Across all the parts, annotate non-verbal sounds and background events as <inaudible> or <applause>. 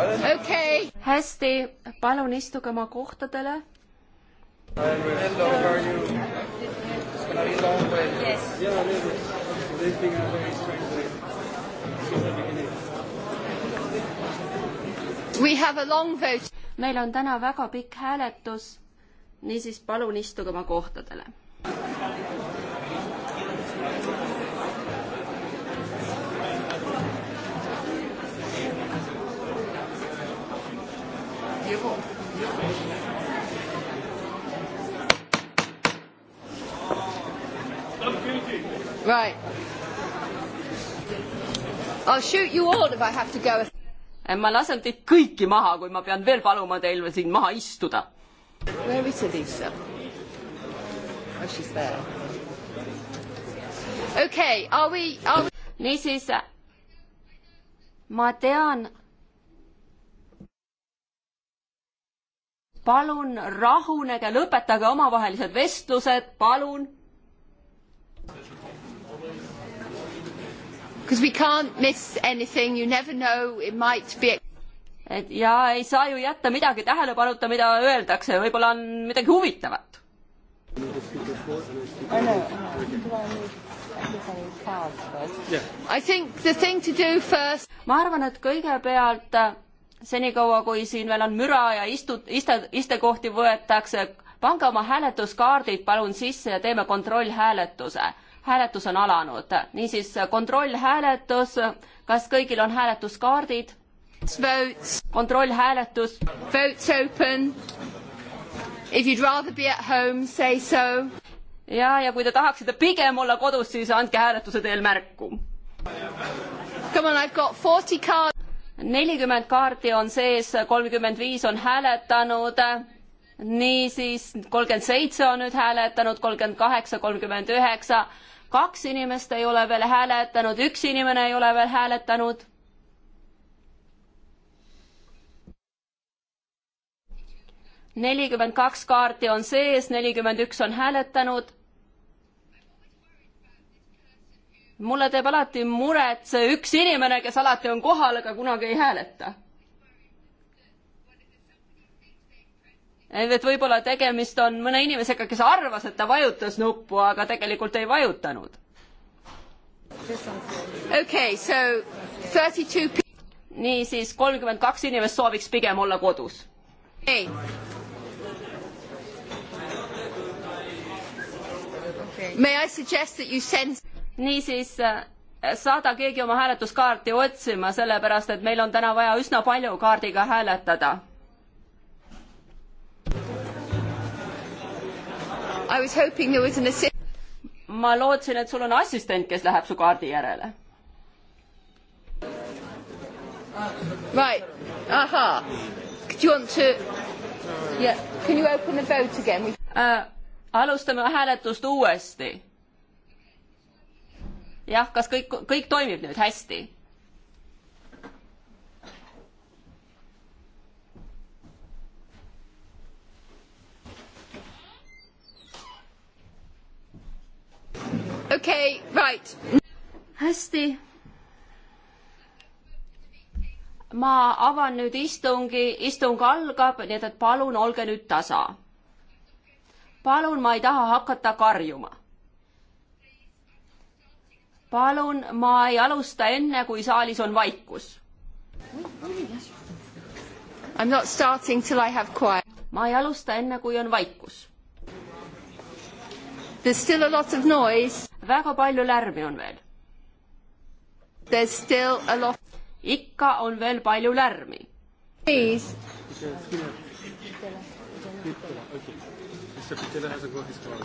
okay.. hästi, palun istuge oma kohtadele. meil on täna väga pikk hääletus, niisiis palun istuge oma kohtadele. llegó. Right. I'll shoot you all if I have to go. Eh, ma lasen teid kõiki maha, kui ma pean veel paluma teil siin maha istuda. Where is Elisa? Oh, she's there. Okay, are we, are we... niisiis, ma tean, palun rahunege, lõpetage omavahelised vestlused, palun. Because we can't miss anything, you never know, it might be et ja ei saa ju jätta midagi tähelepanuta, mida öeldakse, võib-olla on midagi huvitavat. ma arvan, et kõigepealt senikaua, kui siin veel on müra ja istu, iste, istekohti võetakse, pange oma hääletuskaardid palun sisse ja teeme kontrollhääletuse. hääletus on alanud, niisiis kontrollhääletus, kas kõigil on hääletuskaardid? kontrollhääletus. Votes open. If you'd rather be at home, say so. ja, ja kui te tahaksite pigem olla kodus, siis andke hääletuse teel märku. Come on, I've got forty cards nelikümmend kaarti on sees, kolmkümmend viis on hääletanud, niisiis kolmkümmend seitse on nüüd hääletanud, kolmkümmend kaheksa, kolmkümmend üheksa, kaks inimest ei ole veel hääletanud, üks inimene ei ole veel hääletanud. nelikümmend kaks kaarti on sees, nelikümmend üks on hääletanud mulle teeb alati muret see üks inimene, kes alati on kohal, aga kunagi ei hääleta. et võib-olla tegemist on mõne inimesega, kes arvas, et ta vajutas nuppu, aga tegelikult ei vajutanud. okei, so thirty two niisiis kolmkümmend kaks inimest sooviks pigem olla kodus. ei. May I suggest that you send niisiis äh, saada keegi oma hääletuskaarti otsima, sellepärast et meil on täna vaja üsna palju kaardiga hääletada. ma lootsin, et sul on assistent, kes läheb su kaardi järele. Right, ahaa. Do you want to yeah., can you open the vote again? Uh, alustame hääletust uuesti jah, kas kõik, kõik toimib nüüd hästi? okei okay,, right. hästi. ma avan nüüd istungi, istung algab, nii et, et palun olge nüüd tasa. palun, ma ei taha hakata karjuma palun, ma ei alusta enne, kui saalis on vaikus. I am not starting till I have quiet. ma ei alusta enne, kui on vaikus. There is still a lot of noise. väga palju lärmi on veel. There is still a lot. ikka on veel palju lärmi. Please.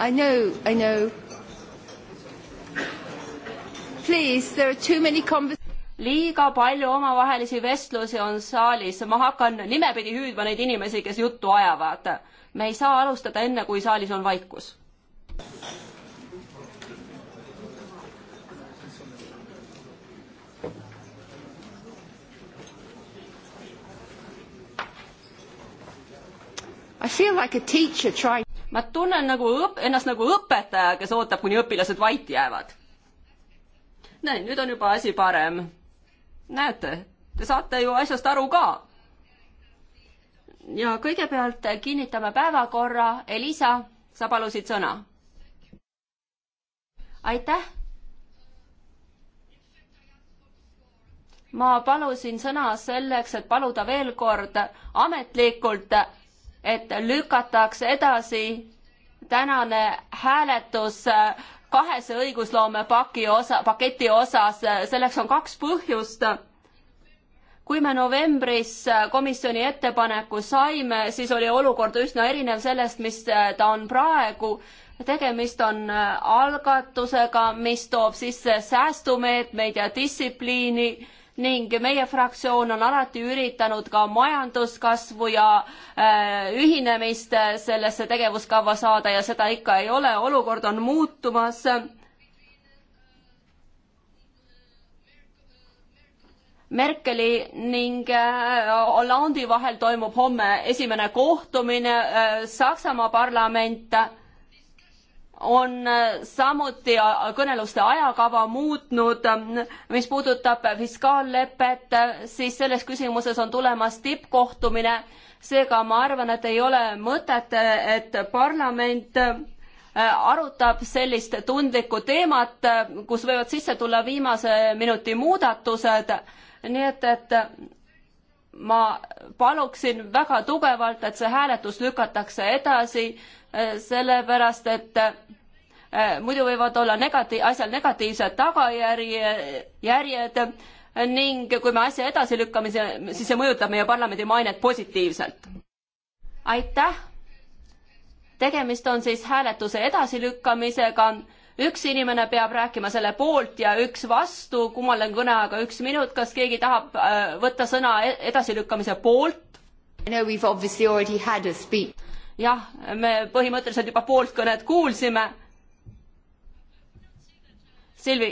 I know, I know please, there are too many convers- liiga palju omavahelisi vestlusi on saalis, ma hakkan nimepidi hüüdma neid inimesi, kes juttu ajavad. me ei saa alustada enne, kui saalis on vaikus. I feel like a teacher trying ma tunnen nagu õp-, ennast nagu õpetaja, kes ootab, kuni õpilased vait jäävad näin, nüüd on juba asi parem. näete, te saate ju asjast aru ka. ja kõigepealt kinnitame päevakorra. Elisa, sa palusid sõna. aitäh. ma palusin sõna selleks, et paluda veel kord ametlikult, et lükatakse edasi tänane hääletus äh, kahese õigusloome paki osa, paketi osas, selleks on kaks põhjust. kui me novembris komisjoni ettepaneku saime, siis oli olukord üsna erinev sellest, mis ta on praegu. tegemist on algatusega, mis toob sisse säästumeetmeid ja distsipliini ning meie fraktsioon on alati üritanud ka majanduskasvu ja äh, ühinemist äh, sellesse tegevuskava saada ja seda ikka ei ole, olukord on muutumas Merkeli ning äh, Hollandi vahel toimub homme esimene kohtumine, Saksamaa parlament on äh, samuti äh, kõneluste ajakava muutnud, mis puudutab fiskaallepet, äh, siis selles küsimuses on tulemas tippkohtumine. seega ma arvan, et ei ole mõtet, et parlament arutab sellist tundlikku teemat, kus võivad sisse tulla viimase minuti muudatused, nii et, et ma paluksin väga tugevalt, et see hääletus lükatakse edasi, eh, sellepärast et eh, muidu võivad olla negati-, asjal negatiivsed tagajärjed ning kui me asja edasi lükkame, siis see mõjutab meie parlamendi mainet positiivselt. aitäh! tegemist on siis hääletuse edasilükkamisega üks inimene peab rääkima selle poolt ja üks vastu, kummal on kõneaega üks minut, kas keegi tahab äh, võtta sõna e-, edasilükkamise poolt? jah, me põhimõtteliselt juba poolt kõnet kuulsime. Silvi,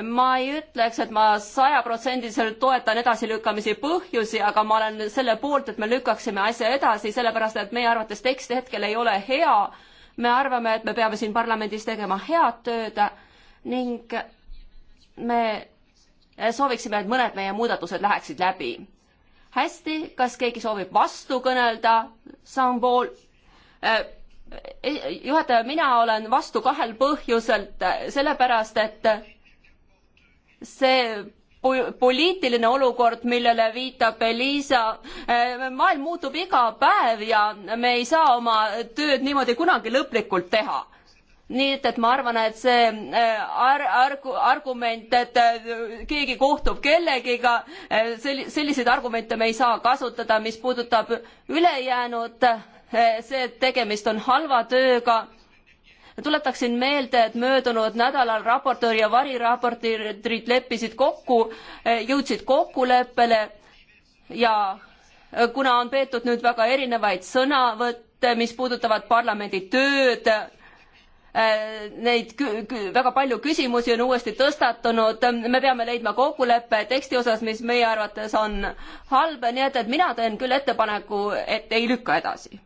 ma ei ütleks, et ma sajaprotsendiliselt toetan edasilükkamisi põhjusi, aga ma olen selle poolt, et me lükkaksime asja edasi, sellepärast et meie arvates tekst hetkel ei ole hea me arvame, et me peame siin parlamendis tegema head tööd ning me sooviksime, et mõned meie muudatused läheksid läbi. hästi, kas keegi soovib vastu kõnelda? Sampool eh,. Äh, juhataja, mina olen vastu kahel põhjuselt, äh, sellepärast et see poliitiline olukord, millele viitab Liisa. Äh, maailm muutub iga päev ja me ei saa oma tööd niimoodi kunagi lõplikult teha nii et, et ma arvan, et see äh, ar-, argu-, argument, et äh, keegi kohtub kellegiga, sel-, selliseid argumente me ei saa kasutada, mis puudutab ülejäänut, see, et tegemist on halva tööga tuletaksin meelde, et möödunud nädalal raportöör ja variraportöörid leppisid kokku, eh, jõudsid kokkuleppele ja eh, kuna on peetud nüüd väga erinevaid sõnavõtte, mis puudutavad parlamendi tööd, eh, neid väga palju küsimusi on uuesti tõstatunud, me peame leidma kokkuleppe teksti osas, mis meie arvates on halb, nii et, et mina teen küll ettepaneku, et ei lükka edasi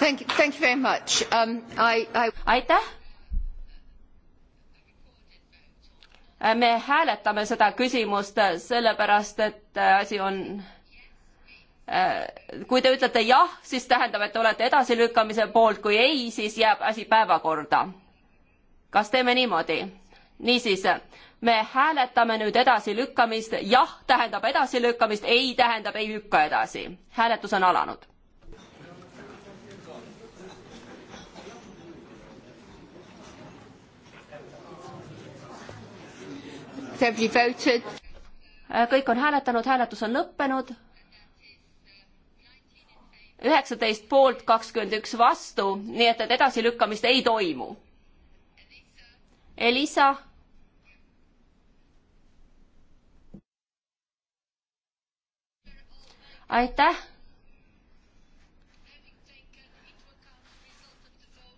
Thank you, thank you very much um,. I, I... aitäh. Äh, me hääletame seda küsimust äh, sellepärast, et äh, asi on kui te ütlete jah, siis tähendab, et te olete edasilükkamise poolt, kui ei, siis jääb asi päevakorda. kas teeme niimoodi? niisiis, me hääletame nüüd edasilükkamist, jah tähendab edasilükkamist, ei tähendab ei lükka edasi. hääletus on alanud. Äh, kõik on hääletanud, hääletus on lõppenud. üheksateist poolt, kakskümmend üks vastu, nii et, et edasilükkamist ei toimu. Elisa. aitäh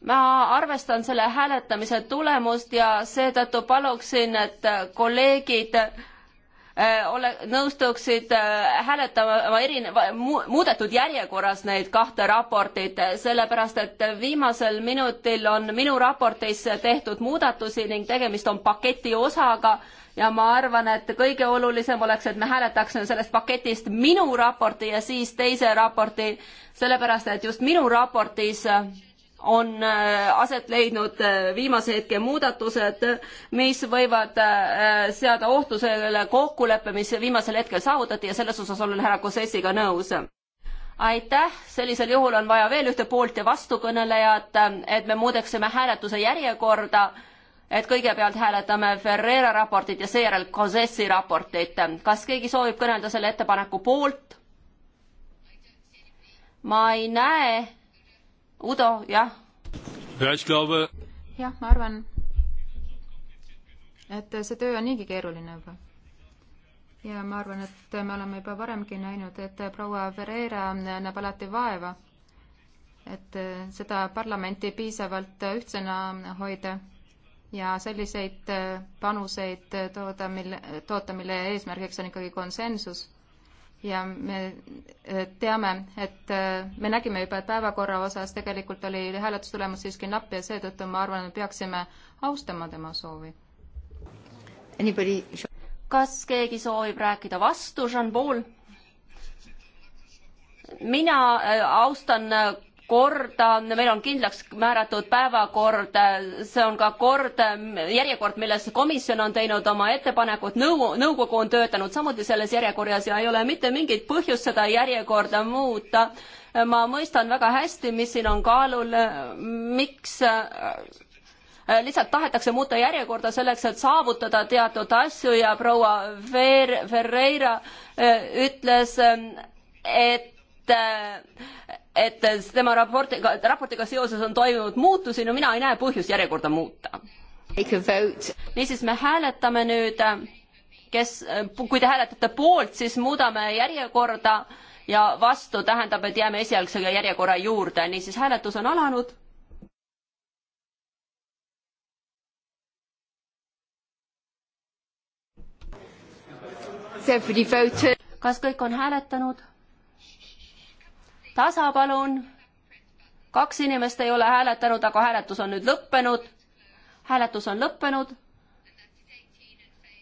ma arvestan selle hääletamise tulemust ja seetõttu paluksin, et kolleegid äh, ole, nõustuksid äh, hääletama erineva, muudetud järjekorras neid kahte raportit, sellepärast et viimasel minutil on minu raportis tehtud muudatusi ning tegemist on paketi osaga ja ma arvan, et kõige olulisem oleks, et me hääletaksime sellest paketist minu raporti ja siis teise raporti, sellepärast et just minu raportis on äh, aset leidnud äh, viimase hetke muudatused, mis võivad äh, seada ohtu sellele kokkuleppe, mis viimasel hetkel saavutati ja selles osas olen härra Kosessiga nõus. aitäh, sellisel juhul on vaja veel ühte poolt ja vastukõnelejat, et me muudaksime hääletuse järjekorda, et kõigepealt hääletame Ferreira raportit ja seejärel Kosessi raportit. kas keegi soovib kõnelda selle ettepaneku poolt? ma ei näe Udo, jah? jah, ma arvan, et see töö on niigi keeruline juba. ja ma arvan, et me oleme juba varemgi näinud, et proua Ferreira näeb alati vaeva, et seda parlamenti piisavalt ühtsena hoida ja selliseid panuseid tooda, mille, toota, mille eesmärgiks on ikkagi konsensus ja me äh, teame, et äh, me nägime juba, et päevakorra osas tegelikult oli hääletustulemus siiski napp ja seetõttu ma arvan, et peaksime austama tema soovi. kas keegi soovib rääkida vastu, Jean-Paul? mina äh, austan korda, meil on kindlaks määratud päevakord, see on ka kord, järjekord, milles komisjon on teinud oma ettepanekud, nõu-, nõukogu on töötanud samuti selles järjekorras ja ei ole mitte mingit põhjust seda järjekorda muuta. ma mõistan väga hästi, mis siin on kaalul, miks äh, lihtsalt tahetakse muuta järjekorda selleks, et saavutada teatud asju ja proua Fer-, Ferreira äh, ütles, äh, et et et tema raportiga, raportiga seoses on toimunud muutusi, no mina ei näe põhjust järjekorda muuta. niisiis, me hääletame nüüd, kes, kui te hääletate poolt, siis muudame järjekorda ja vastu tähendab, et jääme esialgse järjekorra juurde, niisiis hääletus on alanud. kas kõik on hääletanud? tasa, palun. kaks inimest ei ole hääletanud, aga hääletus on nüüd lõppenud. hääletus on lõppenud.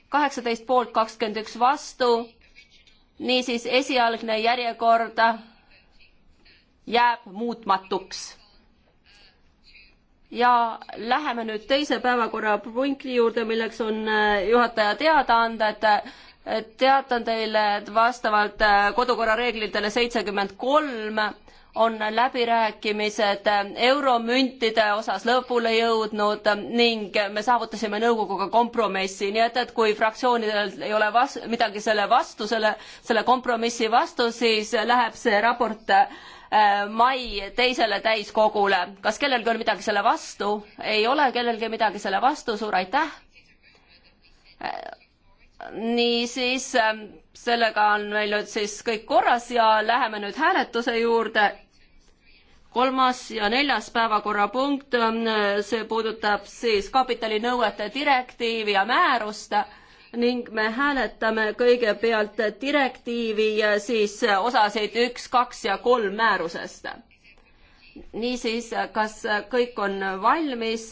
kaheksateist poolt, kakskümmend üks vastu. niisiis, esialgne järjekord jääb muutmatuks. ja läheme nüüd teise päevakorrapunkti juurde, milleks on äh, juhataja teadaanded teatan teile, et vastavalt äh, kodukorra reeglitele seitsekümmend kolm on läbirääkimised äh, euromüntide osas lõpule jõudnud äh, ning me saavutasime nõukoguga kompromissi, nii et, et kui fraktsioonidel ei ole vas-, midagi selle vastu, selle, selle kompromissi vastu, siis läheb see raport äh, mai teisele täiskogule. kas kellelgi on midagi selle vastu? ei ole kellelgi midagi selle vastu, suur aitäh äh,! niisiis, ähm, sellega on meil nüüd siis kõik korras ja läheme nüüd hääletuse juurde. kolmas ja neljas päevakorrapunkt, ähm, see puudutab siis kapitalinõuete direktiivi ja määrust ning me hääletame kõigepealt direktiivi ja siis osasid üks, kaks ja kolm määrusest. niisiis, kas kõik on valmis?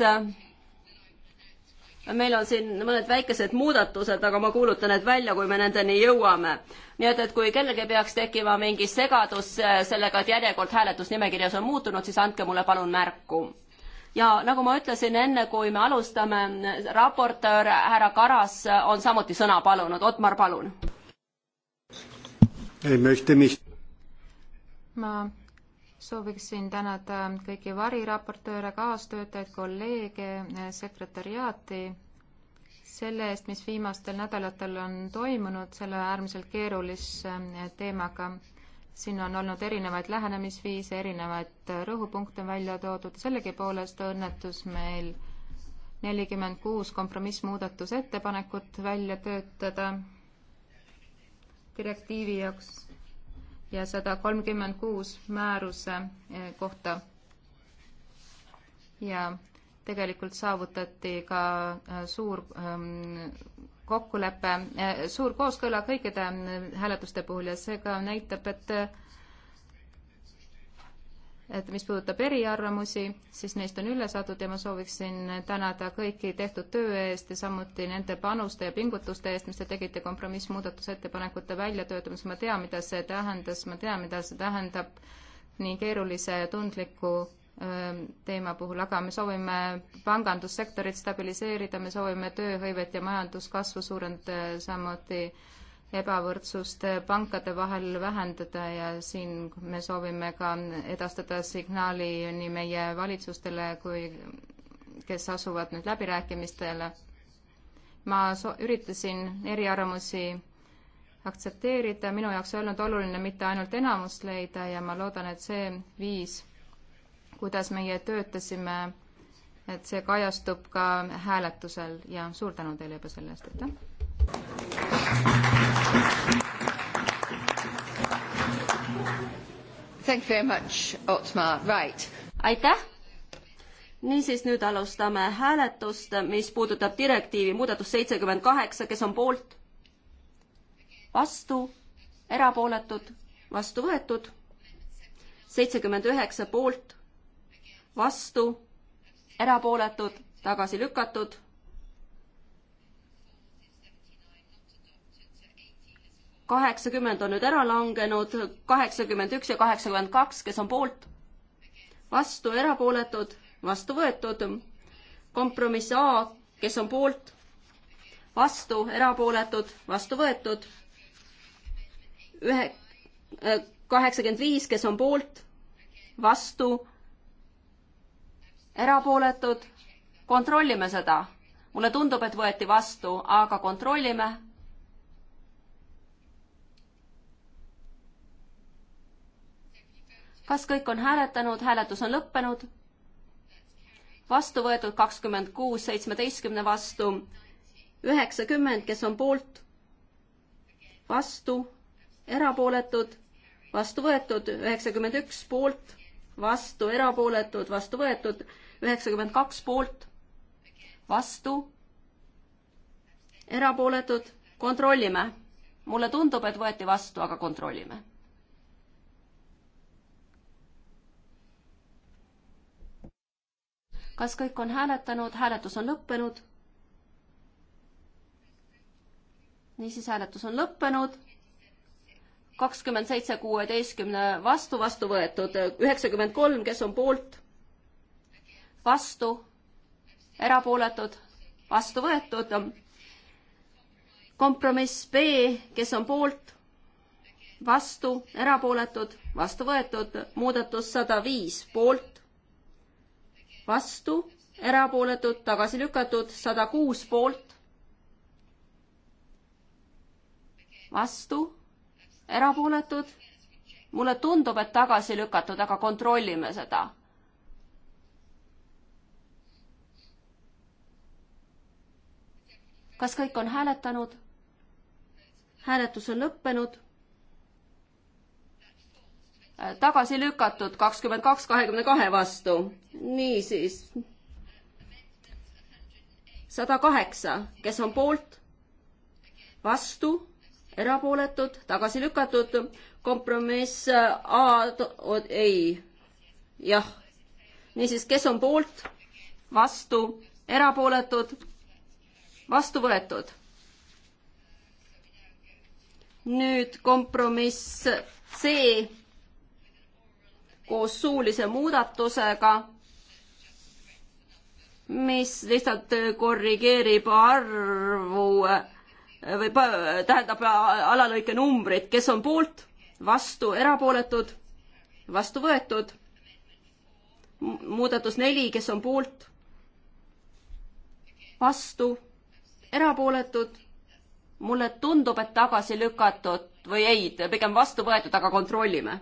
meil on siin mõned väikesed muudatused, aga ma kuulutan need välja, kui me nendeni jõuame. nii et, et kui kellelgi peaks tekkima mingi segadus äh, sellega, et järjekord hääletusnimekirjas on muutunud, siis andke mulle palun märku. ja nagu ma ütlesin, enne kui me alustame, raportöör härra Karas on samuti sõna palunud, Otmar, palun. ma sooviksin tänada kõiki variraportööre, kaastöötajaid, kolleege, sekretäriaati selle eest, mis viimastel nädalatel on toimunud selle äärmiselt keerulise teemaga. siin on olnud erinevaid lähenemisviise, erinevaid rõhupunkte on välja toodud, sellegipoolest õnnetus meil nelikümmend kuus kompromissmuudatusettepanekut välja töötada direktiivi jaoks ja sada kolmkümmend kuus määruse eh, kohta. ja tegelikult saavutati ka eh, suur ehm, kokkulepe, eh, suur kooskõla kõikide hääletuste puhul ja see ka näitab, et et mis puudutab eriarvamusi, siis neist on üle saadud ja ma sooviksin tänada kõiki tehtud töö eest ja samuti nende panuste ja pingutuste eest, mis te tegite kompromissmuudatusettepanekute väljatöötamisel, ma tean, mida see tähendas, ma tean, mida see tähendab nii keerulise ja tundliku ähm, teema puhul, aga me soovime pangandussektorit stabiliseerida, me soovime tööhõivet ja majanduskasvu suurendada, samuti ebavõrdsust pankade vahel vähendada ja siin me soovime ka edastada signaali nii meie valitsustele kui kes asuvad nüüd läbirääkimistele. ma so-, üritasin eriarvamusi aktsepteerida, minu jaoks ei olnud oluline mitte ainult enamust leida ja ma loodan, et see viis, kuidas meie töötasime, et see kajastub ka hääletusel ja suur tänu teile juba selle eest, aitäh! Thank you very much, Otmar. Right. aitäh! niisiis, nüüd alustame hääletust, mis puudutab direktiivi muudatus seitsekümmend kaheksa, kes on poolt? vastu, erapooletud, vastu võetud. seitsekümmend üheksa poolt, vastu, erapooletud, tagasi lükatud kaheksakümmend on nüüd ära langenud, kaheksakümmend üks ja kaheksakümmend kaks, kes on poolt, vastu, erapooletud, vastu võetud. kompromiss A, kes on poolt, vastu, erapooletud, vastu võetud. ühe, äh, kaheksakümmend viis, kes on poolt, vastu, erapooletud, kontrollime seda. mulle tundub, et võeti vastu, aga kontrollime kas kõik on hääletanud, hääletus on lõppenud? vastu võetud kakskümmend kuus, seitsmeteistkümne vastu, üheksakümmend, kes on poolt, vastu, erapooletud, vastu võetud, üheksakümmend üks poolt, vastu, erapooletud, vastu võetud, üheksakümmend kaks poolt, vastu, erapooletud, kontrollime. mulle tundub, et võeti vastu, aga kontrollime kas kõik on hääletanud, hääletus on lõppenud? niisiis, hääletus on lõppenud. kakskümmend seitse kuueteistkümne vastu, vastu võetud üheksakümmend kolm, kes on poolt, vastu, erapooletud, vastu võetud. kompromiss B, kes on poolt, vastu, erapooletud, vastu võetud, muudatus sada viis, poolt, vastu, erapooletud, tagasi lükatud, sada kuus poolt, vastu, erapooletud. mulle tundub, et tagasi lükatud, aga kontrollime seda. kas kõik on hääletanud? hääletus on lõppenud tagasi lükatud kakskümmend kaks, kahekümne kahe vastu. niisiis. sada kaheksa, kes on poolt, vastu, erapooletud, tagasi lükatud, kompromiss äh, A, ei, jah. niisiis, kes on poolt, vastu, erapooletud, vastu võetud. nüüd kompromiss C koos suulise muudatusega, mis lihtsalt korrigeerib arvu või tähendab alalõike numbrit, kes on poolt, vastu, erapooletud, vastu võetud. muudatus neli, kes on poolt, vastu, erapooletud. mulle tundub, et tagasi lükatud või ei, pigem vastu võetud, aga kontrollime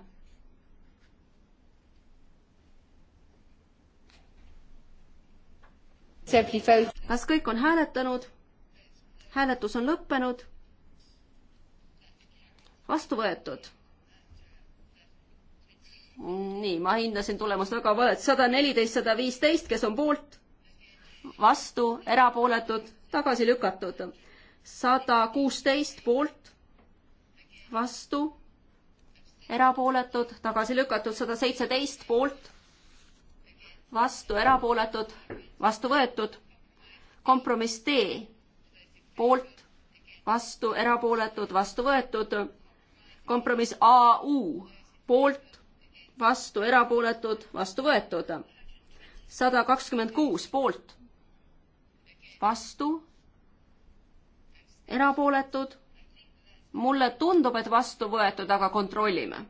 kas kõik on hääletanud? hääletus on lõppenud. vastu võetud. nii, ma hindasin tulemust väga valet, sada neliteist, sada viisteist, kes on poolt, vastu, erapooletud, tagasi lükatud. sada kuusteist poolt, vastu, erapooletud, tagasi lükatud, sada seitseteist poolt vastu erapooletud, vastu võetud. kompromiss D, poolt, vastu erapooletud, vastu võetud. kompromiss AU, poolt, vastu erapooletud, vastu võetud. sada kakskümmend kuus poolt, vastu, erapooletud. mulle tundub, et vastu võetud, aga kontrollime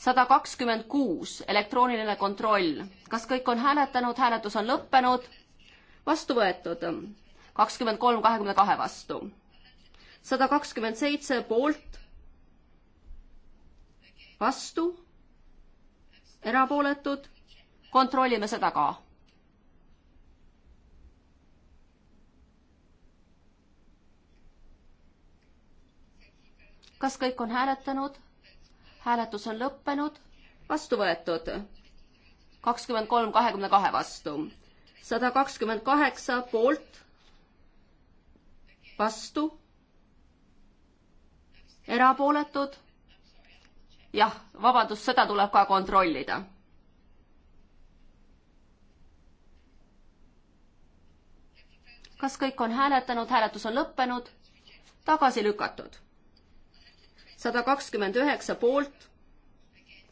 sada kakskümmend kuus, elektrooniline kontroll. kas kõik on hääletanud, hääletus on lõppenud? vastu võetud, kakskümmend kolm kahekümne kahe vastu. sada kakskümmend seitse poolt, vastu, erapooletud, kontrollime seda ka kas kõik on hääletanud? hääletus on lõppenud, vastu võetud. kakskümmend kolm kahekümne kahe vastu. sada kakskümmend kaheksa poolt, vastu, erapooletud. jah, vabandust, seda tuleb ka kontrollida kas kõik on hääletanud, hääletus on lõppenud, tagasi lükatud sada kakskümmend üheksa poolt,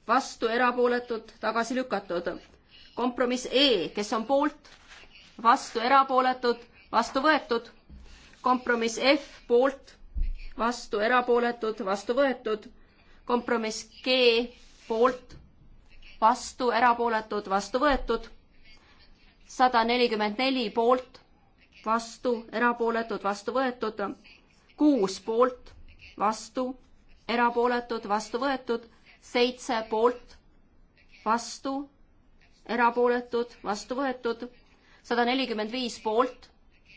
vastu, erapooletud, tagasi lükatud. kompromiss E, kes on poolt, vastu, erapooletud, vastu võetud. kompromiss F poolt, vastu, erapooletud, vastu võetud. kompromiss G poolt, vastu, erapooletud, vastu võetud. sada nelikümmend neli poolt, vastu, erapooletud, vastu võetud. kuus poolt, vastu, erapooletud, vastu võetud, seitse poolt, vastu, erapooletud, vastu võetud, sada nelikümmend viis poolt,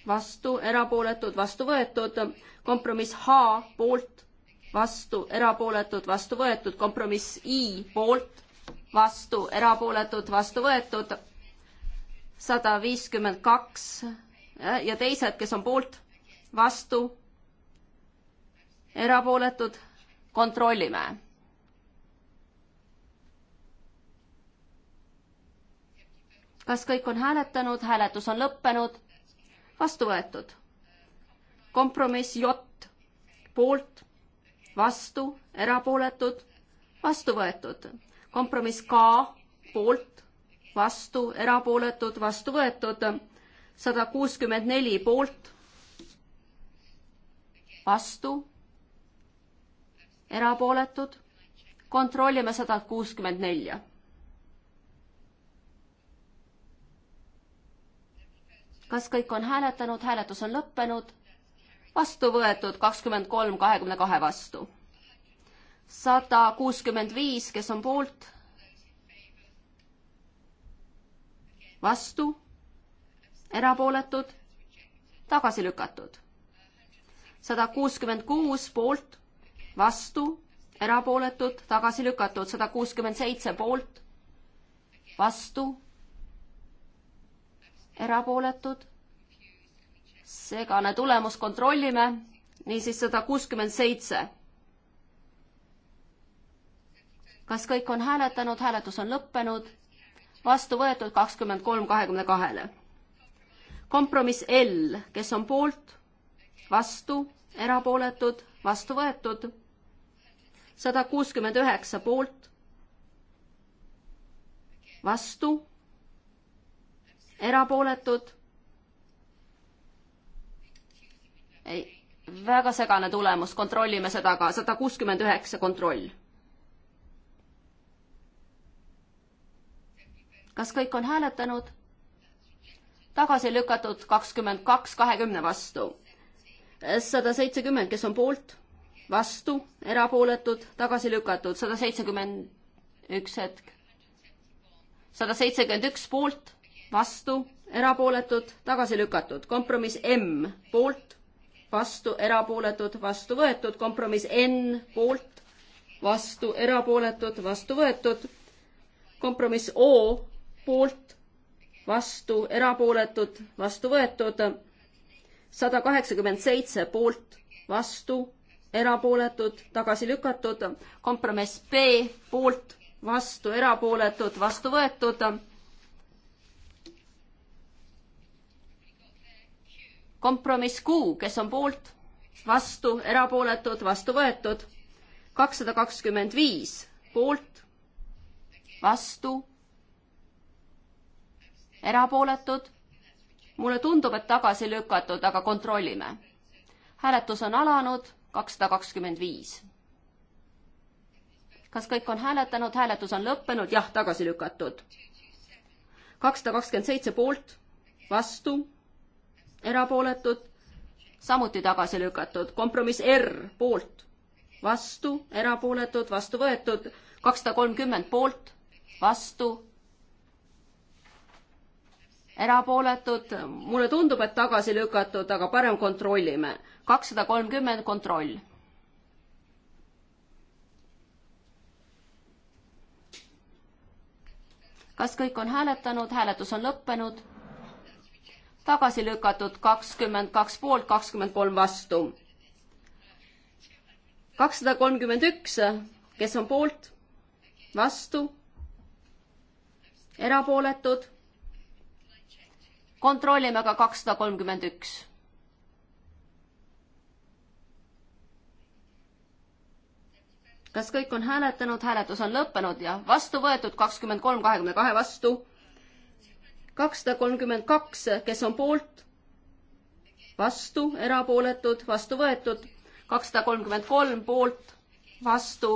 vastu, erapooletud, vastu võetud, kompromiss H poolt, vastu, erapooletud, vastu võetud, kompromiss I poolt, vastu, erapooletud, vastu võetud, sada viiskümmend kaks ja teised, kes on poolt, vastu, erapooletud kontrollime. kas kõik on hääletanud, hääletus on lõppenud, vastu võetud. kompromiss J poolt, vastu, erapooletud, vastu võetud. kompromiss K poolt, vastu, erapooletud, vastu võetud, sada kuuskümmend neli poolt, vastu erapooletud, kontrollime sada kuuskümmend nelja. kas kõik on hääletanud, hääletus on lõppenud, vastu võetud kakskümmend kolm kahekümne kahe vastu. sada kuuskümmend viis, kes on poolt, vastu, erapooletud, tagasi lükatud. sada kuuskümmend kuus poolt vastu, erapooletud, tagasi lükatud, sada kuuskümmend seitse poolt, vastu, erapooletud, segane tulemus, kontrollime, niisiis sada kuuskümmend seitse. kas kõik on hääletanud, hääletus on lõppenud, vastu võetud kakskümmend kolm kahekümne kahele. kompromiss L, kes on poolt, vastu, erapooletud, vastu võetud sada kuuskümmend üheksa poolt, vastu, erapooletud. ei, väga segane tulemus, kontrollime seda ka, sada kuuskümmend üheksa kontroll. kas kõik on hääletanud? tagasi lükatud kakskümmend kaks kahekümne vastu. sada seitsekümmend, kes on poolt vastu, erapooletud, tagasi lükatud, sada seitsekümmend üks hetk. sada seitsekümmend üks poolt, vastu, erapooletud, tagasi lükatud, kompromiss M poolt, vastu, erapooletud, vastu võetud, kompromiss N poolt, vastu, erapooletud, vastu võetud, kompromiss O poolt, vastu, erapooletud, vastu võetud, sada kaheksakümmend seitse poolt, vastu, erapooletud, tagasi lükatud, kompromiss B poolt, vastu, erapooletud, vastu võetud. kompromiss Q, kes on poolt, vastu, erapooletud, vastu võetud, kakssada kakskümmend viis poolt, vastu, erapooletud. mulle tundub, et tagasi lükatud, aga kontrollime. hääletus on alanud kakssada kakskümmend viis. kas kõik on hääletanud, hääletus on lõppenud, jah, tagasi lükatud. kakssada kakskümmend seitse poolt, vastu, erapooletud, samuti tagasi lükatud, kompromiss R poolt, vastu, erapooletud, vastu võetud, kakssada kolmkümmend poolt, vastu, erapooletud, mulle tundub, et tagasi lükatud, aga parem kontrollime. kakssada kolmkümmend, kontroll. kas kõik on hääletanud, hääletus on lõppenud? tagasi lükatud kakskümmend kaks poolt, kakskümmend kolm vastu. kakssada kolmkümmend üks, kes on poolt, vastu, erapooletud kontrollime ka kakssada kolmkümmend üks. kas kõik on hääletanud, hääletus on lõppenud ja vastu võetud kakskümmend kolm, kahekümne kahe vastu. kakssada kolmkümmend kaks, kes on poolt, vastu, erapooletud, vastu võetud, kakssada kolmkümmend kolm poolt, vastu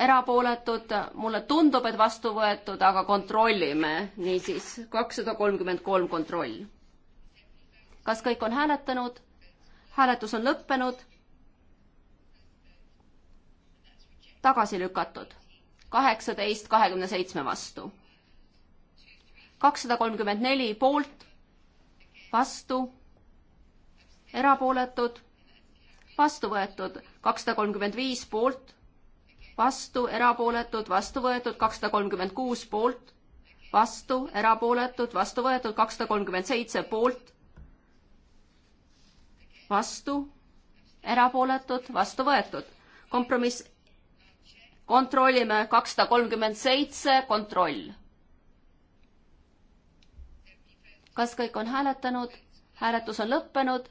erapooletud, mulle tundub, et vastu võetud, aga kontrollime. niisiis, kakssada kolmkümmend kolm kontroll. kas kõik on hääletanud? hääletus on lõppenud. tagasi lükatud. kaheksateist kahekümne seitsme vastu. kakssada kolmkümmend neli poolt, vastu, erapooletud, vastu võetud, kakssada kolmkümmend viis poolt vastu, erapooletud, vastu võetud, kakssada kolmkümmend kuus poolt, vastu, erapooletud, vastu võetud, kakssada kolmkümmend seitse poolt, vastu, erapooletud, vastu võetud. kompromiss, kontrollime, kakssada kolmkümmend seitse, kontroll. kas kõik on hääletanud? hääletus on lõppenud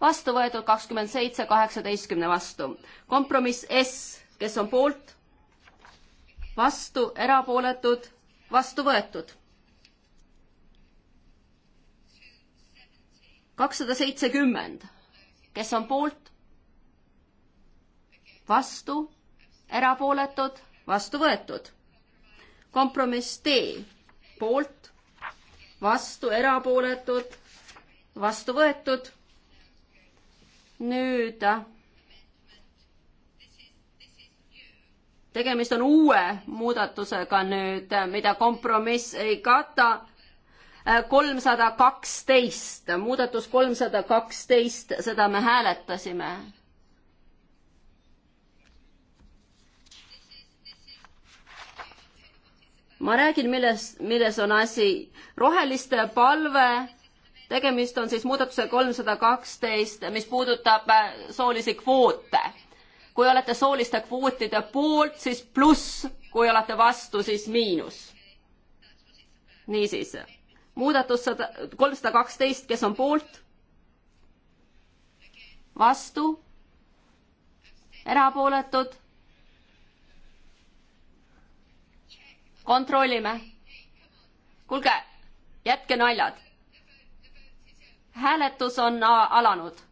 vastu võetud kakskümmend seitse kaheksateistkümne vastu. kompromiss S kes on poolt, vastu, erapooletud, vastu võetud. kakssada seitsekümmend, kes on poolt, vastu, erapooletud, vastu võetud. kompromiss D, poolt, vastu, erapooletud, vastu võetud. nüüd tegemist on uue muudatusega nüüd, mida kompromiss ei kata. kolmsada kaksteist, muudatus kolmsada kaksteist, seda me hääletasime. ma räägin, milles, milles on asi. roheliste palve tegemist on siis muudatuse kolmsada kaksteist, mis puudutab äh, soolisi kvoote kui olete sooliste kvootide poolt, siis pluss, kui olete vastu, siis miinus. niisiis, muudatus sada, kolmsada kaksteist, kes on poolt? vastu? erapooletud? kontrollime. kuulge, jätke naljad. hääletus on alanud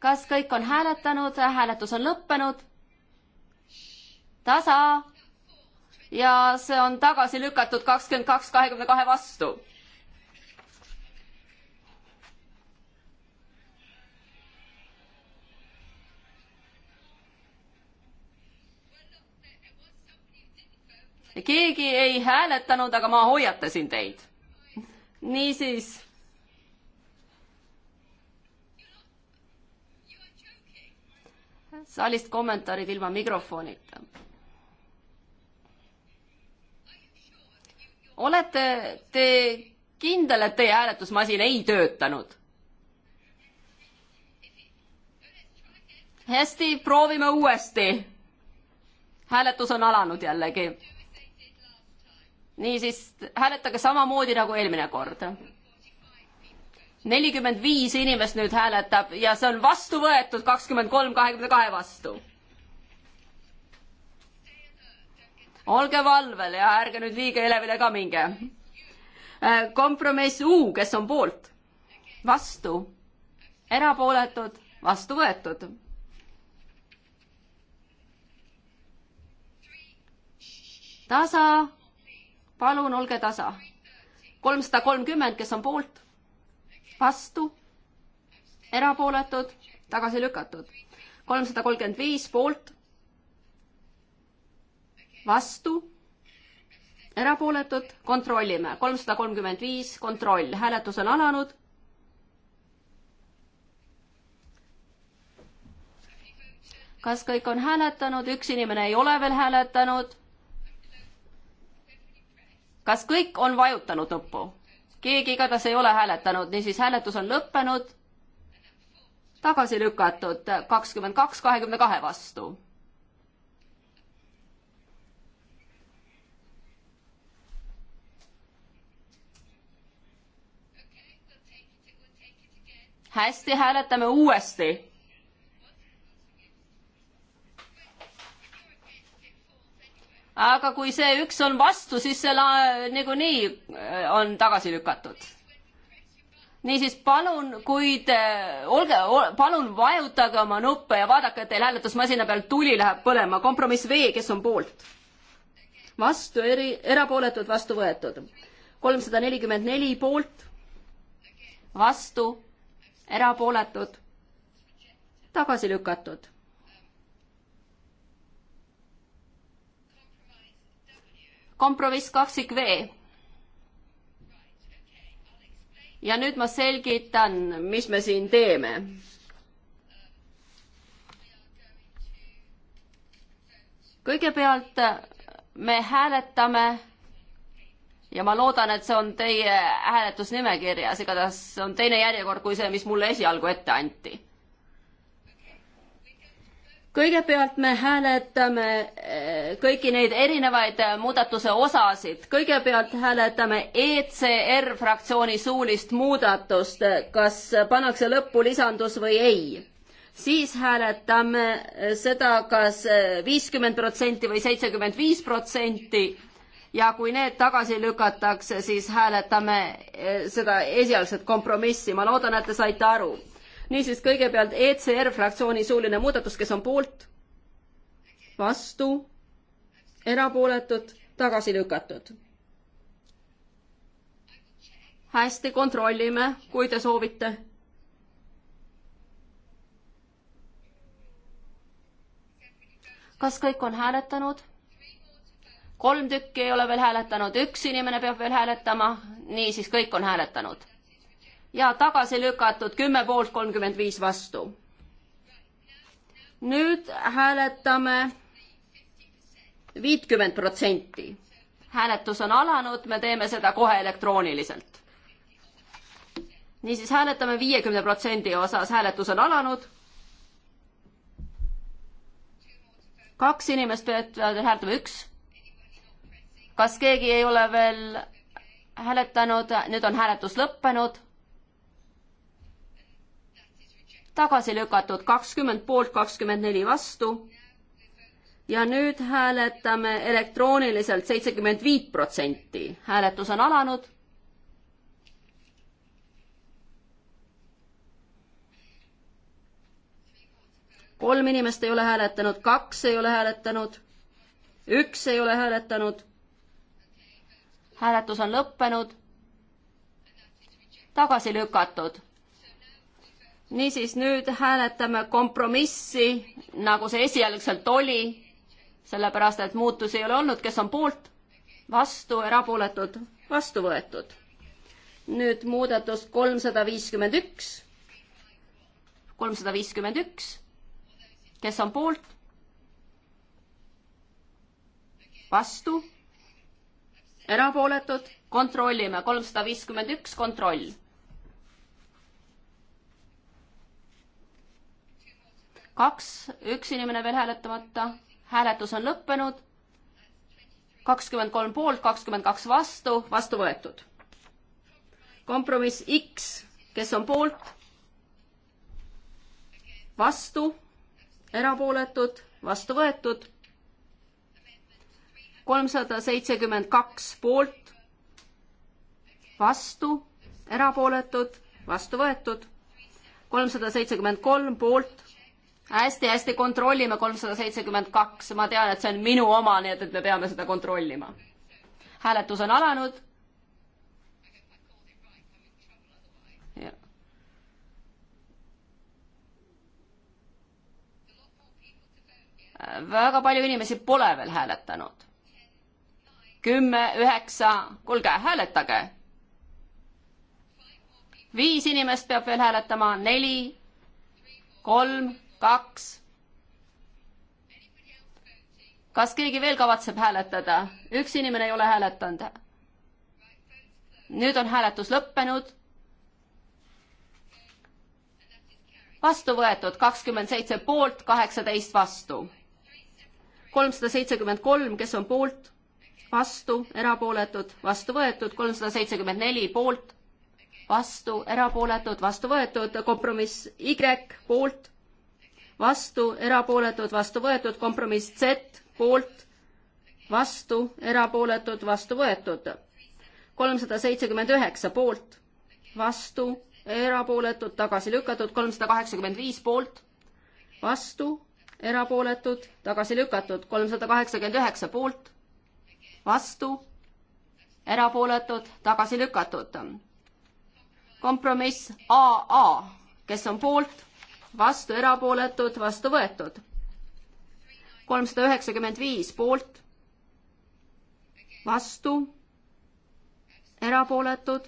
kas kõik on hääletanud, hääletus on lõppenud? tasa. ja see on tagasi lükatud kakskümmend kaks, kahekümne kahe vastu. keegi ei hääletanud, aga ma hoiatasin teid. niisiis saalist kommentaarid ilma mikrofonita. olete te kindel, et teie hääletusmasin ei töötanud? hästi, proovime uuesti. hääletus on alanud jällegi. niisiis, hääletage samamoodi nagu eelmine kord nelikümmend viis inimest nüüd hääletab ja see on vastu võetud kakskümmend kolm kahekümne kahe vastu. olge valvel ja ärge nüüd liiga elevile ka minge. Äh, kompromiss U, kes on poolt? vastu, erapooletud, vastu võetud. tasa, palun olge tasa. kolmsada kolmkümmend, kes on poolt? vastu, erapooletud, tagasi lükatud. kolmsada kolmkümmend viis poolt, vastu, erapooletud, kontrollime. kolmsada kolmkümmend viis, kontroll, hääletus on alanud. kas kõik on hääletanud, üks inimene ei ole veel hääletanud? kas kõik on vajutanud nuppu? keegi igatahes ei ole hääletanud, niisiis hääletus on lõppenud, tagasi lükatud kakskümmend kaks, kahekümne kahe vastu. hästi, hääletame uuesti aga kui see üks on vastu, siis selle niikuinii äh, on tagasi lükatud. niisiis palun, kui te olge ol,, palun vajutage oma nuppe ja vaadake, et teil hääletusmasina peal tuli läheb põlema. kompromiss V, kes on poolt? vastu, eri, erapooletud, vastu võetud. kolmsada nelikümmend neli poolt, vastu, erapooletud, tagasi lükatud kompromiss kaksik V. ja nüüd ma selgitan, mis me siin teeme. kõigepealt me hääletame ja ma loodan, et see on teie hääletusnimekirjas, igatahes see on teine järjekord kui see, mis mulle esialgu ette anti kõigepealt me hääletame eh, kõiki neid erinevaid eh, muudatuse osasid, kõigepealt hääletame ECR fraktsiooni suulist muudatust, eh, kas pannakse lõppu lisandus või ei. siis hääletame seda kas, kas viiskümmend protsenti või seitsekümmend viis protsenti ja kui need tagasi lükatakse, siis hääletame seda esialgset kompromissi, ma loodan, et te saite aru niisiis, kõigepealt ECR fraktsiooni suuline muudatus, kes on poolt, vastu, erapooletud, tagasi lükatud. hästi, kontrollime, kui te soovite. kas kõik on hääletanud? kolm tükki ei ole veel hääletanud, üks inimene peab veel hääletama, niisiis kõik on hääletanud ja tagasi lükatud kümme poolt, kolmkümmend viis vastu. nüüd hääletame viitkümmend protsenti. hääletus on alanud, me teeme seda kohe elektrooniliselt. niisiis hääletame viiekümne protsendi osas, hääletus on alanud. kaks inimest peavad hääletama, üks. kas keegi ei ole veel hääletanud, nüüd on hääletus lõppenud tagasi lükatud kakskümmend poolt, kakskümmend neli vastu. ja nüüd hääletame elektrooniliselt seitsekümmend viit protsenti. hääletus on alanud. kolm inimest ei ole hääletanud, kaks ei ole hääletanud, üks ei ole hääletanud. hääletus on lõppenud tagasi lükatud niisiis, nüüd hääletame kompromissi, nagu see esialgselt oli, sellepärast et muutusi ei ole olnud, kes on poolt, vastu, erapooletud, vastu võetud. nüüd muudatus kolmsada viiskümmend üks, kolmsada viiskümmend üks, kes on poolt, vastu, erapooletud, kontrollime, kolmsada viiskümmend üks, kontroll kaks, üks inimene veel hääletamata, hääletus on lõppenud, kakskümmend kolm poolt, kakskümmend kaks vastu, vastu võetud. kompromiss X, kes on poolt, vastu, erapooletud, vastu võetud, kolmsada seitsekümmend kaks poolt, vastu, erapooletud, vastu võetud, kolmsada seitsekümmend kolm poolt hästi-hästi kontrollime kolmsada seitsekümmend kaks, ma tean, et see on minu oma, nii et, et me peame seda kontrollima. hääletus on alanud. väga palju inimesi pole veel hääletanud. kümme, üheksa, kuulge, hääletage. viis inimest peab veel hääletama, neli, kolm kaks. kas keegi veel kavatseb hääletada? üks inimene ei ole hääletanud. nüüd on hääletus lõppenud. vastu võetud kakskümmend seitse poolt, kaheksateist vastu. kolmsada seitsekümmend kolm, kes on poolt, vastu, erapooletud, vastu võetud, kolmsada seitsekümmend neli poolt vastu, erapooletud, vastu võetud, kompromiss Y poolt, vastu, erapooletud, vastu võetud, kompromiss Z poolt, vastu, erapooletud, vastu võetud. kolmsada seitsekümmend üheksa poolt, vastu, erapooletud, tagasi lükatud, kolmsada kaheksakümmend viis poolt, vastu, erapooletud, tagasi lükatud, kolmsada kaheksakümmend üheksa poolt, vastu, erapooletud, tagasi lükatud. kompromiss AA, kes on poolt vastu erapooletud, vastu võetud. kolmsada üheksakümmend viis poolt, vastu, erapooletud,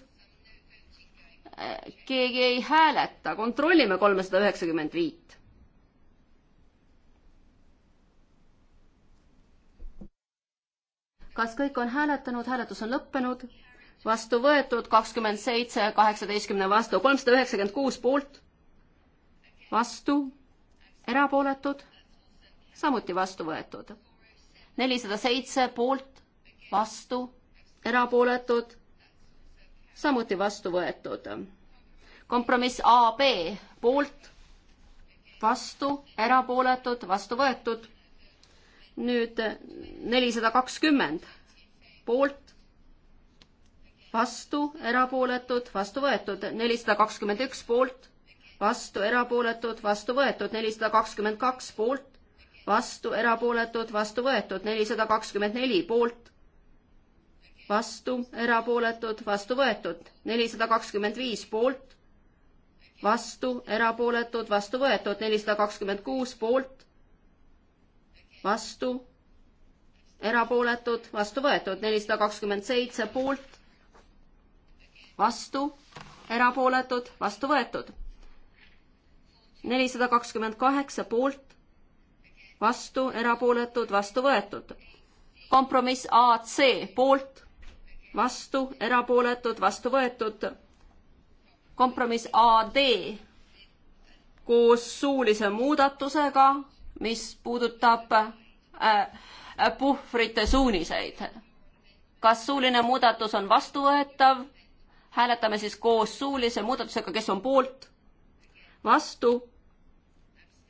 keegi ei hääleta, kontrollime kolmesada üheksakümmend viit. kas kõik on hääletanud, hääletus on lõppenud, vastu võetud kakskümmend seitse, kaheksateistkümne vastu, kolmsada üheksakümmend kuus poolt vastu, erapooletud, samuti vastu võetud. nelisada seitse poolt, vastu, erapooletud, samuti vastu võetud. kompromiss AB poolt, vastu, erapooletud, vastu võetud. nüüd nelisada kakskümmend poolt, vastu, erapooletud, vastu võetud, nelisada kakskümmend üks poolt vastu, erapooletud, vastu võetud, nelisada kakskümmend kaks poolt, vastu, erapooletud, vastu võetud, nelisada kakskümmend neli poolt, vastu, erapooletud, vastu võetud, nelisada kakskümmend viis poolt, vastu, erapooletud, vastu võetud, nelisada kakskümmend kuus poolt, vastu, erapooletud, vastu võetud, nelisada kakskümmend seitse poolt, vastu, erapooletud, vastu võetud nelisada kakskümmend kaheksa poolt, vastu, erapooletud, vastu võetud. kompromiss AC poolt, vastu, erapooletud, vastu võetud. kompromiss AD koos suulise muudatusega, mis puudutab äh, puhvrite suuniseid. kas suuline muudatus on vastuvõetav? hääletame siis koos suulise muudatusega, kes on poolt, vastu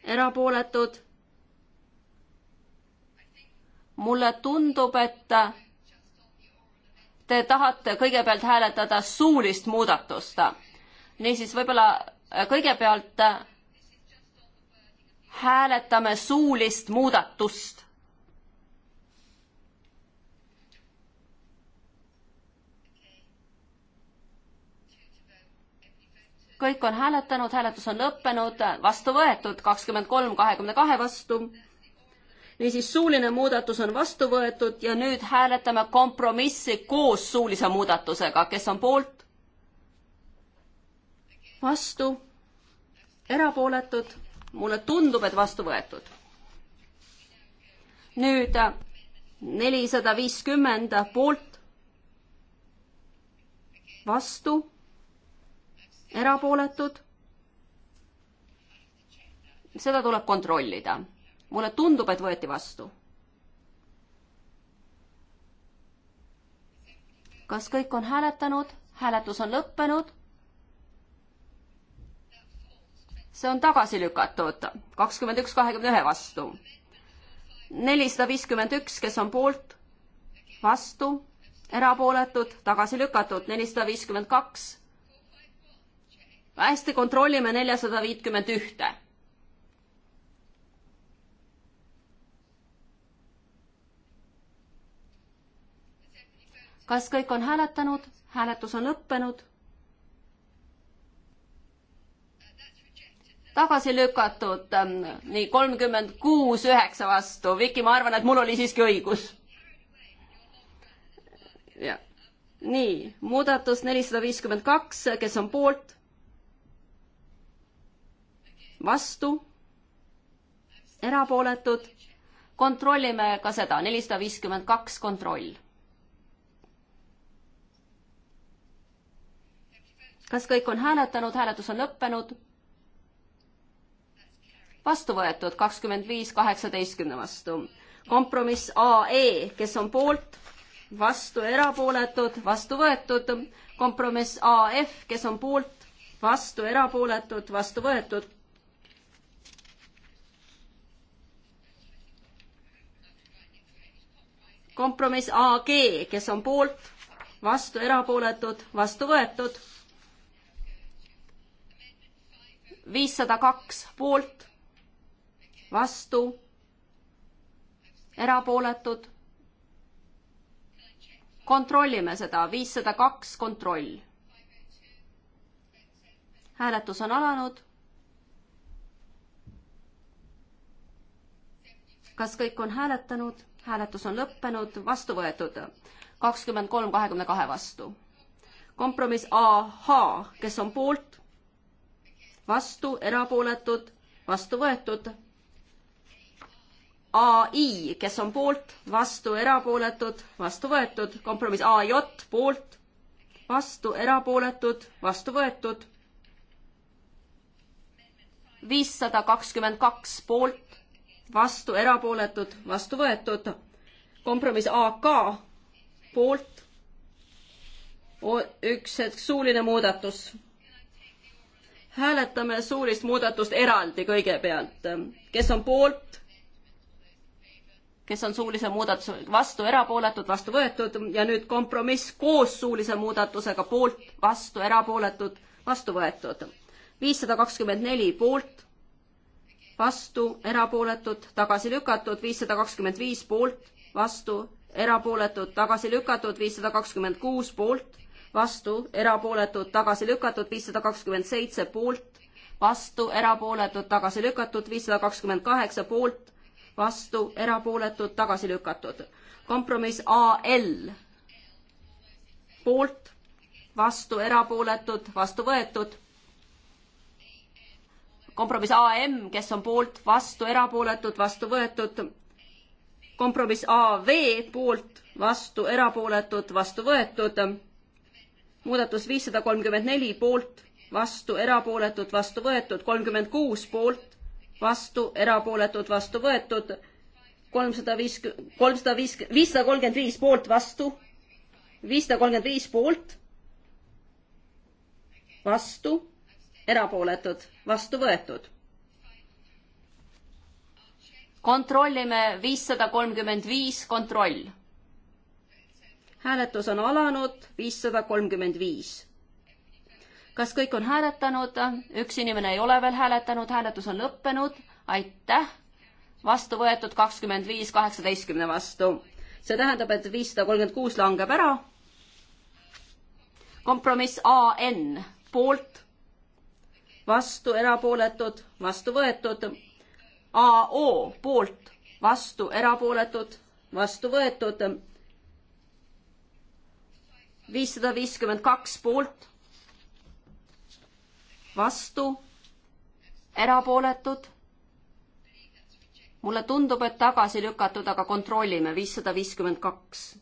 erapooletud. mulle tundub, et te tahate kõigepealt hääletada suulist muudatust. niisiis, võib-olla kõigepealt hääletame suulist muudatust kõik on hääletanud, hääletus on lõppenud, vastu võetud, kakskümmend kolm, kahekümne kahe vastu. niisiis, suuline muudatus on vastu võetud ja nüüd hääletame kompromissi koos suulise muudatusega, kes on poolt? vastu? erapooletud? mulle tundub, et vastu võetud. nüüd nelisada viiskümmend poolt, vastu erapooletud. seda tuleb kontrollida. mulle tundub, et võeti vastu. kas kõik on hääletanud? hääletus on lõppenud. see on tagasi lükatud, kakskümmend üks, kahekümne ühe vastu. nelisada viiskümmend üks, kes on poolt, vastu, erapooletud, tagasi lükatud, nelisada viiskümmend kaks hästi, kontrollime neljasada viitkümmend ühte. kas kõik on hääletanud? hääletus on lõppenud. tagasi lükatud, ähm, nii kolmkümmend kuus üheksa vastu. Viki, ma arvan, et mul oli siiski õigus. jah nii, muudatus nelisada viiskümmend kaks, kes on poolt? vastu, erapooletud, kontrollime ka seda, nelisada viiskümmend kaks, kontroll. kas kõik on hääletanud, hääletus on lõppenud? vastu võetud, kakskümmend viis kaheksateistkümne vastu. kompromiss AE, kes on poolt, vastu erapooletud, vastu võetud. kompromiss AF, kes on poolt, vastu erapooletud, vastu võetud kompromiss AG, kes on poolt, vastu, erapooletud, vastu võetud. viissada kaks poolt, vastu, erapooletud. kontrollime seda, viissada kaks, kontroll. hääletus on alanud. kas kõik on hääletanud? hääletus on lõppenud, vastu võetud kakskümmend kolm kahekümne kahe vastu. kompromiss AH, kes on poolt, vastu, erapooletud, vastu võetud. ai, kes on poolt, vastu, erapooletud, vastu võetud. kompromiss AJ, poolt, vastu, erapooletud, vastu võetud. viissada kakskümmend kaks poolt, vastu, erapooletud, vastu võetud. kompromiss AK poolt. üks hetk, suuline muudatus. hääletame suulist muudatust eraldi kõigepealt. kes on poolt? kes on suulise muudatuse vastu, erapooletud, vastu võetud ja nüüd kompromiss koos suulise muudatusega poolt, vastu, erapooletud, vastu võetud. viissada kakskümmend neli poolt, vastu, erapooletud, tagasi lükatud, viissada kakskümmend viis poolt, vastu, erapooletud, tagasi lükatud, viissada kakskümmend kuus poolt, vastu, erapooletud, tagasi lükatud, viissada kakskümmend seitse poolt, vastu, erapooletud, tagasi lükatud, viissada kakskümmend kaheksa poolt, vastu, erapooletud, tagasi lükatud. kompromiss AL poolt, vastu, erapooletud, vastu võetud kompromiss AM, kes on poolt, vastu, erapooletud, vastu võetud. kompromiss AV poolt, vastu, erapooletud, vastu võetud. muudatus viissada kolmkümmend neli poolt, vastu, erapooletud, vastu võetud, kolmkümmend kuus poolt, vastu, erapooletud, vastu võetud, kolmsada viis, kolmsada viis, viissada kolmkümmend viis poolt, vastu, viissada kolmkümmend viis poolt, vastu erapooletud, vastu võetud. kontrollime viissada kolmkümmend viis, kontroll. hääletus on alanud, viissada kolmkümmend viis. kas kõik on hääletanud? üks inimene ei ole veel hääletanud, hääletus on lõppenud, aitäh. vastu võetud kakskümmend viis, kaheksateistkümne vastu. see tähendab, et viissada kolmkümmend kuus langeb ära kompromiss AN poolt, vastu, erapooletud, vastu võetud. AO poolt, vastu, erapooletud, vastu võetud. viissada viiskümmend kaks poolt, vastu, erapooletud. mulle tundub, et tagasi lükatud, aga kontrollime, viissada viiskümmend kaks.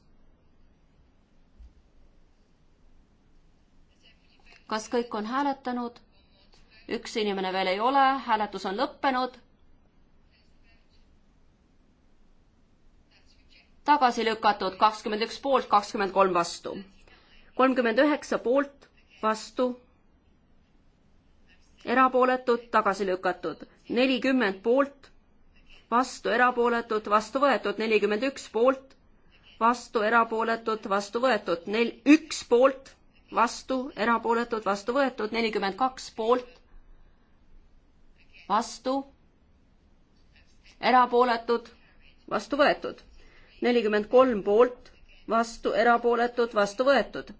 kas kõik on hääletanud? üks inimene veel ei ole, hääletus on lõppenud. tagasi lükatud kakskümmend üks poolt, kakskümmend kolm vastu. kolmkümmend üheksa poolt, vastu, erapooletud, tagasi lükatud. nelikümmend poolt, vastu, erapooletud, vastu võetud, nelikümmend üks poolt, vastu, erapooletud, vastu võetud, nel-, üks poolt vastu, erapooletud, vastu võetud, nelikümmend kaks poolt, vastu, erapooletud, vastu võetud. nelikümmend kolm poolt, vastu, erapooletud, vastu võetud.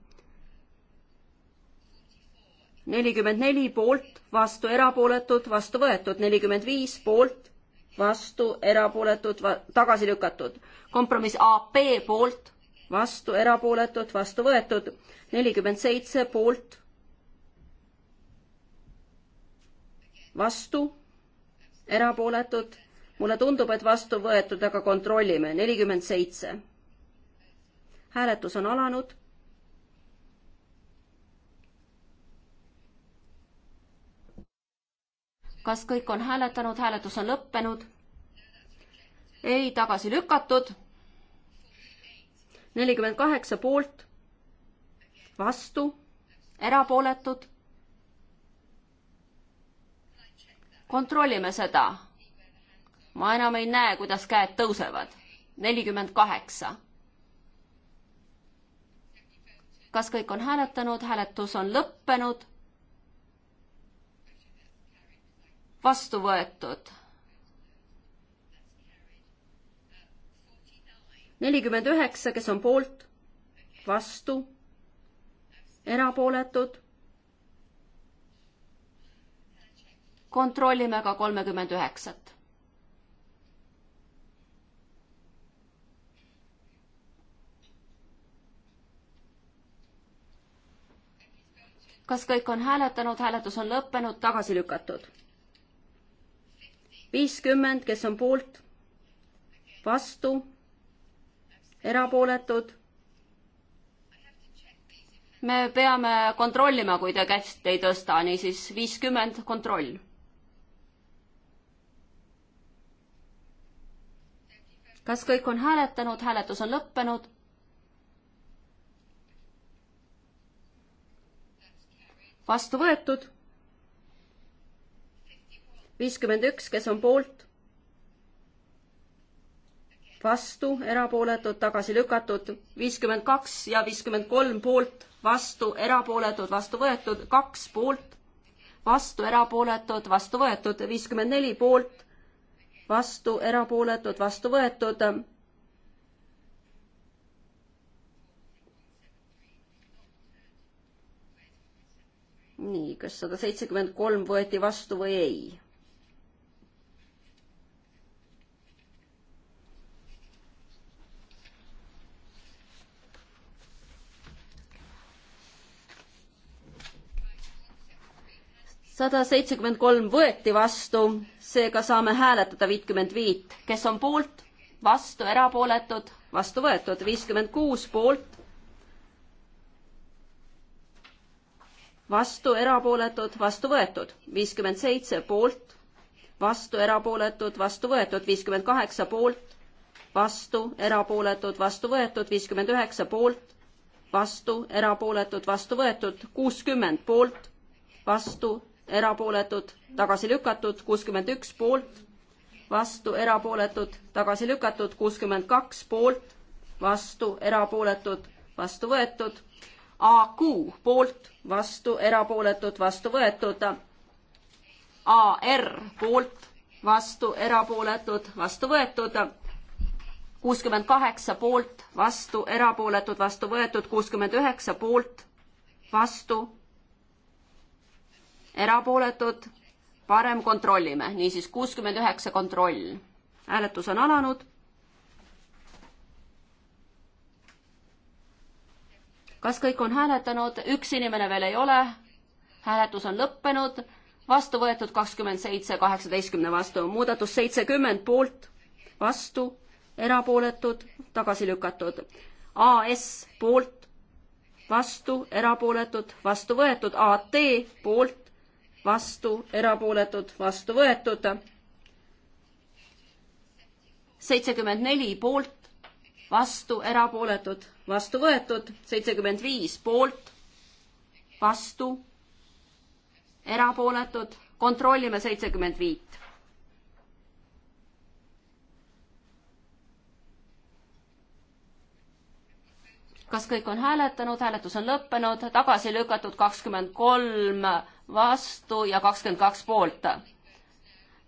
nelikümmend neli poolt, vastu, erapooletud, vastu võetud. nelikümmend viis poolt, vastu, erapooletud, tagasi lükatud. kompromiss AP poolt, vastu, erapooletud, vastu võetud. nelikümmend seitse poolt, vastu erapooletud, mulle tundub, et vastu võetud, aga kontrollime, nelikümmend seitse. hääletus on alanud. kas kõik on hääletanud, hääletus on lõppenud? ei, tagasi lükatud. nelikümmend kaheksa poolt, vastu, erapooletud, kontrollime seda. ma enam ei näe, kuidas käed tõusevad. nelikümmend kaheksa. kas kõik on hääletanud, hääletus on lõppenud? vastu võetud. nelikümmend üheksa, kes on poolt, vastu, erapooletud kontrollime ka kolmekümmend üheksat. kas kõik on hääletanud, hääletus on lõppenud, tagasi lükatud. viiskümmend, kes on poolt, vastu, erapooletud me peame kontrollima, kui te kätt ei tõsta, niisiis viiskümmend kontroll kas kõik on hääletanud, hääletus on lõppenud? vastu võetud. viiskümmend üks, kes on poolt? vastu, erapooletud, tagasi lükatud, viiskümmend kaks ja viiskümmend kolm poolt, vastu, erapooletud, vastu võetud, kaks poolt, vastu, erapooletud, vastu võetud, viiskümmend neli poolt vastu, erapooletud, vastu võetud. nii, kas sada seitsekümmend kolm võeti vastu või ei? sada seitsekümmend kolm võeti vastu, seega saame hääletada viitkümmend viit, kes on poolt, vastu, erapooletud, vastu võetud, viiskümmend kuus poolt, vastu, erapooletud, vastu võetud, viiskümmend seitse poolt, vastu, erapooletud, vastu võetud, viiskümmend kaheksa poolt, vastu, erapooletud, vastu võetud, viiskümmend üheksa poolt, vastu, erapooletud, vastu võetud, kuuskümmend poolt, vastu, erapooletud, tagasi lükatud, kuuskümmend üks poolt, vastu, erapooletud, tagasi lükatud, kuuskümmend kaks poolt, vastu, erapooletud, vastu võetud. AQ poolt, vastu, erapooletud, vastu võetud. AR poolt, vastu, erapooletud, vastu võetud kuuskümmend kaheksa poolt, vastu, erapooletud, vastu võetud, kuuskümmend üheksa poolt, vastu, erapooletud, parem kontrollime, niisiis kuuskümmend üheksa kontroll. hääletus on alanud. kas kõik on hääletanud, üks inimene veel ei ole, hääletus on lõppenud, vastu võetud kakskümmend seitse, kaheksateistkümne vastu, muudatus seitsekümmend poolt, vastu, erapooletud, tagasi lükatud. AS poolt, vastu, erapooletud, vastu võetud, AT poolt, vastu, erapooletud, vastu võetud. seitsekümmend neli poolt, vastu, erapooletud, vastu võetud, seitsekümmend viis poolt, vastu, erapooletud, kontrollime seitsekümmend viit. kas kõik on hääletanud, hääletus on lõppenud, tagasi lükatud kakskümmend kolm vastu ja kakskümmend kaks poolt.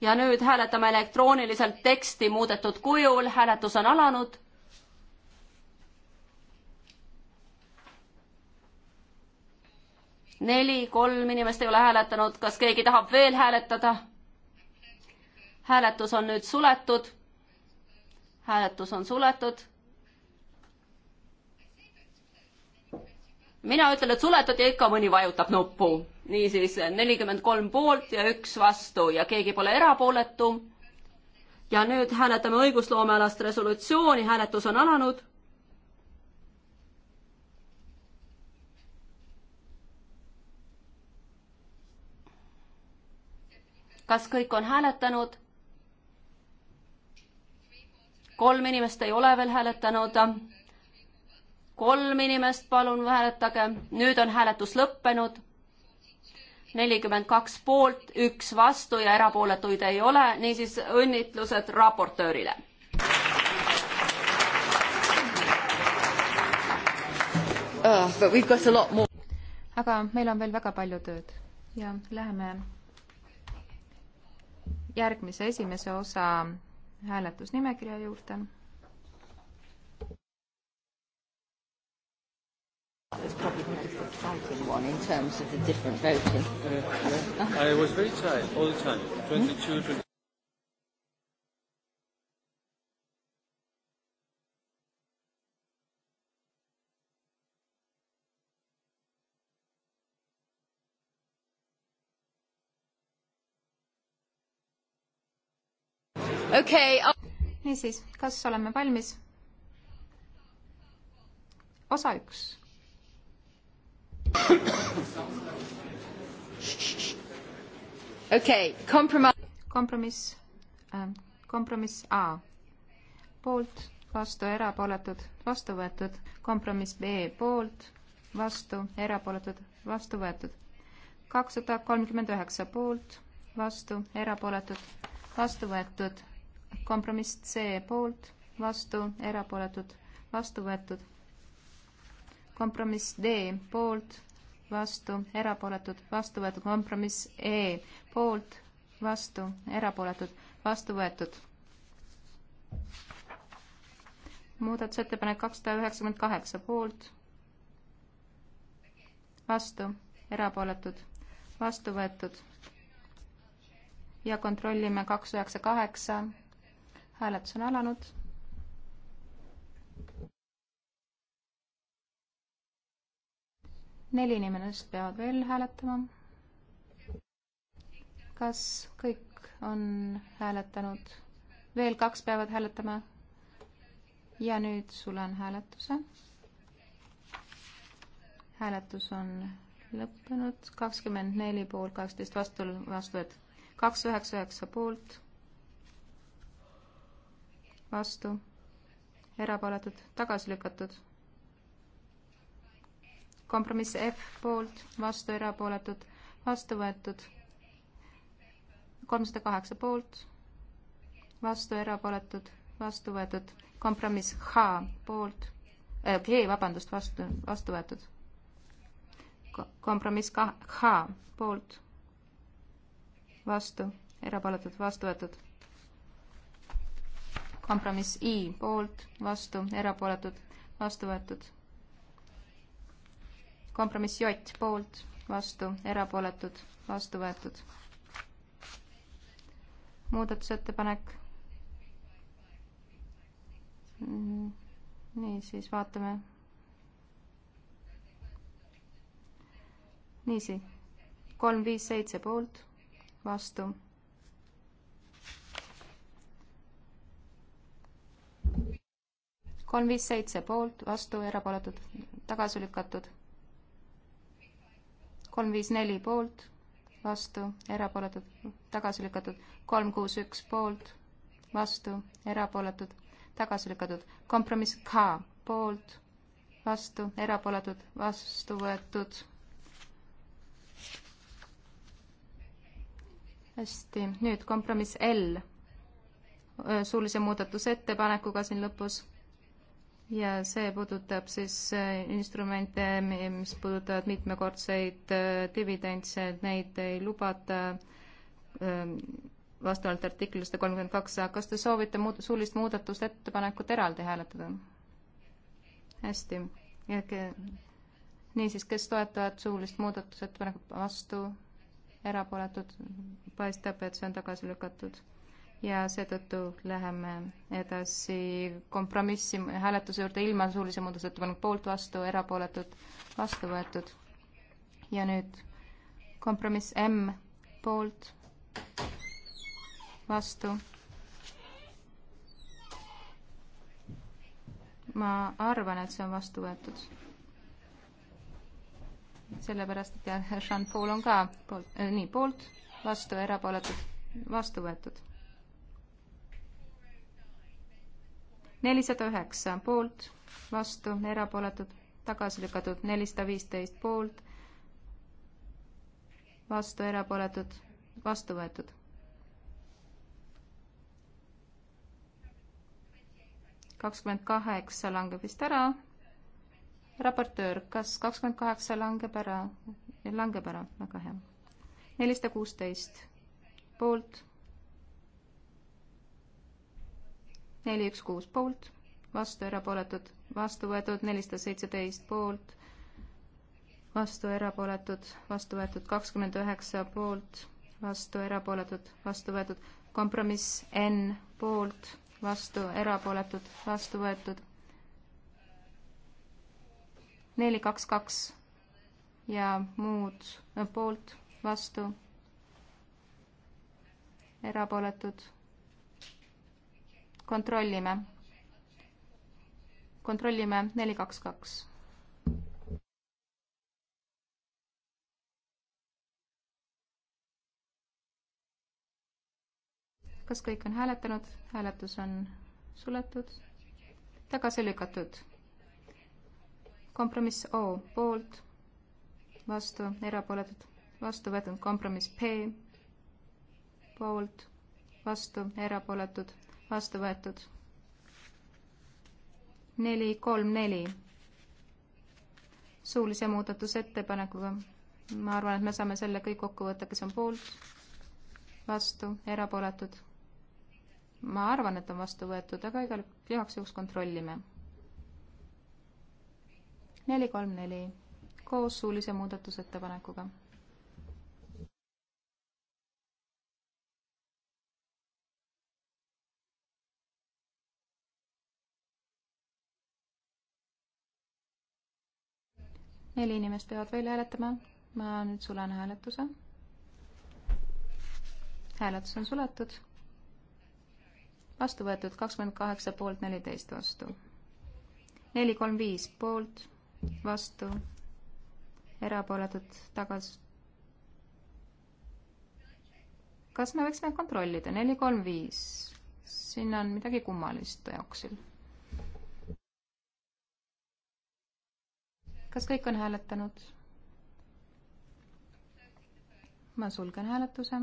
ja nüüd hääletame elektrooniliselt teksti muudetud kujul, hääletus on alanud. neli, kolm inimest ei ole hääletanud, kas keegi tahab veel hääletada? hääletus on nüüd suletud. hääletus on suletud mina ütlen, et suletud ja ikka mõni vajutab nuppu. niisiis nelikümmend kolm poolt ja üks vastu ja keegi pole erapooletu. ja nüüd hääletame õigusloomealast resolutsiooni, hääletus on alanud kas kõik on hääletanud? kolm inimest ei ole veel hääletanud kolm inimest, palun hääletage. nüüd on hääletus lõppenud. nelikümmend kaks poolt, üks vastu ja erapooletuid ei ole, niisiis õnnitlused raportöörile. Ah, aga meil on veel väga palju tööd ja läheme järgmise esimese osa hääletusnimekirja juurde It's probably the most exciting one in terms of the different voting. Yeah, yeah. I was very tired all the time, 22, hmm? 20. okei okay.. Oh. niisiis, kas oleme valmis? osa üks okei okay,, kompromiss. kompromiss, ähm, kompromiss A. poolt, vastu, erapooletud, vastu võetud. kompromiss B poolt, vastu, erapooletud, vastu võetud. kakssada kolmkümmend üheksa poolt, vastu, erapooletud, vastu võetud. kompromiss C poolt, vastu, erapooletud, vastu võetud kompromiss D poolt, vastu, erapooletud, vastu võetud, kompromiss E poolt, vastu, erapooletud, vastu võetud. muudatusettepanek kakssada üheksakümmend kaheksa poolt, vastu, erapooletud, vastu võetud. ja kontrollime kaks üheksa kaheksa. hääletus on alanud neli inimest peavad veel hääletama. kas kõik on hääletanud? veel kaks peavad hääletama. ja nüüd sulen hääletuse. hääletus on lõppenud, kakskümmend neli poolt, kaksteist vastu, vastu võetud kaks üheksa üheksa poolt, vastu, erapooletud, tagasi lükatud kompromiss F poolt, vastu erapooletud, vastu võetud. kolmsada kaheksa poolt, vastu erapooletud, vastu võetud. kompromiss H poolt äh,, G vabandust, vastu, vastu võetud. kompromiss K, H poolt, vastu, erapooletud, vastu võetud kompromiss I poolt, vastu, erapooletud, vastu võetud kompromiss J poolt, vastu, erapooletud, vastu võetud. muudatusettepanek. Mm, nii, siis vaatame. niiviisi, kolm, viis, seitse poolt, vastu kolm, viis, seitse poolt, vastu, erapooletud, tagasi lükatud kolm, viis, neli poolt, vastu, erapooletud, tagasi lükatud, kolm, kuus, üks poolt, vastu, erapooletud, tagasi lükatud, kompromiss K poolt, vastu, erapooletud, vastu võetud. hästi, nüüd kompromiss L suulise muudatusettepanekuga siin lõpus ja see puudutab siis äh, instrumente, mis puudutavad mitmekordseid äh, dividendse, et neid ei lubata ähm, vastavalt artiklile sada kolmkümmend kaks, aga kas te soovite muud, suulist muudatust ettepanekut eraldi hääletada? hästi, niisiis, kes toetavad suulist muudatusettepanekut vastu, erapooletud, paistab, et see on tagasi lükatud ja seetõttu läheme edasi kompromissi hääletuse juurde ilma suulise muudatusettepaneku poolt vastu, erapooletud vastu võetud. ja nüüd kompromiss M poolt vastu. ma arvan, et see on vastu võetud. sellepärast, et jah, Jean-Paul on ka poolt äh,, nii poolt, vastu, erapooletud, vastu võetud nelisada üheksa poolt, vastu, erapooletud, tagasi lükatud, nelisada viisteist poolt, vastu, erapooletud, vastu võetud. kakskümmend kaheksa langeb vist ära. raportöör, kas kakskümmend kaheksa langeb ära? langeb ära, väga hea. nelisada kuusteist poolt neli, üks, kuus poolt, vastu, erapooletud, vastu võetud nelisada seitseteist poolt, vastu, erapooletud, vastu võetud kakskümmend üheksa poolt, vastu, erapooletud, vastu võetud, kompromiss N poolt, vastu, erapooletud, vastu võetud neli, kaks, kaks ja muud poolt, vastu, erapooletud kontrollime. kontrollime neli, kaks, kaks. kas kõik on hääletanud? hääletus on suletud, tagasi lükatud. kompromiss O poolt, vastu, erapooletud, vastu võetud kompromiss P poolt, vastu, erapooletud vastu võetud. neli, kolm, neli. suulise muudatusettepanekuga. ma arvan, et me saame selle kõik kokku võtta, kes on poolt, vastu, erapooletud. ma arvan, et on vastu võetud, aga igal igaks juhuks kontrollime. neli, kolm, neli koos suulise muudatusettepanekuga neli inimest peavad veel hääletama. ma nüüd sulen hääletuse. hääletus on suletud. vastu võetud kakskümmend kaheksa poolt, neliteist vastu. neli, kolm, viis poolt, vastu, erapooletud, tagasi. kas me võiksime kontrollida, neli, kolm, viis? siin on midagi kummalist jooksul kas kõik on hääletanud? ma sulgen hääletuse.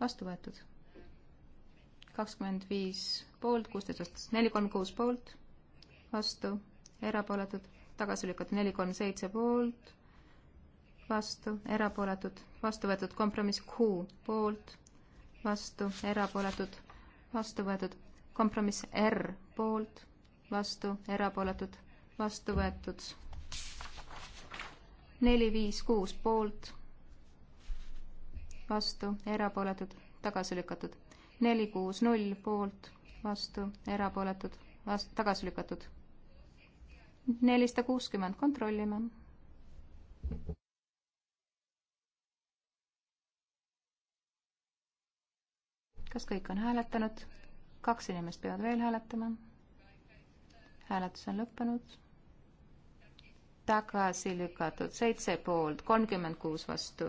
vastu võetud. kakskümmend viis poolt, kuusteist vastas, neli kolm kuus poolt, vastu, erapooletud, tagasi lükatud neli kolm seitse poolt, vastu, erapooletud, vastu võetud kompromiss Q poolt, vastu, erapooletud, vastu võetud kompromiss R poolt, vastu, erapooletud, vastu võetud. neli, viis, kuus poolt, vastu, erapooletud, tagasi lükatud. neli, kuus, null poolt, vastu, erapooletud, vast-, tagasi lükatud. nelisada kuuskümmend, kontrollime. kas kõik on hääletanud? kaks inimest peavad veel hääletama hääletus on lõppenud. tagasi lükatud seitse poolt, kolmkümmend kuus vastu.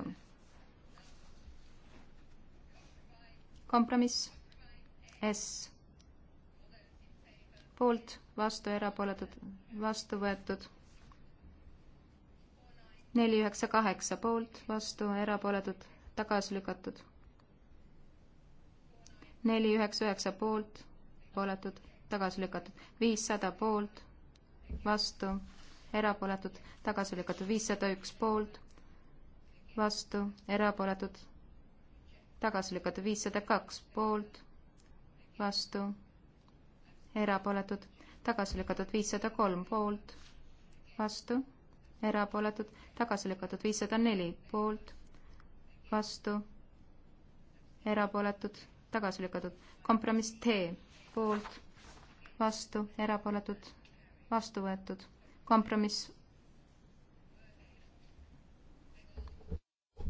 kompromiss S. poolt, vastu, erapooletud, vastu võetud. neli, üheksa, kaheksa poolt, vastu, erapooletud, tagasi lükatud. neli, üheksa, üheksa poolt, pooletud tagasi lükatud, viissada poolt, vastu, erapooletud, tagasi lükatud, viissada üks poolt, vastu, erapooletud, tagasi lükatud, viissada kaks poolt, vastu, erapooletud, tagasi lükatud, viissada kolm poolt, vastu, erapooletud, tagasi lükatud, viissada neli poolt, vastu, erapooletud, tagasi lükatud, kompromiss T poolt vastu, erapooletud, vastu võetud. kompromiss.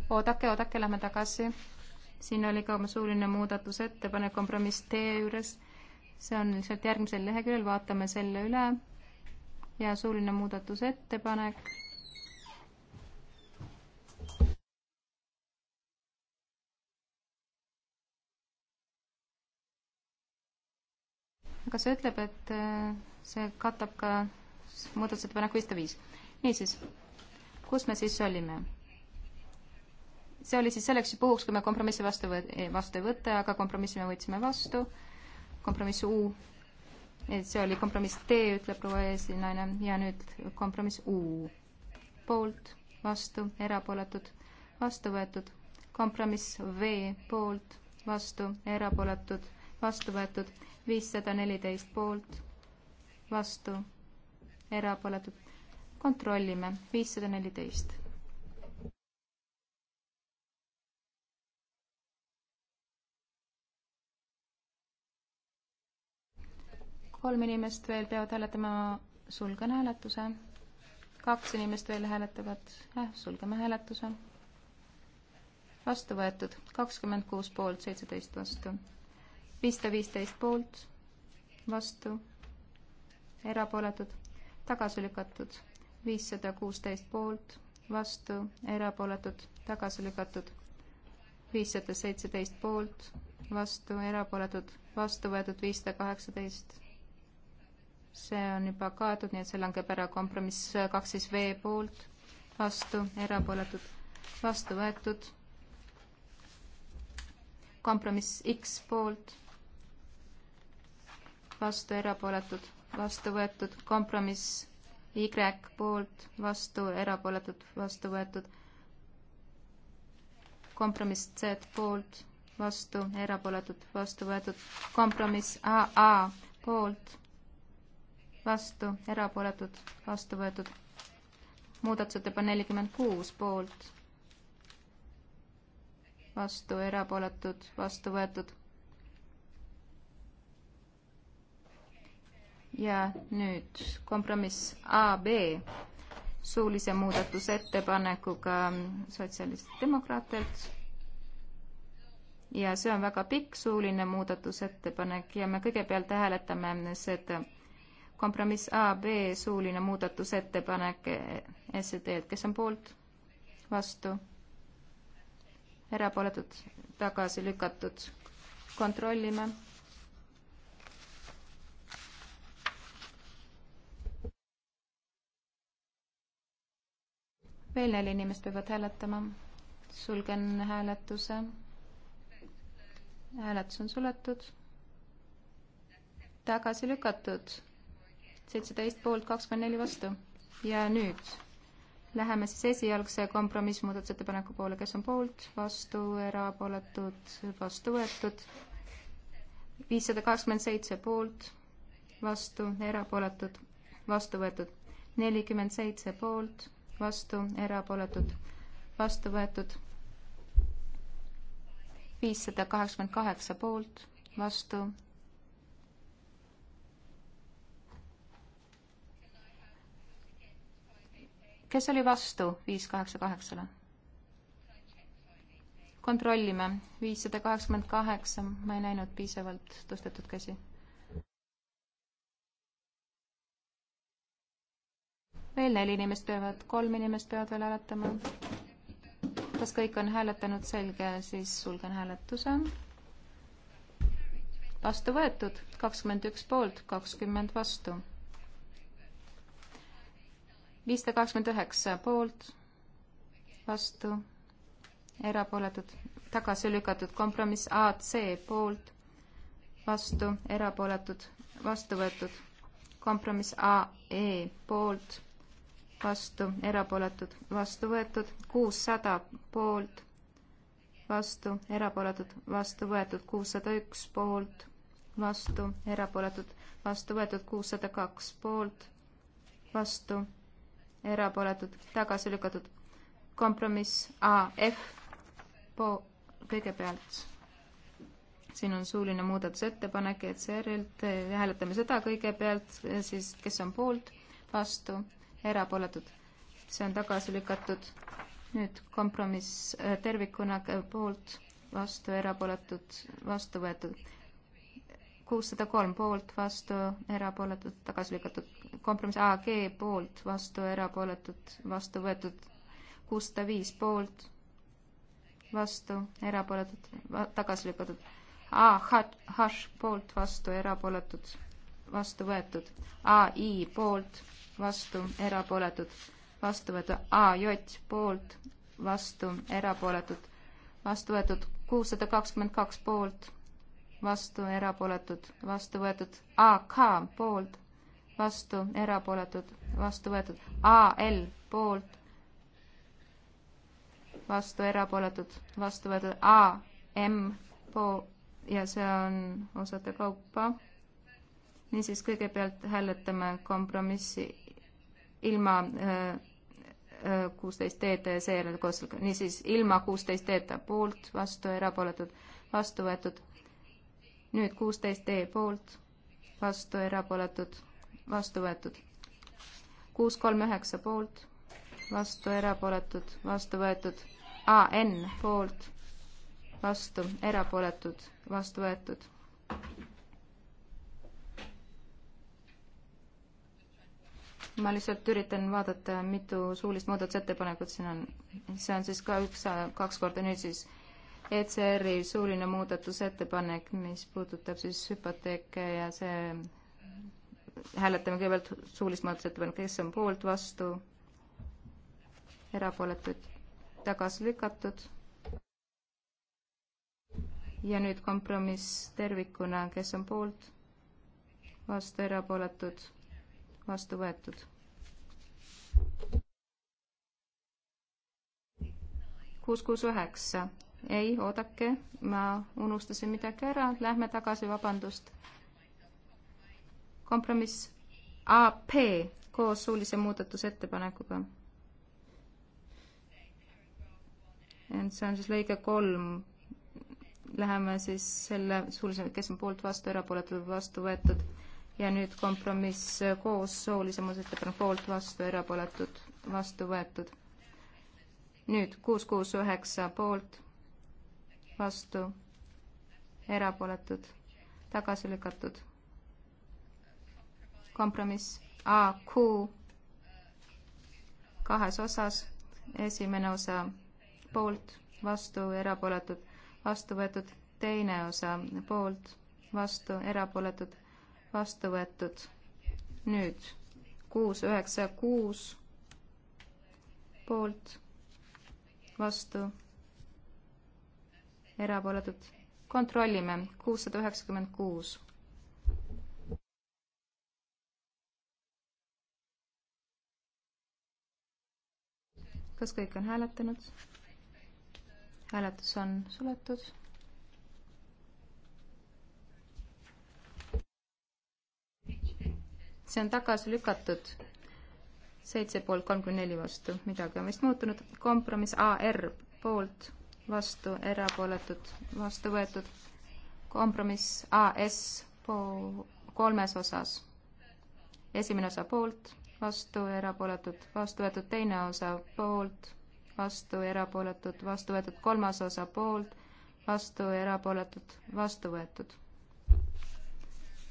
oodake, oodake, lähme tagasi. siin oli ka suuline muudatusettepanek kompromiss D juures. see on lihtsalt järgmisel leheküljel, vaatame selle üle. ja suuline muudatusettepanek aga see ütleb, et äh, see katab ka muudatusettepaneku viissada viis. niisiis, kus me siis olime? see oli siis selleks puhuks, kui me kompromissi vastu võt-, vastu ei võta, aga kompromissi me võtsime vastu, kompromiss U, see oli kompromiss D, ütleb proua eesinaine, ja nüüd kompromiss U. poolt, vastu, erapooletud, vastu võetud, kompromiss V, poolt, vastu, erapooletud, vastu võetud viissada neliteist poolt, vastu, erapooletud. kontrollime, viissada neliteist. kolm inimest veel peavad hääletama, sulgen hääletuse. kaks inimest veel hääletavad eh,, sulgeme hääletuse. vastu võetud, kakskümmend kuus poolt, seitseteist vastu viissada viisteist poolt, vastu, erapooletud, tagasi lükatud. viissada kuusteist poolt, vastu, erapooletud, tagasi lükatud. viissada seitseteist poolt, vastu, erapooletud, vastu võetud viissada kaheksateist. see on juba kaetud, nii et see langeb ära kompromiss kaks siis V poolt, vastu, erapooletud, vastu võetud. kompromiss X poolt vastu, erapooletud, vastu võetud, kompromiss Y poolt, vastu, erapooletud, vastu võetud, kompromiss Z poolt, vastu, erapooletud, vastu võetud, kompromiss AA poolt, vastu, erapooletud, vastu võetud, muudatusettepanek nelikümmend kuus poolt, vastu, erapooletud, vastu võetud ja nüüd kompromiss AB suulise muudatusettepanekuga sotsialistdemokraatelt. ja see on väga pikk suuline muudatusettepanek ja me kõigepealt hääletame seda kompromiss AB suuline muudatusettepanek SED-lt, kes on poolt, vastu, erapooletud, tagasi lükatud. kontrollime veel neli inimest peavad hääletama. sulgen hääletuse. hääletus on suletud. tagasi lükatud. seitseteist poolt, kakskümmend neli vastu. ja nüüd läheme siis esialgse kompromissmuudatusettepaneku poole, kes on poolt, vastu, erapooletud, vastu võetud. viissada kakskümmend seitse poolt, vastu, erapooletud, vastu võetud. nelikümmend seitse poolt vastu, erapooletud, vastu võetud. viissada kaheksakümmend kaheksa poolt, vastu. kes oli vastu viis kaheksa kaheksale? kontrollime, viissada kaheksakümmend kaheksa, ma ei näinud piisavalt tõstetud käsi veel neli inimest peavad, kolm inimest peavad veel hääletama. kas kõik on hääletanud, selge, siis sulgen hääletuse. vastu võetud, kakskümmend üks poolt, kakskümmend vastu. viissada kakskümmend üheksa poolt, vastu, erapooletud, tagasi lükatud, kompromiss AC poolt, vastu, erapooletud, vastu võetud, kompromiss AE poolt vastu, erapooletud, vastu võetud, kuussada poolt, vastu, erapooletud, vastu võetud, kuussada üks poolt, vastu, erapooletud, vastu võetud, kuussada kaks poolt, vastu, erapooletud, tagasi lükatud, kompromiss AF po-, kõigepealt siin on suuline muudatusettepanek ECR-ilt, hääletame seda kõigepealt, siis kes on poolt, vastu erapooletud, see on tagasi lükatud. nüüd kompromiss äh, tervikuna poolt, vastu, erapooletud, vastu võetud. kuussada kolm poolt, vastu, erapooletud, tagasi lükatud. kompromiss AG poolt, vastu, erapooletud, vastu võetud. kuussada viis poolt, vastu, erapooletud, tagasi lükatud. AH, H poolt, vastu, erapooletud, vastu võetud. ai poolt vastu, erapooletud, vastu võetud AJ poolt, vastu, erapooletud, vastu võetud kuussada kakskümmend kaks poolt, vastu, erapooletud, vastu võetud AK poolt, vastu, erapooletud, vastu võetud AL poolt, vastu, erapooletud, vastu võetud AM po- ja see on osade kaupa niisiis kõigepealt hääletame kompromissi ilma äh, äh, kuusteist D-d seejärel koosolekul, niisiis ilma kuusteist D-ta poolt, vastu, erapooletud, vastu võetud. nüüd kuusteist D poolt, vastu, erapooletud, vastu võetud. kuus, kolm, üheksa poolt, vastu, erapooletud, vastu võetud. AN poolt, vastu, erapooletud, vastu võetud. ma lihtsalt üritan vaadata, mitu suulist muudatusettepanekut siin on. see on siis ka üks, kaks korda nüüd siis ECR-i suuline muudatusettepanek, mis puudutab siis hüpoteeke ja see, hääletame kõigepealt suulist muudatusettepanekut, kes on poolt, vastu, erapooletud, tagasi lükatud. ja nüüd kompromiss tervikuna, kes on poolt, vastu, erapooletud vastu võetud. kuus, kuus, üheksa. ei, oodake, ma unustasin midagi ära, lähme tagasi, vabandust. kompromiss AP koos suulise muudatusettepanekuga. ent see on siis lõige kolm. Läheme siis selle suulise, kes on poolt vastu, erapooletud vastu võetud ja nüüd kompromiss koos soolise muudatusettepaneku poolt, vastu, erapooletud, vastu võetud. nüüd kuus, kuus, üheksa poolt, vastu, erapooletud, tagasi lükatud. kompromiss AQ kahes osas, esimene osa poolt, vastu, erapooletud, vastu võetud, teine osa poolt, vastu, erapooletud vastu võetud. nüüd kuus, üheksa, kuus poolt, vastu, erapooletud. kontrollime, kuussada üheksakümmend kuus. kas kõik on hääletanud? hääletus on suletud see on tagasi lükatud. seitse poolt, kolmkümmend neli vastu, midagi on vist muutunud. kompromiss AR poolt, vastu, erapooletud, vastu võetud. kompromiss AS po-, kolmes osas. esimene osa poolt, vastu, erapooletud, vastu võetud teine osa poolt, vastu, erapooletud, vastu võetud kolmas osa poolt, vastu, erapooletud, vastu võetud.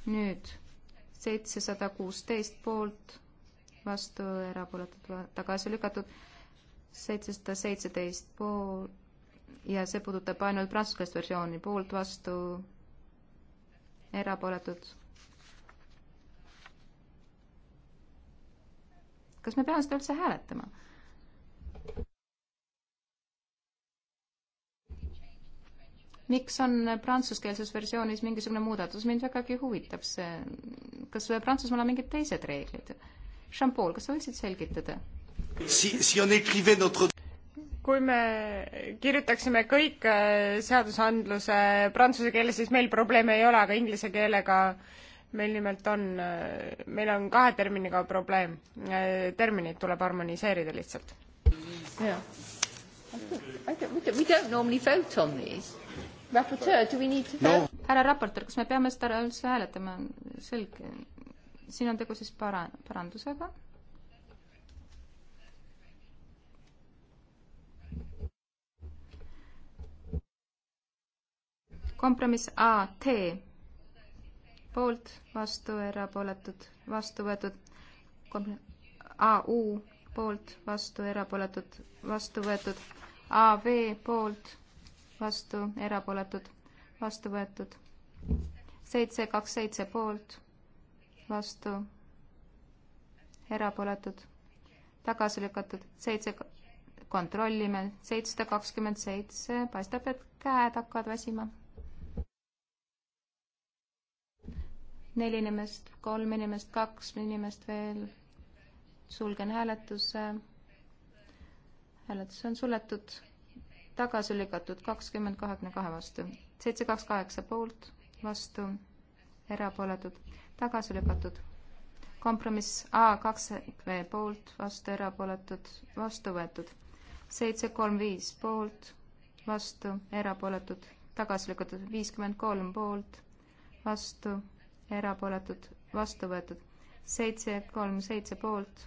nüüd seitsesada kuusteist poolt, vastu, erapooletud, tagasi lükatud, seitsesada seitseteist pool ja see puudutab ainult prantsuslast versiooni, poolt, vastu, erapooletud. kas me peame seda üldse hääletama? miks on prantsuskeelses versioonis mingisugune muudatus, mind vägagi huvitab see. kas Prantsusmaal on mingid teised reeglid? Jean-Paul, kas sa võiksid selgitada si,? Si notre... kui me kirjutaksime kõik äh, seadusandluse prantsuse keeles, siis meil probleeme ei ole, aga inglise keelega meil nimelt on, äh, meil on kahe terminiga probleem. Äh, terminid tuleb harmoniseerida lihtsalt. jah. We don't normally vote on these no.. härra raportöör, kas me peame seda üldse hääletama? selge. siin on tegu siis para-, parandusega. kompromiss A, T. poolt, vastu, erapooletud, vastu võetud. A, U, poolt, vastu, erapooletud, vastu võetud. A, V, poolt vastu, erapooletud, vastu võetud. seitse, kaks, seitse poolt, vastu, erapooletud, tagasi lükatud, seitse, kontrollime, seitsesada kakskümmend seitse, paistab, et käed hakkavad väsima. neli inimest, kolm inimest, kaks inimest veel. sulgen hääletuse. hääletus on suletud tagasi lükatud kakskümmend kahekümne kahe vastu, seitse kaks kaheksa poolt, vastu, erapooletud, tagasi lükatud. kompromiss A kaks V poolt, vastu, erapooletud, vastu võetud. seitse kolm viis poolt, vastu, erapooletud, tagasi lükatud, viiskümmend kolm poolt, vastu, erapooletud, vastu võetud. seitse kolm seitse poolt,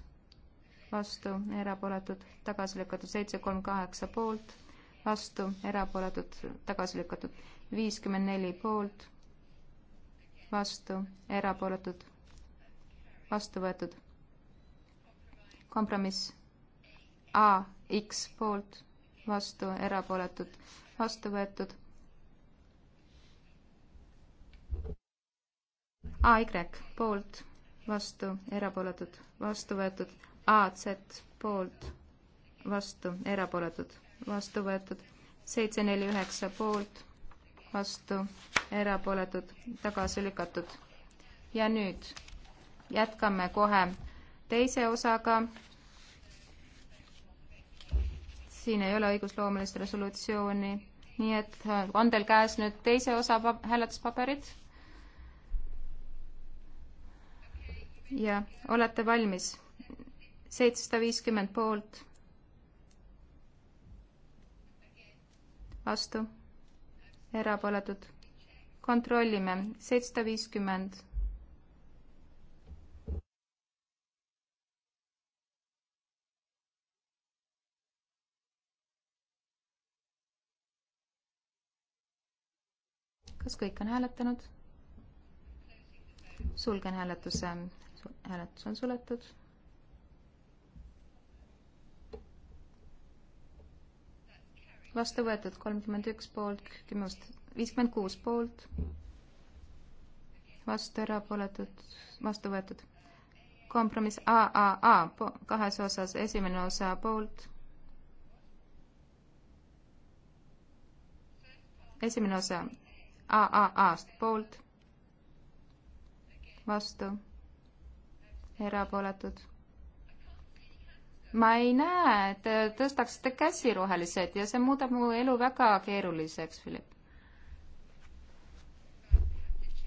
vastu, erapooletud, tagasi lükatud, seitse kolm kaheksa poolt vastu, erapooletud, tagasi lükatud. viiskümmend neli poolt, vastu, erapooletud, vastu võetud. kompromiss A X poolt, vastu, erapooletud, vastu võetud. A Y poolt, vastu, erapooletud, vastu võetud. A Z poolt, vastu, erapooletud vastu võetud, seitse, neli, üheksa poolt, vastu, erapooletud, tagasi lükatud. ja nüüd jätkame kohe teise osaga. siin ei ole õigusloomelist resolutsiooni, nii et äh, on teil käes nüüd teise osa hääletuspaberid? ja olete valmis? seitsesada viiskümmend poolt vastu, erapooletud. kontrollime, seitsesada viiskümmend. kas kõik on hääletanud? sulgen hääletuse, hääletus on suletud vastu võetud kolmkümmend üks poolt, kümme vastu, viiskümmend kuus poolt, vastu erapooletud, vastu võetud. kompromiss AAA kahes osas, esimene osa poolt. esimene osa AAA-st poolt, vastu, erapooletud ma ei näe, et te tõstaksite käsi rohelised ja see muudab mu elu väga keeruliseks, Philip.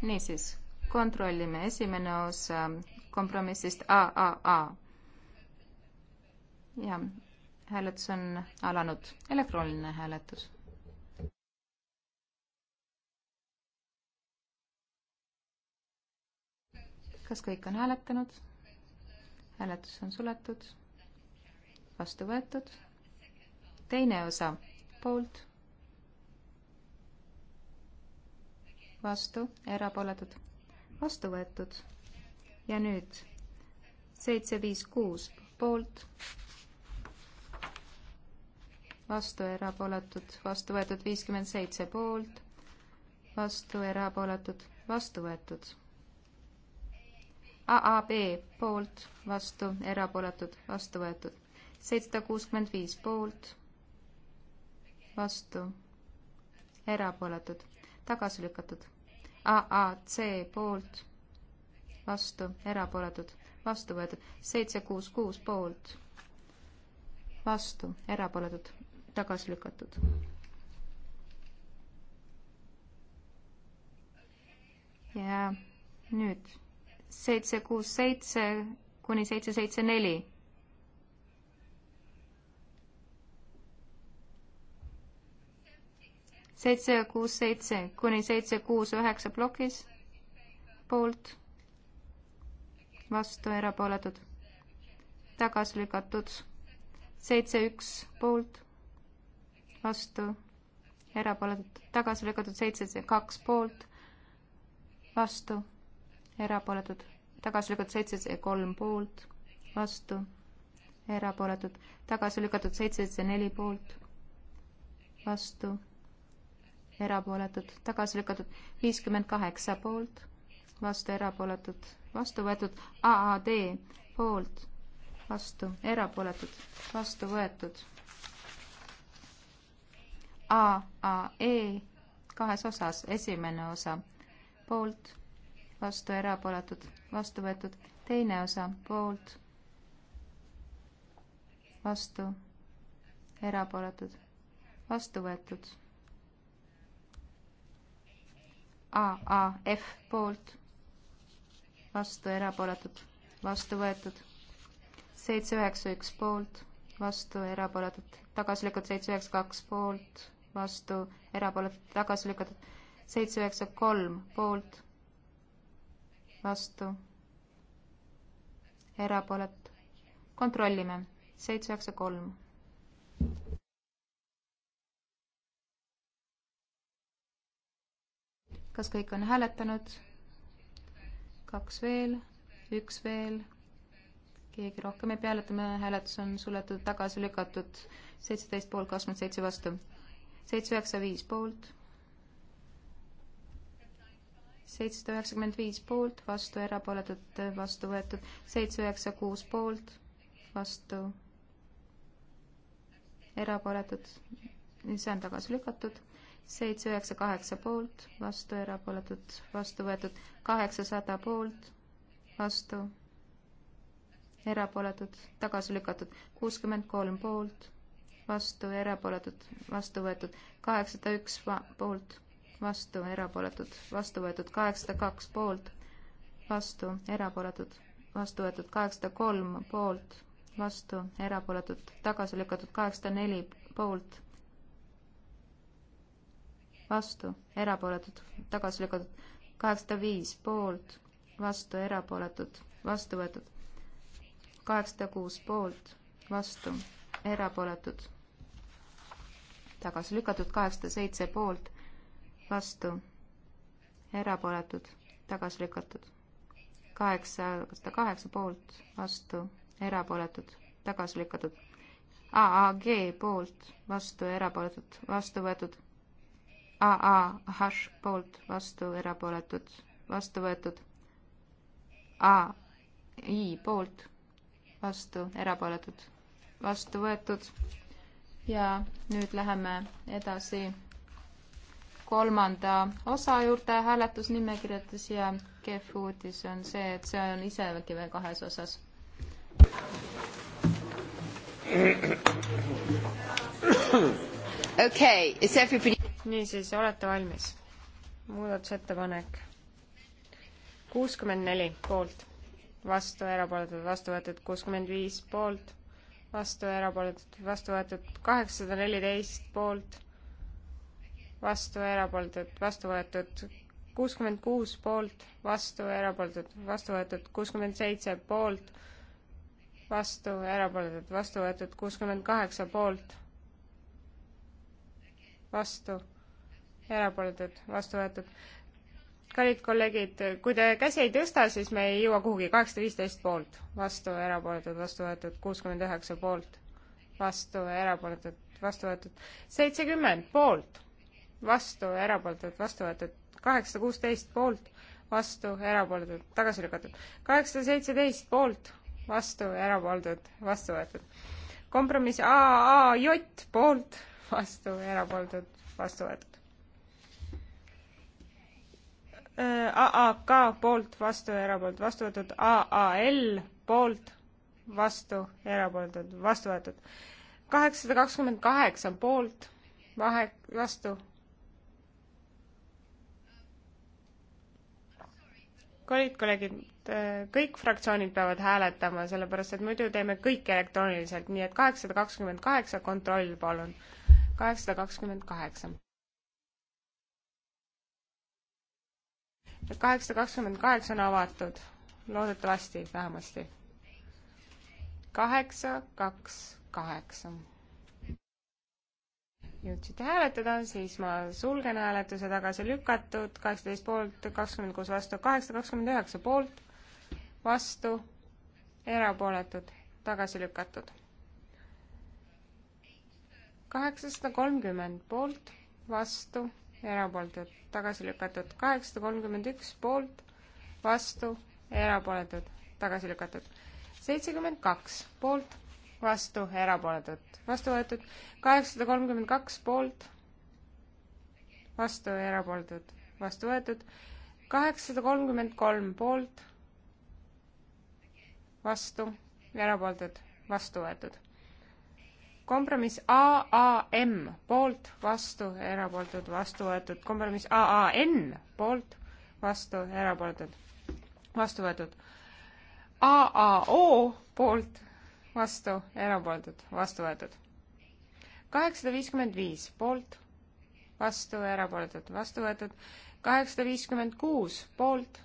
niisiis, kontrollime esimene osa kompromissist AAA. ja hääletus on alanud, elektrooniline hääletus. kas kõik on hääletanud? hääletus on suletud vastu võetud. teine osa poolt, vastu, erapooletud, vastu võetud. ja nüüd seitse, viis, kuus poolt, vastu, erapooletud, vastu võetud, viiskümmend seitse poolt, vastu, erapooletud, vastu võetud AAB poolt vastu, erapooletud, vastu võetud seitsesada kuuskümmend viis poolt, vastu, erapooletud, tagasi lükatud. AAC poolt, vastu, erapooletud, vastu võetud, seitse kuus kuus poolt, vastu, erapooletud, tagasi lükatud. ja nüüd seitse kuus seitse kuni seitse seitse neli seitse, kuus, seitse kuni seitse, kuus, üheksa plokis poolt, vastu, erapooletud, tagasi lükatud, seitse, üks poolt, vastu, erapooletud, tagasi lükatud, seitse, kaks poolt, vastu, erapooletud, tagasi lükatud, seitse, kolm poolt, vastu, erapooletud, tagasi lükatud, seitse, neli poolt, vastu erapooletud, tagasi lükatud, viiskümmend kaheksa poolt, vastu erapooletud, vastu võetud, AAD poolt, vastu erapooletud, vastu võetud. AAE kahes osas, esimene osa poolt, vastu erapooletud, vastu võetud, teine osa poolt, vastu erapooletud, vastu võetud AAF poolt, vastu erapooletud, vastu võetud. seitse üheksa üks poolt, vastu erapooletud, tagasi lükatud seitse üheksa kaks poolt, vastu erapooletud, tagasi lükatud seitse üheksa kolm poolt, vastu erapooletu. kontrollime, seitse üheksa kolm kas kõik on hääletanud? kaks veel, üks veel, keegi rohkem ei pea hääletama, hääletus on suletud, tagasi lükatud, seitseteist poolt, kakskümmend seitse vastu. seitse üheksa viis poolt, seitsesada üheksakümmend viis poolt, vastu erapooletud, vastu võetud, seitse üheksa kuus poolt, vastu erapooletud, see on tagasi lükatud seitse, üheksa, kaheksa poolt, vastu, erapooletud, vastu võetud, kaheksasada poolt, vastu, erapooletud, tagasi lükatud, kuuskümmend kolm poolt, vastu, erapooletud, vastu võetud, kaheksasada üks poolt, vastu, erapooletud, vastu võetud, kaheksasada kaks poolt, vastu, erapooletud, vastu võetud, kaheksasada kolm poolt, vastu, erapooletud, tagasi lükatud, kaheksasada neli poolt vastu, erapooletud, tagasi lükatud. kaheksasada viis poolt, vastu, erapooletud, vastu võetud. kaheksasada kuus poolt, vastu, erapooletud, tagasi lükatud. kaheksasada seitse poolt, vastu, erapooletud, tagasi lükatud. kaheksasada kaheksa poolt, vastu, erapooletud, tagasi lükatud. AAG poolt, vastu, erapooletud, vastu võetud AA poolt vastu, erapooletud, vastu võetud. ai poolt vastu, erapooletud, vastu võetud. ja nüüd läheme edasi kolmanda osa juurde hääletusnimekirjades ja kehv uudis on see, et see on isegi veel kahes osas. okei okay,, is everybody niisiis, olete valmis? muudatusettepanek kuuskümmend neli poolt, vastu, erapooletud, vastu võetud kuuskümmend viis poolt, vastu, erapooletud, vastu võetud kaheksasada neliteist poolt, vastu, erapooletud, vastu võetud kuuskümmend kuus poolt, vastu, erapooletud, vastu võetud kuuskümmend seitse poolt, vastu, erapooletud, vastu võetud kuuskümmend kaheksa poolt, vastu erapooletud, vastu võetud. kallid kolleegid, kui te käsi ei tõsta, siis me ei jõua kuhugi. kaheksasada viisteist poolt, vastu, erapooletud, vastu võetud, kuuskümmend üheksa poolt, vastu, erapooletud, vastu võetud, seitsekümmend poolt, vastu, erapooletud, vastu võetud, kaheksasada kuusteist poolt, vastu, erapooletud, tagasi lükatud, kaheksasada seitseteist poolt, vastu, erapooletud, vastu võetud. kompromiss AAJ poolt, vastu, erapooletud, vastu võetud Äh, AAK poolt, vastu, erapoolt, vastu võetud, AAL poolt, vastu, erapooletud, vastu võetud. kaheksasada kakskümmend kaheksa poolt, vahe, vastu. kallid kolleegid, äh, kõik fraktsioonid peavad hääletama, sellepärast et muidu teeme kõik elektrooniliselt, nii et kaheksasada kakskümmend kaheksa, kontroll palun. kaheksasada kakskümmend kaheksa. kaheksasada kakskümmend kaheksa on avatud, loodetavasti vähemasti. kaheksa, kaks, kaheksa. jõudsite hääletada, siis ma sulgen hääletuse tagasi lükatud, kaheksateist poolt, kakskümmend kuus vastu, kaheksasada kakskümmend üheksa poolt, vastu, erapooletud, tagasi lükatud. kaheksasada kolmkümmend poolt, vastu, erapooletud tagasi lükatud. kaheksasada kolmkümmend üks poolt, vastu, erapooletud, tagasi lükatud. seitsekümmend kaks poolt, vastu, erapooletud, vastu võetud. kaheksasada kolmkümmend kaks poolt, vastu, erapooletud, vastu võetud. kaheksasada kolmkümmend kolm poolt, vastu, erapooletud, vastu võetud kompromiss AAM poolt, vastu, erapooletud, vastu võetud, kompromiss AAN poolt, vastu, erapooletud, vastu võetud. AAO poolt, vastu, erapooletud, vastu võetud. kaheksasada viiskümmend viis poolt, vastu, erapooletud, vastu võetud. kaheksasada viiskümmend kuus poolt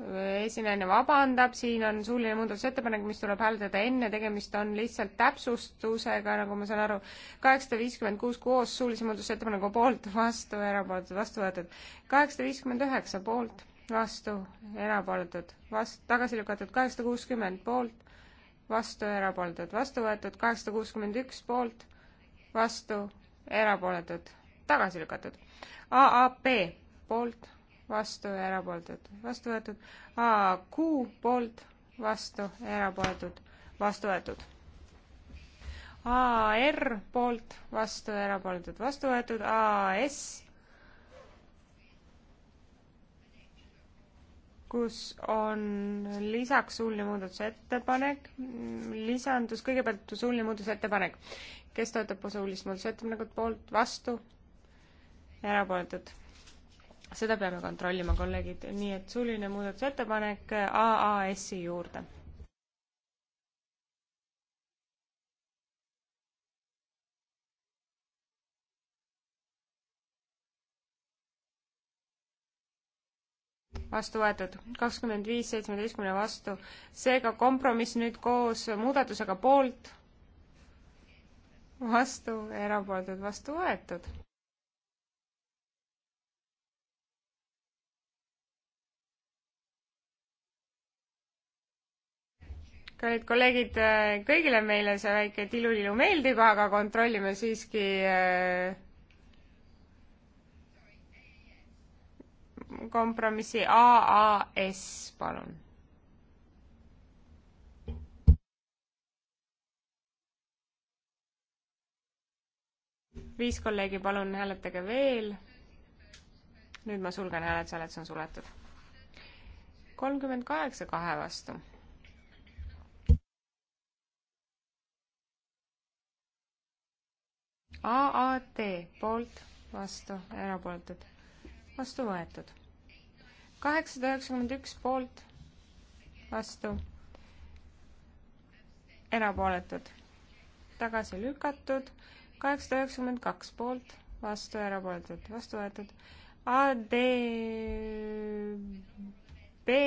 esinaine vabandab, siin on suuline muudatusettepanek, mis tuleb hääletada enne, tegemist on lihtsalt täpsustusega, nagu ma saan aru, kaheksasada viiskümmend kuus koos suulise muudatusettepaneku poolt, vastu, erapooletud, vastu võetud. kaheksasada viiskümmend üheksa poolt, vastu, erapooletud, vast-, tagasi lükatud, kaheksasada kuuskümmend poolt, vastu, erapooletud, vastu võetud, kaheksasada kuuskümmend üks poolt, vastu, erapooletud, tagasi lükatud. AAP poolt vastu ja erapooletud, vastu võetud. AQ poolt, vastu ja erapooletud, vastu võetud. AR poolt, vastu ja erapooletud, vastu võetud. AS kus on lisaks suuline muudatusettepanek, lisandus kõigepealt suuline muudatusettepanek. kes toetab suulist muudatusettepanekut poolt, vastu, erapooletud seda peame kontrollima, kolleegid, nii et suuline muudatusettepanek AAS-i juurde. vastu võetud, kakskümmend viis seitsmeteistkümne vastu, seega kompromiss nüüd koos muudatusega poolt, vastu, erapooletud, vastu võetud. kallid kolleegid, äh, kõigile meile see väike tilulilu meeldib, aga kontrollime siiski äh, kompromissi AAS, palun. viis kolleegi, palun hääletage veel. nüüd ma sulgen hääletused, hääletus on suletud. kolmkümmend kaheksa kahe vastu AAT poolt, vastu, erapooletud, vastu võetud. kaheksasada üheksakümmend üks poolt, vastu, erapooletud, tagasi lükatud, kaheksasada üheksakümmend kaks poolt, vastu, erapooletud, vastu võetud, AD B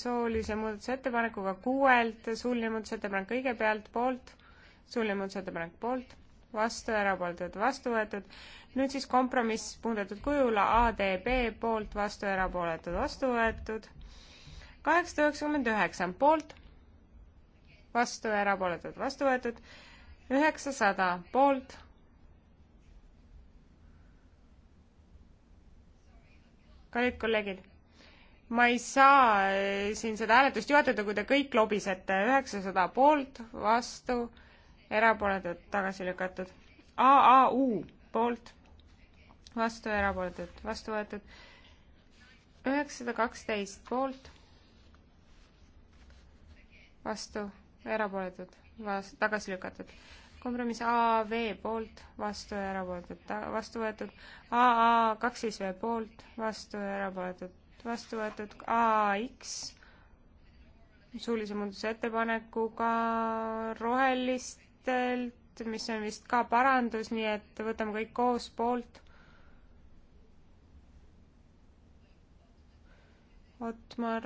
soolise muudatusettepanekuga kuuelt, suuline muudatusettepanek kõigepealt poolt, suuline muudatusettepanek poolt vastu, erapooletud, vastu võetud. nüüd siis kompromiss muudetud kujul ADB poolt, vastu, erapooletud, vastu võetud. kaheksasada üheksakümmend üheksa poolt, vastu, erapooletud, vastu võetud. üheksasada poolt kallid kolleegid, ma ei saa eh, siin seda hääletust juhatada, kui te kõik lobisete üheksasada poolt, vastu, erapooletud, tagasi lükatud. AAU poolt, vastu, erapooletud, vastu võetud. üheksasada kaksteist poolt, vastu, erapooletud, vastu, tagasi lükatud. kompromiss AAV poolt, vastu, erapooletud, vastu võetud. AA kaksteist V poolt, vastu, erapooletud, vastu võetud. AX suulise muudatusettepanekuga rohelist raportöörilt, mis on vist ka parandus, nii et võtame kõik koos poolt. Otmar,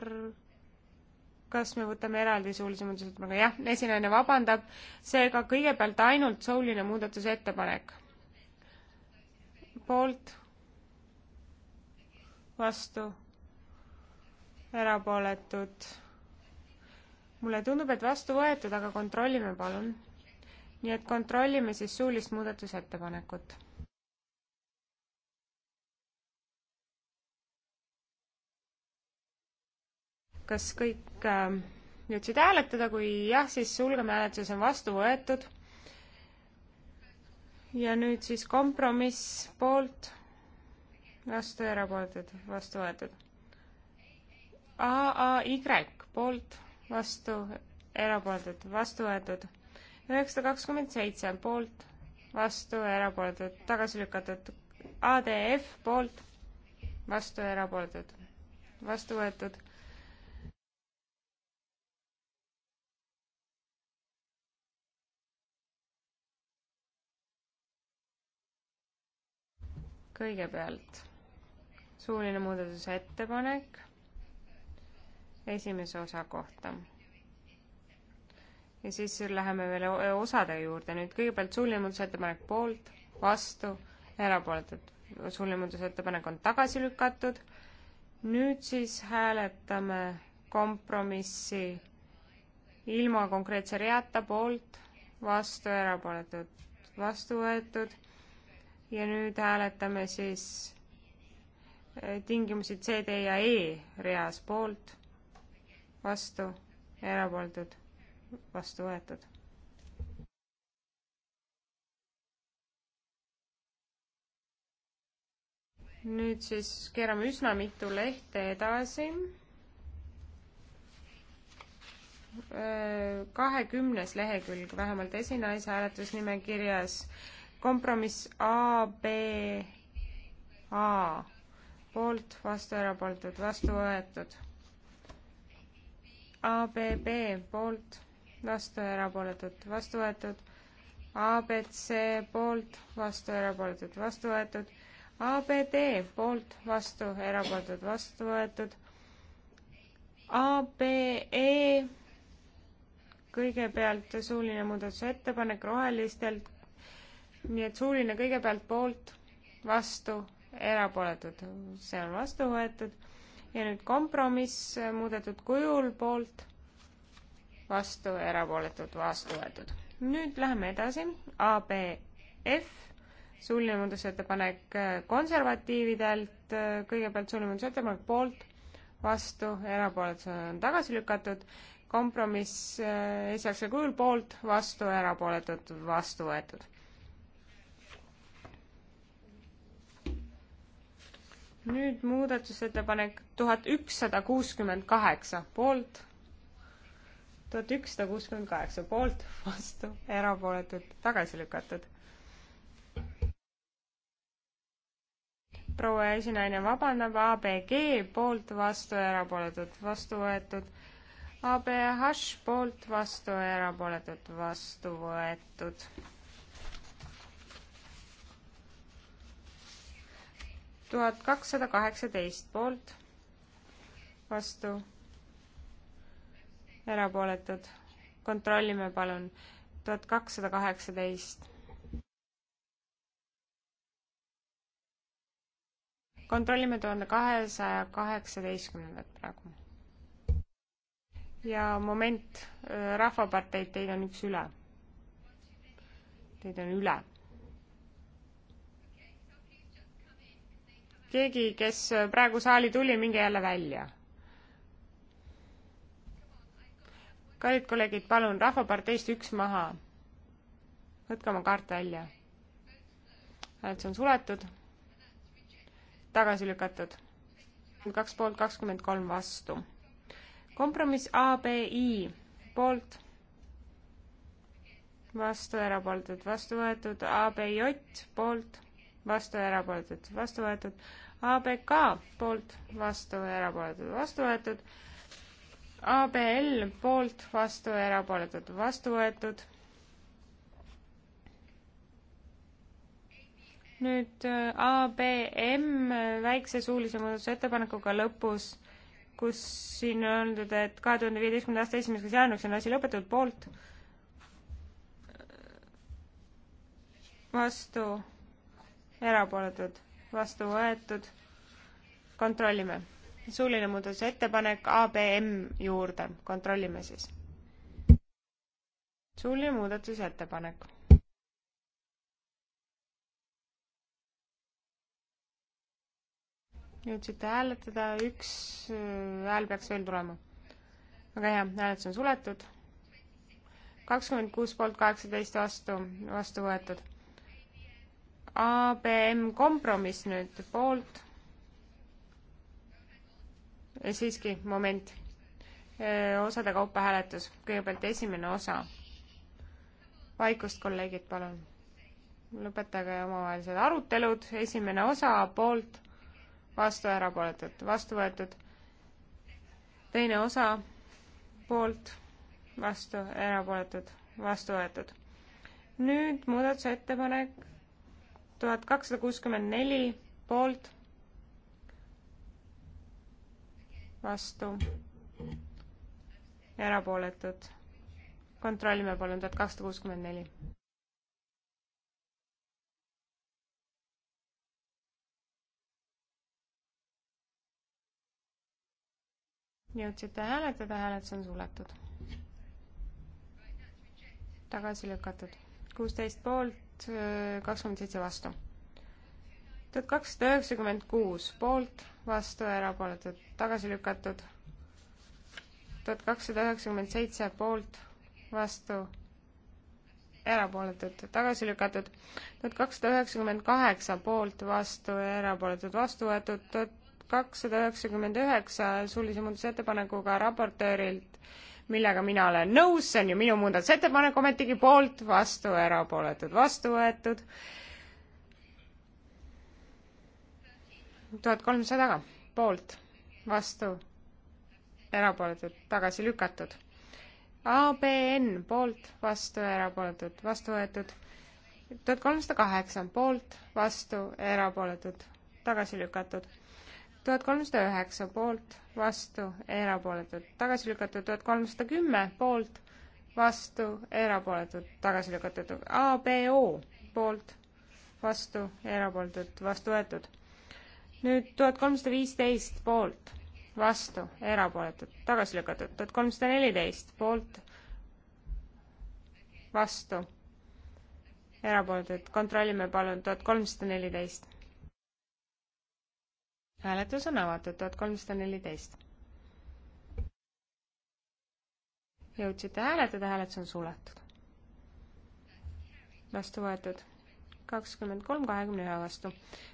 kas me võtame eraldi suulise muudatusettepaneku? jah, esinaine vabandab, seega kõigepealt ainult suuline muudatusettepanek. poolt, vastu, erapooletud mulle tundub, et vastu võetud, aga kontrollime palun nii et kontrollime siis suulist muudatusettepanekut. kas kõik äh, jõudsid hääletada, kui jah, siis sulgeme hääletuse, see on vastu võetud. ja nüüd siis kompromiss poolt, vastu ja erapooletud, vastu võetud. AAY poolt, vastu, erapooletud, vastu võetud üheksasada kakskümmend seitse poolt, vastu, erapooletud, tagasi lükatud. ADF poolt, vastu, erapooletud, vastu võetud. kõigepealt suuline muudatusettepanek esimese osa kohta ja siis läheme veel osade juurde nüüd. kõigepealt suuline muudatusettepanek poolt, vastu, erapooletud. suuline muudatusettepanek on tagasi lükatud. nüüd siis hääletame kompromissi ilma konkreetse reata poolt, vastu, erapooletud, vastu võetud. ja nüüd hääletame siis eh, tingimusi C, D ja E reas poolt, vastu, erapooletud vastu võetud. nüüd siis keerame üsna mitu lehte edasi. kahekümnes lehekülg vähemalt esinaise hääletusnimekirjas kompromiss A, B, A poolt, vastu, erapooletud, vastu võetud. ABB poolt vastu, erapooletud, vastu võetud. abc poolt, vastu, erapooletud, vastu võetud. abd poolt, vastu, erapooletud, vastu võetud. ABE kõigepealt suuline muudatusettepanek rohelistelt, nii et suuline kõigepealt poolt, vastu, erapooletud, see on vastu võetud ja nüüd kompromiss muudetud kujul poolt, vastu, erapooletud, vastu võetud. nüüd läheme edasi, ABF, suuline muudatusettepanek konservatiividelt, kõigepealt suuline muudatusettepanek poolt, vastu, erapooletud on tagasi lükatud, kompromiss eh, esialgsel kujul poolt, vastu, erapooletud, vastu võetud. nüüd muudatusettepanek tuhat ükssada kuuskümmend kaheksa poolt tuhat ükssada kuuskümmend kaheksa poolt, vastu, erapooletud, tagasi lükatud. proua esinaine vabandab, ABG poolt, vastu, erapooletud, vastu võetud. ABH poolt, vastu, erapooletud, vastu võetud. tuhat kakssada kaheksateist poolt, vastu erapooletud. kontrollime palun. tuhat kakssada kaheksateist. kontrollime tuhande kahesaja kaheksateistkümnendat praegu. ja moment, äh, Rahvaparteid, teid on üks üle. Teid on üle. keegi, kes äh, praegu saali tuli, minge jälle välja kallid kolleegid, palun, Rahvaparteist üks maha. võtke oma kaart välja. hääletus on suletud, tagasi lükatud. kaks poolt, kakskümmend kolm vastu. kompromiss ABI poolt, vastu erapooletud, vastu võetud, ABJ poolt, vastu erapooletud, vastu võetud, ABK poolt, vastu erapooletud, vastu võetud ABL poolt, vastu, erapooletud, vastu võetud. nüüd äh, ABM väikse suulise muudatusettepanekuga lõpus, kus siin on öeldud, et kahe tuhande viieteistkümnenda aasta esimeseks jaanuariks on asi lõpetatud, poolt, vastu, erapooletud, vastu võetud, kontrollime suuline muudatusettepanek ABM juurde, kontrollime siis. suuline muudatusettepanek. jõudsite hääletada, üks äh, hääl peaks veel tulema. väga hea, hääletus on suletud. kakskümmend kuus poolt kaheksateist vastu, vastu võetud. ABM kompromiss nüüd poolt siiski, moment. osade kaupa hääletus, kõigepealt esimene osa. vaikust, kolleegid, palun. lõpetage omavahelised arutelud, esimene osa poolt, vastu, erapooletud, vastu võetud. teine osa poolt, vastu, erapooletud, vastu võetud. nüüd muudatusettepanek tuhat kakssada kuuskümmend neli poolt vastu, erapooletud. kontrollime palun tuhat kakssada kuuskümmend neli. jõudsite hääletada, hääletus on suletud. tagasi lükatud. kuusteist poolt, kakskümmend seitse vastu. tuhat kakssada üheksakümmend kuus poolt vastu, erapooletud, tagasi lükatud. tuhat kakssada üheksakümmend seitse poolt, vastu, erapooletud, tagasi lükatud. tuhat kakssada üheksakümmend kaheksa poolt, vastu, erapooletud, vastu võetud. tuhat kakssada üheksakümmend üheksa suulise muudatusettepanekuga raportöörilt, millega mina olen nõus, see on ju minu muudatusettepanek, ometigi poolt, vastu, erapooletud, vastu võetud tuhat kolmsada poolt, vastu, erapooletud, tagasi lükatud. ABN poolt, vastu, erapooletud, vastu võetud. tuhat kolmsada kaheksa poolt, vastu, erapooletud, tagasi lükatud. tuhat kolmsada üheksa poolt, vastu, erapooletud, tagasi lükatud. tuhat kolmsada kümme poolt, vastu, erapooletud, tagasi lükatud. ABO poolt, vastu, erapooletud, vastu võetud nüüd tuhat kolmsada viisteist poolt, vastu, erapooletud, tagasi lükatud, tuhat kolmsada neliteist poolt, vastu, erapooletud, kontrollime palun, tuhat kolmsada neliteist. hääletus on avatud, tuhat kolmsada neliteist. jõudsite hääletada, hääletus on suletud. vastu võetud kakskümmend kolm kahekümne ühe vastu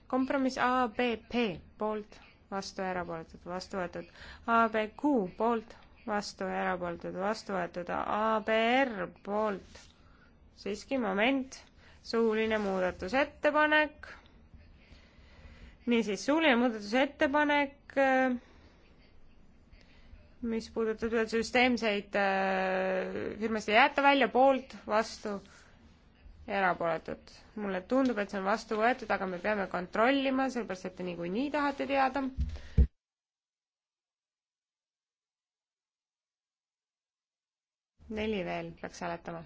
kompromiss ABP poolt, vastu ja erapooletud, vastu võetud. ABQ poolt, vastu ja erapooletud, vastu võetud. ABR poolt, siiski moment, suuline muudatusettepanek. niisiis, suuline muudatusettepanek mis puudutab süsteemseid äh, firmasid, jätta välja poolt, vastu erapooletud. mulle tundub, et see on vastu võetud, aga me peame kontrollima, sellepärast et te niikuinii tahate teada. neli veel peaks hääletama.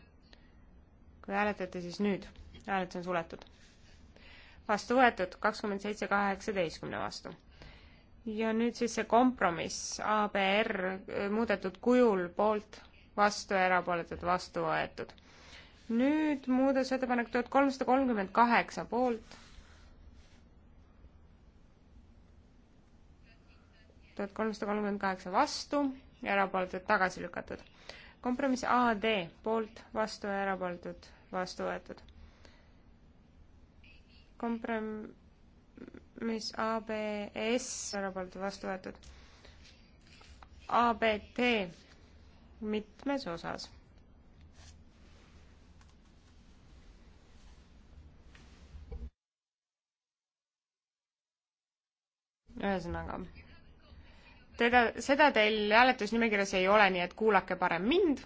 kui hääletate, siis nüüd. hääletus on suletud. vastu võetud kakskümmend seitse kaheksateistkümne vastu. ja nüüd siis see kompromiss ABR äh, muudetud kujul poolt vastu ja erapooletud vastu võetud nüüd muudatusettepanek tuhat kolmsada kolmkümmend kaheksa poolt. tuhat kolmsada kolmkümmend kaheksa vastu, erapooletud tagasi lükatud. kompromiss AD poolt, vastu ja erapooletud, vastu võetud. kompromiss ABS, erapooletud, vastu võetud. ABT mitmes osas ühesõnaga, teda, seda teil hääletusnimekirjas ei ole, nii et kuulake parem mind,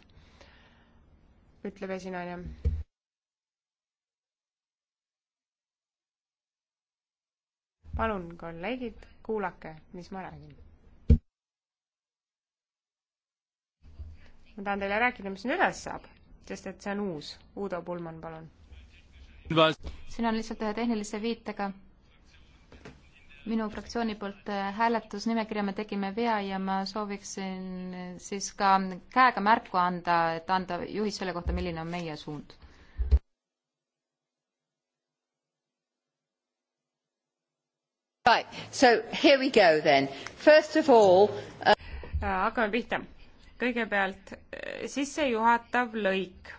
ütleb esinaine. palun, kolleegid, kuulake, mis ma räägin ma tahan teile rääkida, mis nüüd edasi saab, sest et see on uus. Uudo Pulman, palun. siin on lihtsalt ühe tehnilise viitega minu fraktsiooni poolt äh, hääletusnimekirja me tegime vea ja ma sooviksin äh, siis ka käega märku anda, et anda juhis selle kohta, milline on meie suund. Right, so here we go then. First of all uh.... Äh, hakkame pihta. kõigepealt sissejuhatav lõik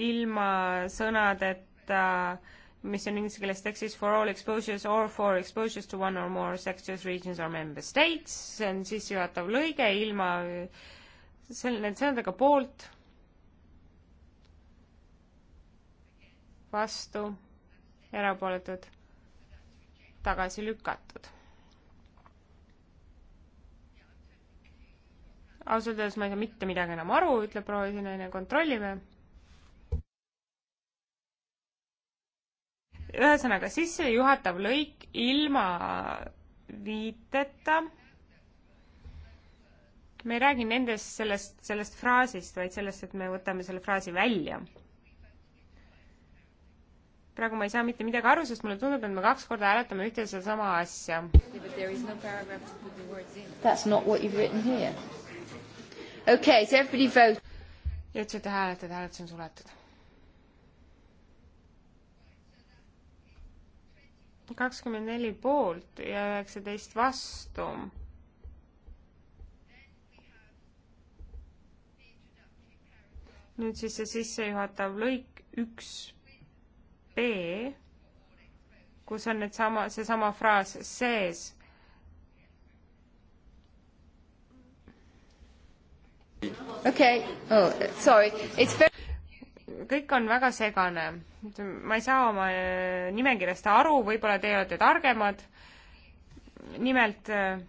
ilma sõnadeta uh, mis on inglise keeles tekstis for all exposures or for exposures to one or more sectors, regions or member states, see on sissejuhatav lõige ilma selline sõnadega poolt, vastu, erapooletud, tagasi lükatud. ausalt öeldes ma ei saa mitte midagi enam aru, ütleb proua esinaine, kontrollime ühesõnaga sissejuhatav lõik ilma viiteta. me ei räägi nendest, sellest, sellest fraasist, vaid sellest, et me võtame selle fraasi välja. praegu ma ei saa mitte midagi aru, sest mulle tundub, et me kaks korda hääletame ühte ja sedasama asja. That's not what you've written here. Okay, so everybody vote. ja ütlesite hääletada, hääletus on suletud kakskümmend neli poolt ja üheksateist vastu. nüüd siis see sissejuhatav lõik üks B, kus on need sama, seesama fraas sees okei okay. oh,, sorry, it's very kõik on väga segane ma ei saa oma äh, nimekirjast aru, võib-olla teie olete targemad. nimelt äh,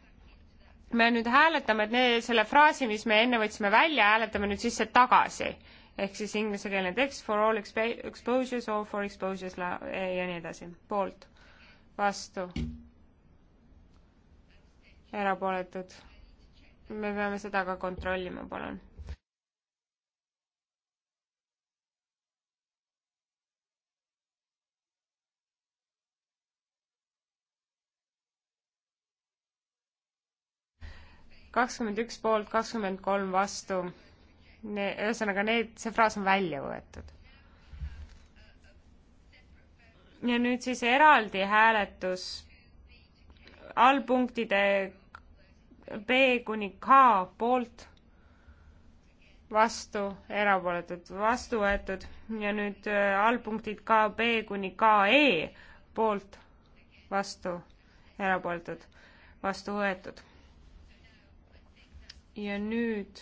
me nüüd hääletame need, selle fraasi, mis me enne võtsime välja, hääletame nüüd sisse tagasi. ehk siis inglisekeelne tekst for all exposures or for exposures la- ja nii edasi. poolt, vastu, erapooletud. me peame seda ka kontrollima, palun kakskümmend üks poolt, kakskümmend kolm vastu ne,. ühesõnaga, need, see fraas on välja võetud. ja nüüd siis eraldi hääletus allpunktide B kuni K poolt, vastu, erapooletud, vastu võetud ja nüüd äh, allpunktid KB kuni KE poolt, vastu, erapooletud, vastu võetud ja nüüd,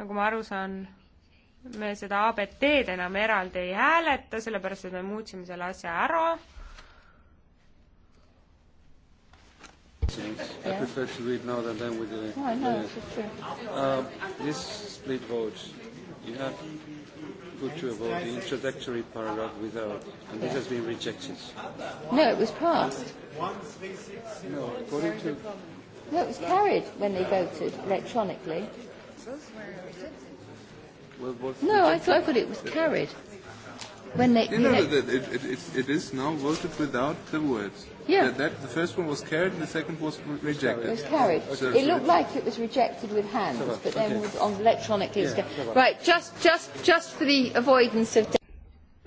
nagu ma aru saan, me seda ABT-d enam eraldi ei hääleta, sellepärast et me muutsime selle asja ära change. Yeah. I prefer to read now than then with the. No, no, uh, it's true. Uh, this split vote, you have put to a vote the introductory paragraph without, and yeah. this has been rejected. No, it was passed. No, according to. No, it was carried when they voted electronically. No, I thought, I thought it was carried. When they, no, no, no, it, it, it is now voted without the words. Yeah. That, that, the first one was carried and the second was rejected. It was carried. So, it looked like it was rejected with hands, but then okay. was on electronically. Yeah. Right, just, just, just for the avoidance of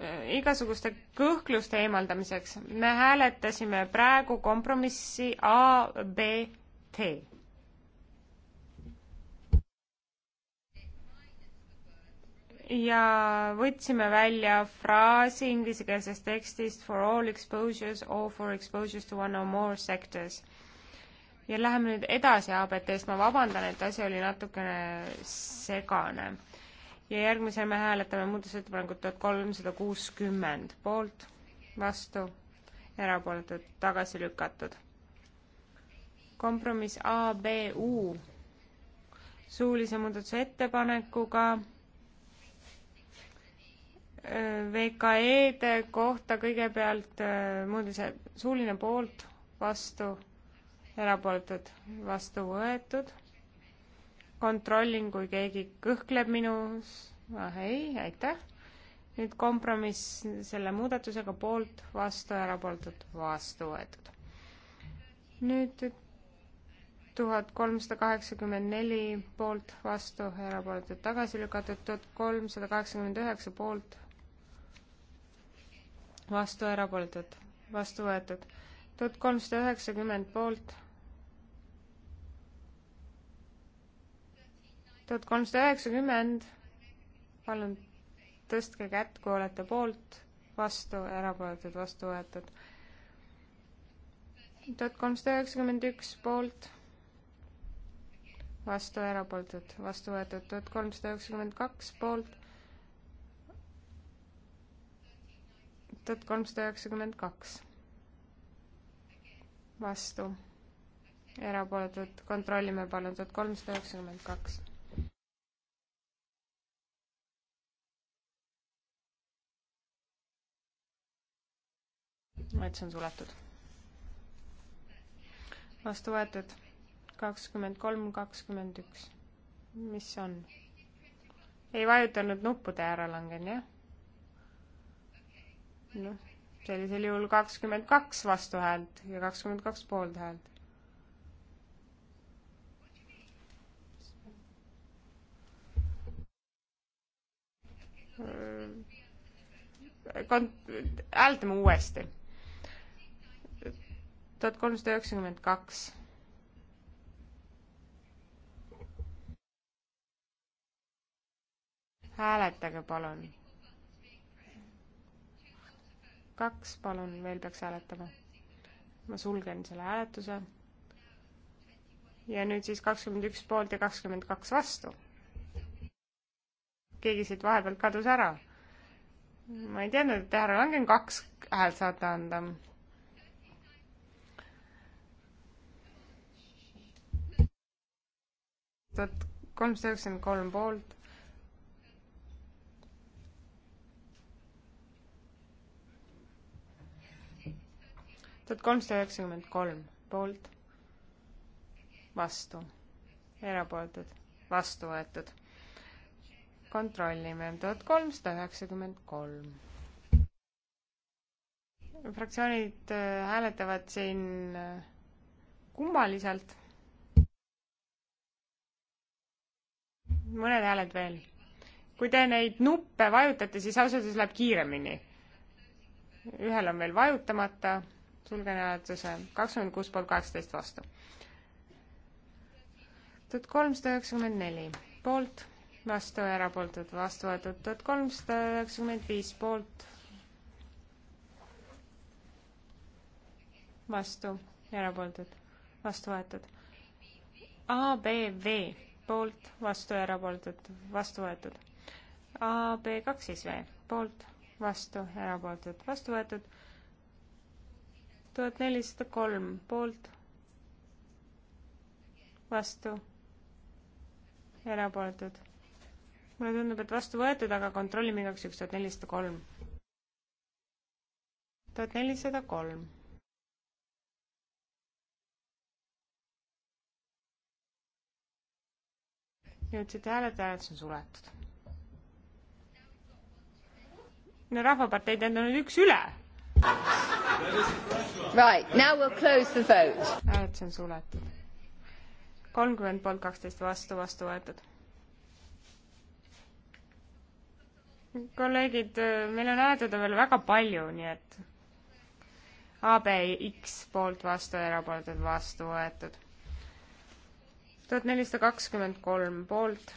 eh, igasuguste kõhkluste eemaldamiseks. me hääletasime praegu kompromissi A, B tee. ja võtsime välja fraasi inglisekeelsest tekstist for all exposures or for exposures to one or more sectors. ja läheme nüüd edasi ABT-st, ma vabandan, et asi oli natukene segane. ja järgmisel me hääletame muudatusettepanekut tuhat kolmsada kuuskümmend poolt, vastu, erapooletud, tagasi lükatud kompromiss ABU suulise muudatuse ettepanekuga äh, VKE-de kohta kõigepealt äh, muudatuse suuline poolt, vastu, erapooletud, vastu võetud. kontrollin, kui keegi kõhkleb minus, ah ei, aitäh. nüüd kompromiss selle muudatusega poolt, vastu, erapooletud, vastu võetud. nüüd tuhat kolmsada kaheksakümmend neli poolt, vastu, erapooletud, tagasi lükatud, tuhat kolmsada kaheksakümmend üheksa poolt, vastu, erapooletud, vastu võetud, tuhat kolmsada üheksakümmend poolt, tuhat kolmsada üheksakümmend, palun tõstke kätt, kui olete poolt, vastu, erapooletud, vastu võetud. tuhat kolmsada üheksakümmend üks poolt, vastu erapooletud, vastu võetud tuhat kolmsada üheksakümmend kaks poolt, tuhat kolmsada üheksakümmend kaks vastu, erapooletud, kontrollime palun, tuhat kolmsada üheksakümmend kaks. et see on suletud. vastu võetud kakskümmend kolm, kakskümmend üks. mis on? ei vajutanud nuppude ära langen, jah? noh, sellisel juhul kakskümmend kaks vastuhäält ja kakskümmend kaks poolthäält. kont-, hääletame uuesti. tuhat kolmsada üheksakümmend kaks hääletage palun. kaks, palun, veel peaks hääletama. ma sulgen selle hääletuse. ja nüüd siis kakskümmend üks poolt ja kakskümmend kaks vastu. keegi siit vahepealt kadus ära. ma ei teadnud, et härra Langen kaks häält saate anda. tuhat kolmsada üheksakümmend kolm poolt, tuhat kolmsada üheksakümmend kolm poolt, vastu, erapooletud, vastu võetud. kontrollime, tuhat kolmsada üheksakümmend kolm. fraktsioonid äh, hääletavad siin äh, kummaliselt. mõned hääled veel. kui te neid nuppe vajutate, siis ausalt öeldes läheb kiiremini. ühel on veel vajutamata sulgen hääletuse kakskümmend kuus poolt kaheksateist vastu. tuhat kolmsada üheksakümmend neli poolt, vastu ja erapooletud, vastu võetud tuhat kolmsada üheksakümmend viis poolt, vastu ja erapooletud, vastu võetud. A, B, V poolt, vastu ja erapooletud, vastu võetud. A, B, kaks siis V poolt, vastu, erapooletud, vastu võetud tuhat nelisada kolm poolt, vastu, erapooletud. mulle tundub, et vastu võetud, aga kontrollime igaks juhuks tuhat nelisada kolm. tuhat nelisada kolm. jõudsite hääletada, hääletus on suletud. no Rahvaparteid on nüüd üks üle Right, now we'll close the vote. hääletus on suletud. kolmkümmend poolt kaksteist vastu, vastu võetud. kolleegid, äh, meil on hääletada veel väga palju, nii et ABX poolt vastu, erapooletud vastu võetud. tuhat nelisada kakskümmend kolm poolt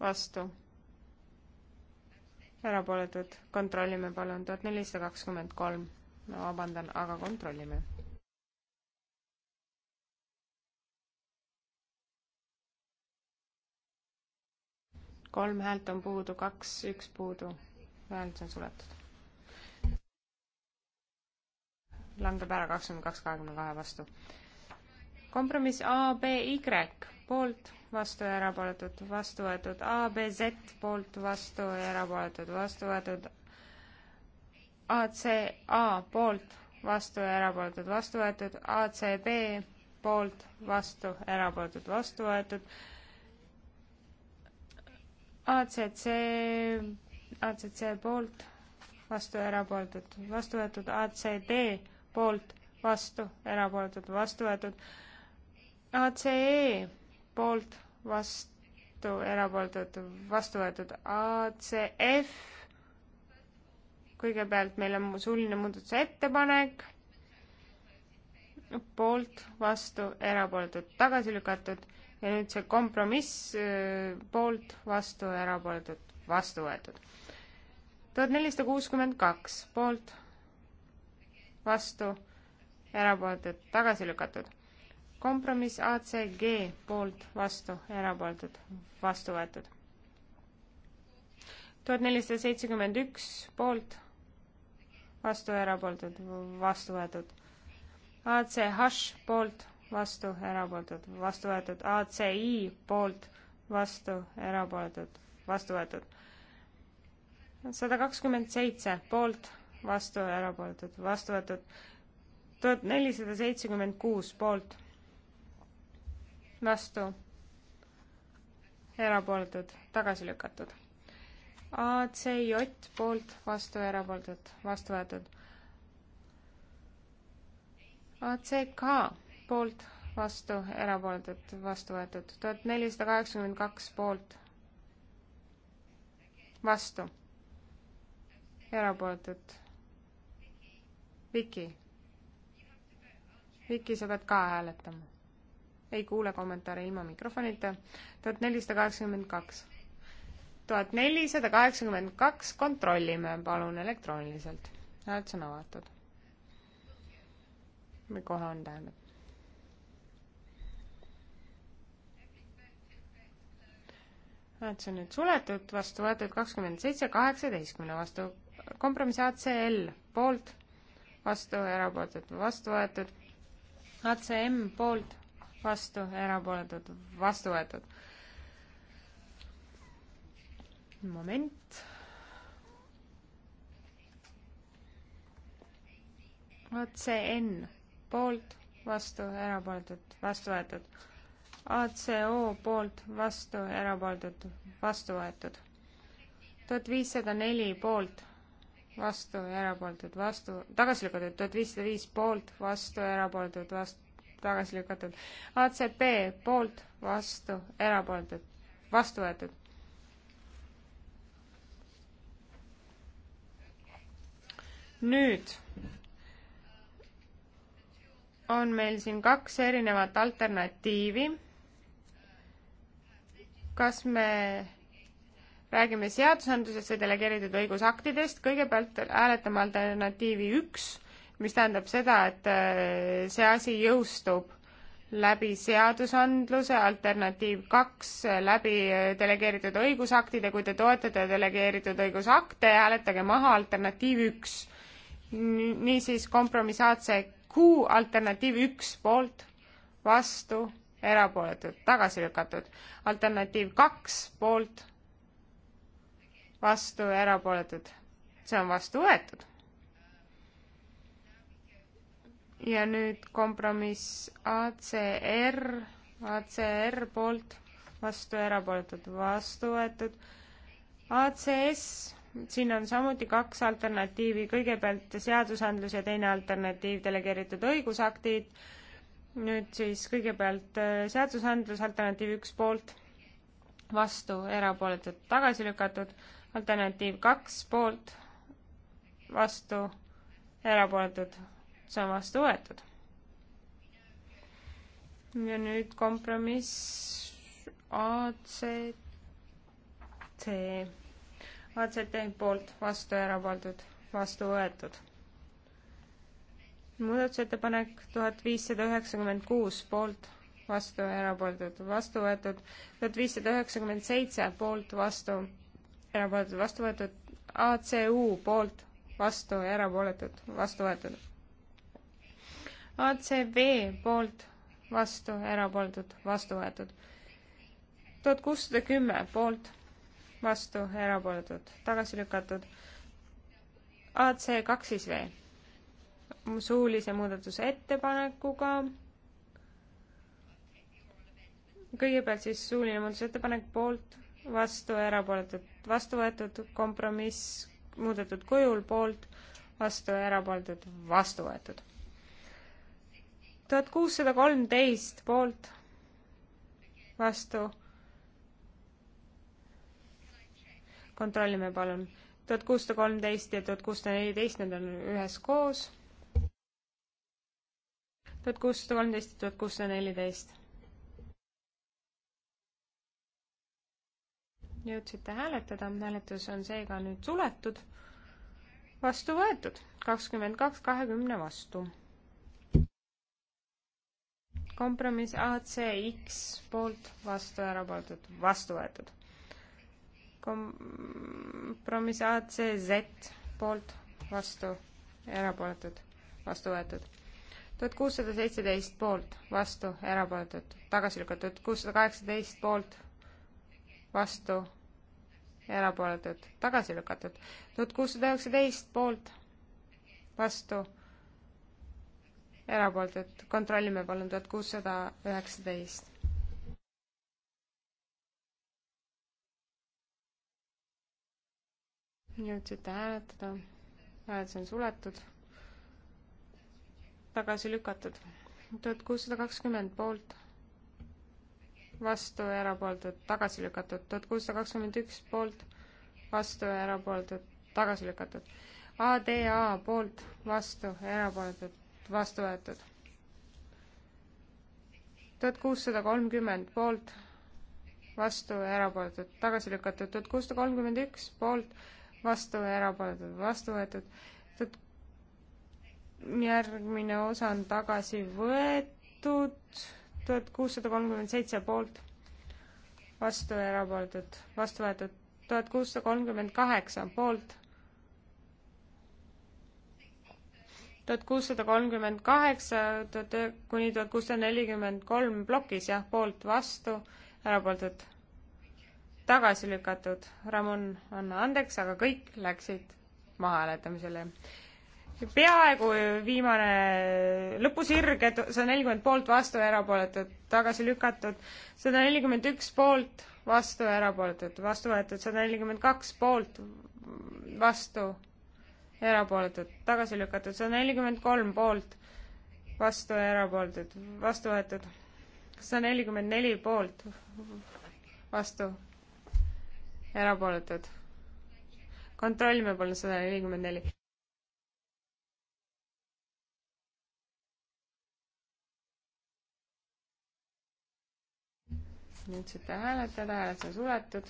vastu erapooletud, kontrollime palun, tuhat nelisada kakskümmend kolm. ma vabandan, aga kontrollime. kolm häält on puudu, kaks, üks puudu. häält on suletud. langeb ära kakskümmend kaks, kahekümne kahe vastu. kompromiss A, B, Y poolt vastu ja erapooletud, vastu võetud ABZ poolt, vastu ja erapooletud, vastu võetud ACA poolt, vastu ja erapooletud, vastu võetud ACB poolt, vastu, erapooletud, vastu võetud ACC, ACC poolt, vastu ja erapooletud, vastu võetud ACD poolt, vastu, erapooletud, vastu võetud ACE poolt, vastu, erapooletud, vastu võetud ACF. kõigepealt meil on suuline muudatusettepanek, poolt, vastu, erapooletud, tagasi lükatud ja nüüd see kompromiss poolt, vastu, erapooletud, vastu võetud. tuhat nelisada kuuskümmend kaks poolt, vastu, erapooletud, tagasi lükatud kompromiss ACG poolt vastu, erapooletud, vastu võetud. tuhat nelisada seitsekümmend üks poolt, vastu, erapooletud, vastu võetud. ACH poolt, vastu, erapooletud, vastu võetud. ACI poolt, vastu, erapooletud, vastu võetud. sada kakskümmend seitse poolt, vastu, erapooletud, vastu võetud. tuhat nelisada seitsekümmend kuus poolt vastu, erapooletud, tagasi lükatud. ACJ poolt, vastu, erapooletud, vastu võetud. ACK poolt, vastu, erapooletud, vastu võetud. tuhat nelisada kaheksakümmend kaks poolt, vastu, erapooletud. Viki. Viki, sa pead ka hääletama ei kuule kommentaare ilma mikrofonita. tuhat nelisada kaheksakümmend kaks. tuhat nelisada kaheksakümmend kaks, kontrollime palun elektrooniliselt. hääletus on avatud. või kohe on, tähendab. hääletus on nüüd suletud, vastu võetud kakskümmend seitse, kaheksateistkümne vastu. kompromiss ACL poolt, vastu, erapooletud vastu võetud. ACM poolt vastu, erapooletud, vastu võetud. moment. ACN poolt, vastu, erapooletud, vastu võetud. ACO poolt, vastu, erapooletud, vastu võetud. tuhat viissada neli poolt, vastu, erapooletud, vastu, tagasi lükatud, tuhat viissada viis poolt, vastu, erapooletud, vastu tagasi lükatud. ACP poolt, vastu, erapooletud, vastu võetud. nüüd on meil siin kaks erinevat alternatiivi. kas me räägime seadusandlusest või delegeeritud õigusaktidest, kõigepealt hääletame alternatiivi üks mis tähendab seda, et äh, see asi jõustub läbi seadusandluse, alternatiiv kaks äh, läbi äh, delegeeritud õigusaktide, kui te toetate delegeeritud õigusakte, hääletage maha alternatiiv üks. niisiis kompromissaatse Q alternatiiv üks poolt, vastu, erapooletud, tagasi lükatud. alternatiiv kaks poolt, vastu, erapooletud. see on vastu võetud ja nüüd kompromiss ACR, ACR poolt, vastu erapooletud, vastu võetud. ACS, siin on samuti kaks alternatiivi, kõigepealt seadusandlus ja teine alternatiiv, delegeeritud õigusaktid. nüüd siis kõigepealt äh, seadusandlus, alternatiiv üks poolt, vastu erapooletud, tagasi lükatud, alternatiiv kaks poolt, vastu erapooletud see on vastu võetud. ja nüüd kompromiss ACC, ACT poolt vastu ja erapooletud, vastu võetud. muudatusettepanek tuhat viissada üheksakümmend kuus poolt vastu, erapooletud, vastu võetud, tuhat viissada üheksakümmend seitse poolt, vastu, erapooletud, vastu võetud, ACU poolt, vastu, erapooletud, vastu võetud. ACV poolt vastu, erapooletud, vastu võetud. tuhat kuussada kümme poolt, vastu, erapooletud, tagasi lükatud. AC kaks siis veel. suulise muudatuse ettepanekuga. kõigepealt siis suuline muudatusettepanek poolt, vastu, erapooletud, vastu võetud, kompromiss muudetud kujul poolt, vastu, erapooletud, vastu võetud tuhat kuussada kolmteist poolt, vastu. kontrollime palun. tuhat kuussada kolmteist ja tuhat kuussada neliteist, need on üheskoos. tuhat kuussada kolmteist ja tuhat kuussada neliteist. jõudsite hääletada, hääletus on seega nüüd suletud. vastu võetud, kakskümmend kaks kahekümne vastu kompromiss ACX poolt vastu ära pandud, vastu võetud. kompromiss ACZ poolt vastu erapooletud, vastu võetud. tuhat kuussada seitseteist poolt, vastu, erapooletud, tagasi lükatud, kuussada kaheksateist poolt, vastu, erapooletud, tagasi lükatud, tuhat kuussada üheksateist poolt, vastu erapooletud, kontrollime palun tuhat kuussada üheksateist. jõudsite hääletada, hääletus on suletud, tagasi lükatud, tuhat kuussada kakskümmend poolt, vastu ja erapooletud, tagasi lükatud, tuhat kuussada kakskümmend üks poolt, vastu ja erapooletud, tagasi lükatud. ADA poolt, vastu, erapooletud, vastu võetud. tuhat kuussada kolmkümmend poolt, vastu ja erapooletud, tagasi lükatud, tuhat kuussada kolmkümmend üks poolt, vastu ja erapooletud, vastu võetud, tuhat järgmine osa on tagasi võetud, tuhat kuussada kolmkümmend seitse poolt, vastu ja erapooletud, vastu võetud, tuhat kuussada kolmkümmend kaheksa poolt tuhat kuussada kolmkümmend kaheksa tuhat kuni tuhat kuussada nelikümmend kolm plokis jah, poolt vastu, erapooletud tagasi lükatud. Ramon, anna andeks, aga kõik läksid maha hääletamisele. peaaegu viimane lõpusirg, et sada nelikümmend poolt, vastu, erapooletud, tagasi lükatud, sada nelikümmend üks poolt, vastu, erapooletud, vastu võetud, sada nelikümmend kaks poolt, vastu erapooletud, tagasi lükatud, sada nelikümmend kolm poolt, vastu ja erapooletud, vastu võetud, sada nelikümmend neli poolt, vastu, erapooletud. kontrollime palun sada nelikümmend neli. nüüd saate hääletada, hääled on suletud,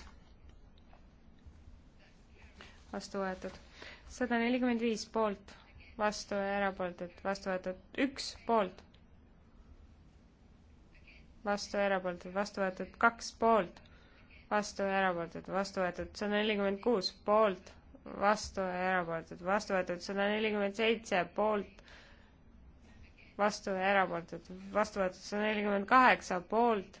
vastu võetud sada nelikümmend viis poolt, vastu ja erapooletud, vastu võetud üks poolt, vastu ja erapooletud, vastu võetud kaks poolt, vastu ja erapooletud, vastu võetud sada nelikümmend kuus poolt, vastu ja erapooletud, vastu võetud sada nelikümmend seitse poolt, vastu ja erapooletud, vastu võetud sada nelikümmend kaheksa poolt,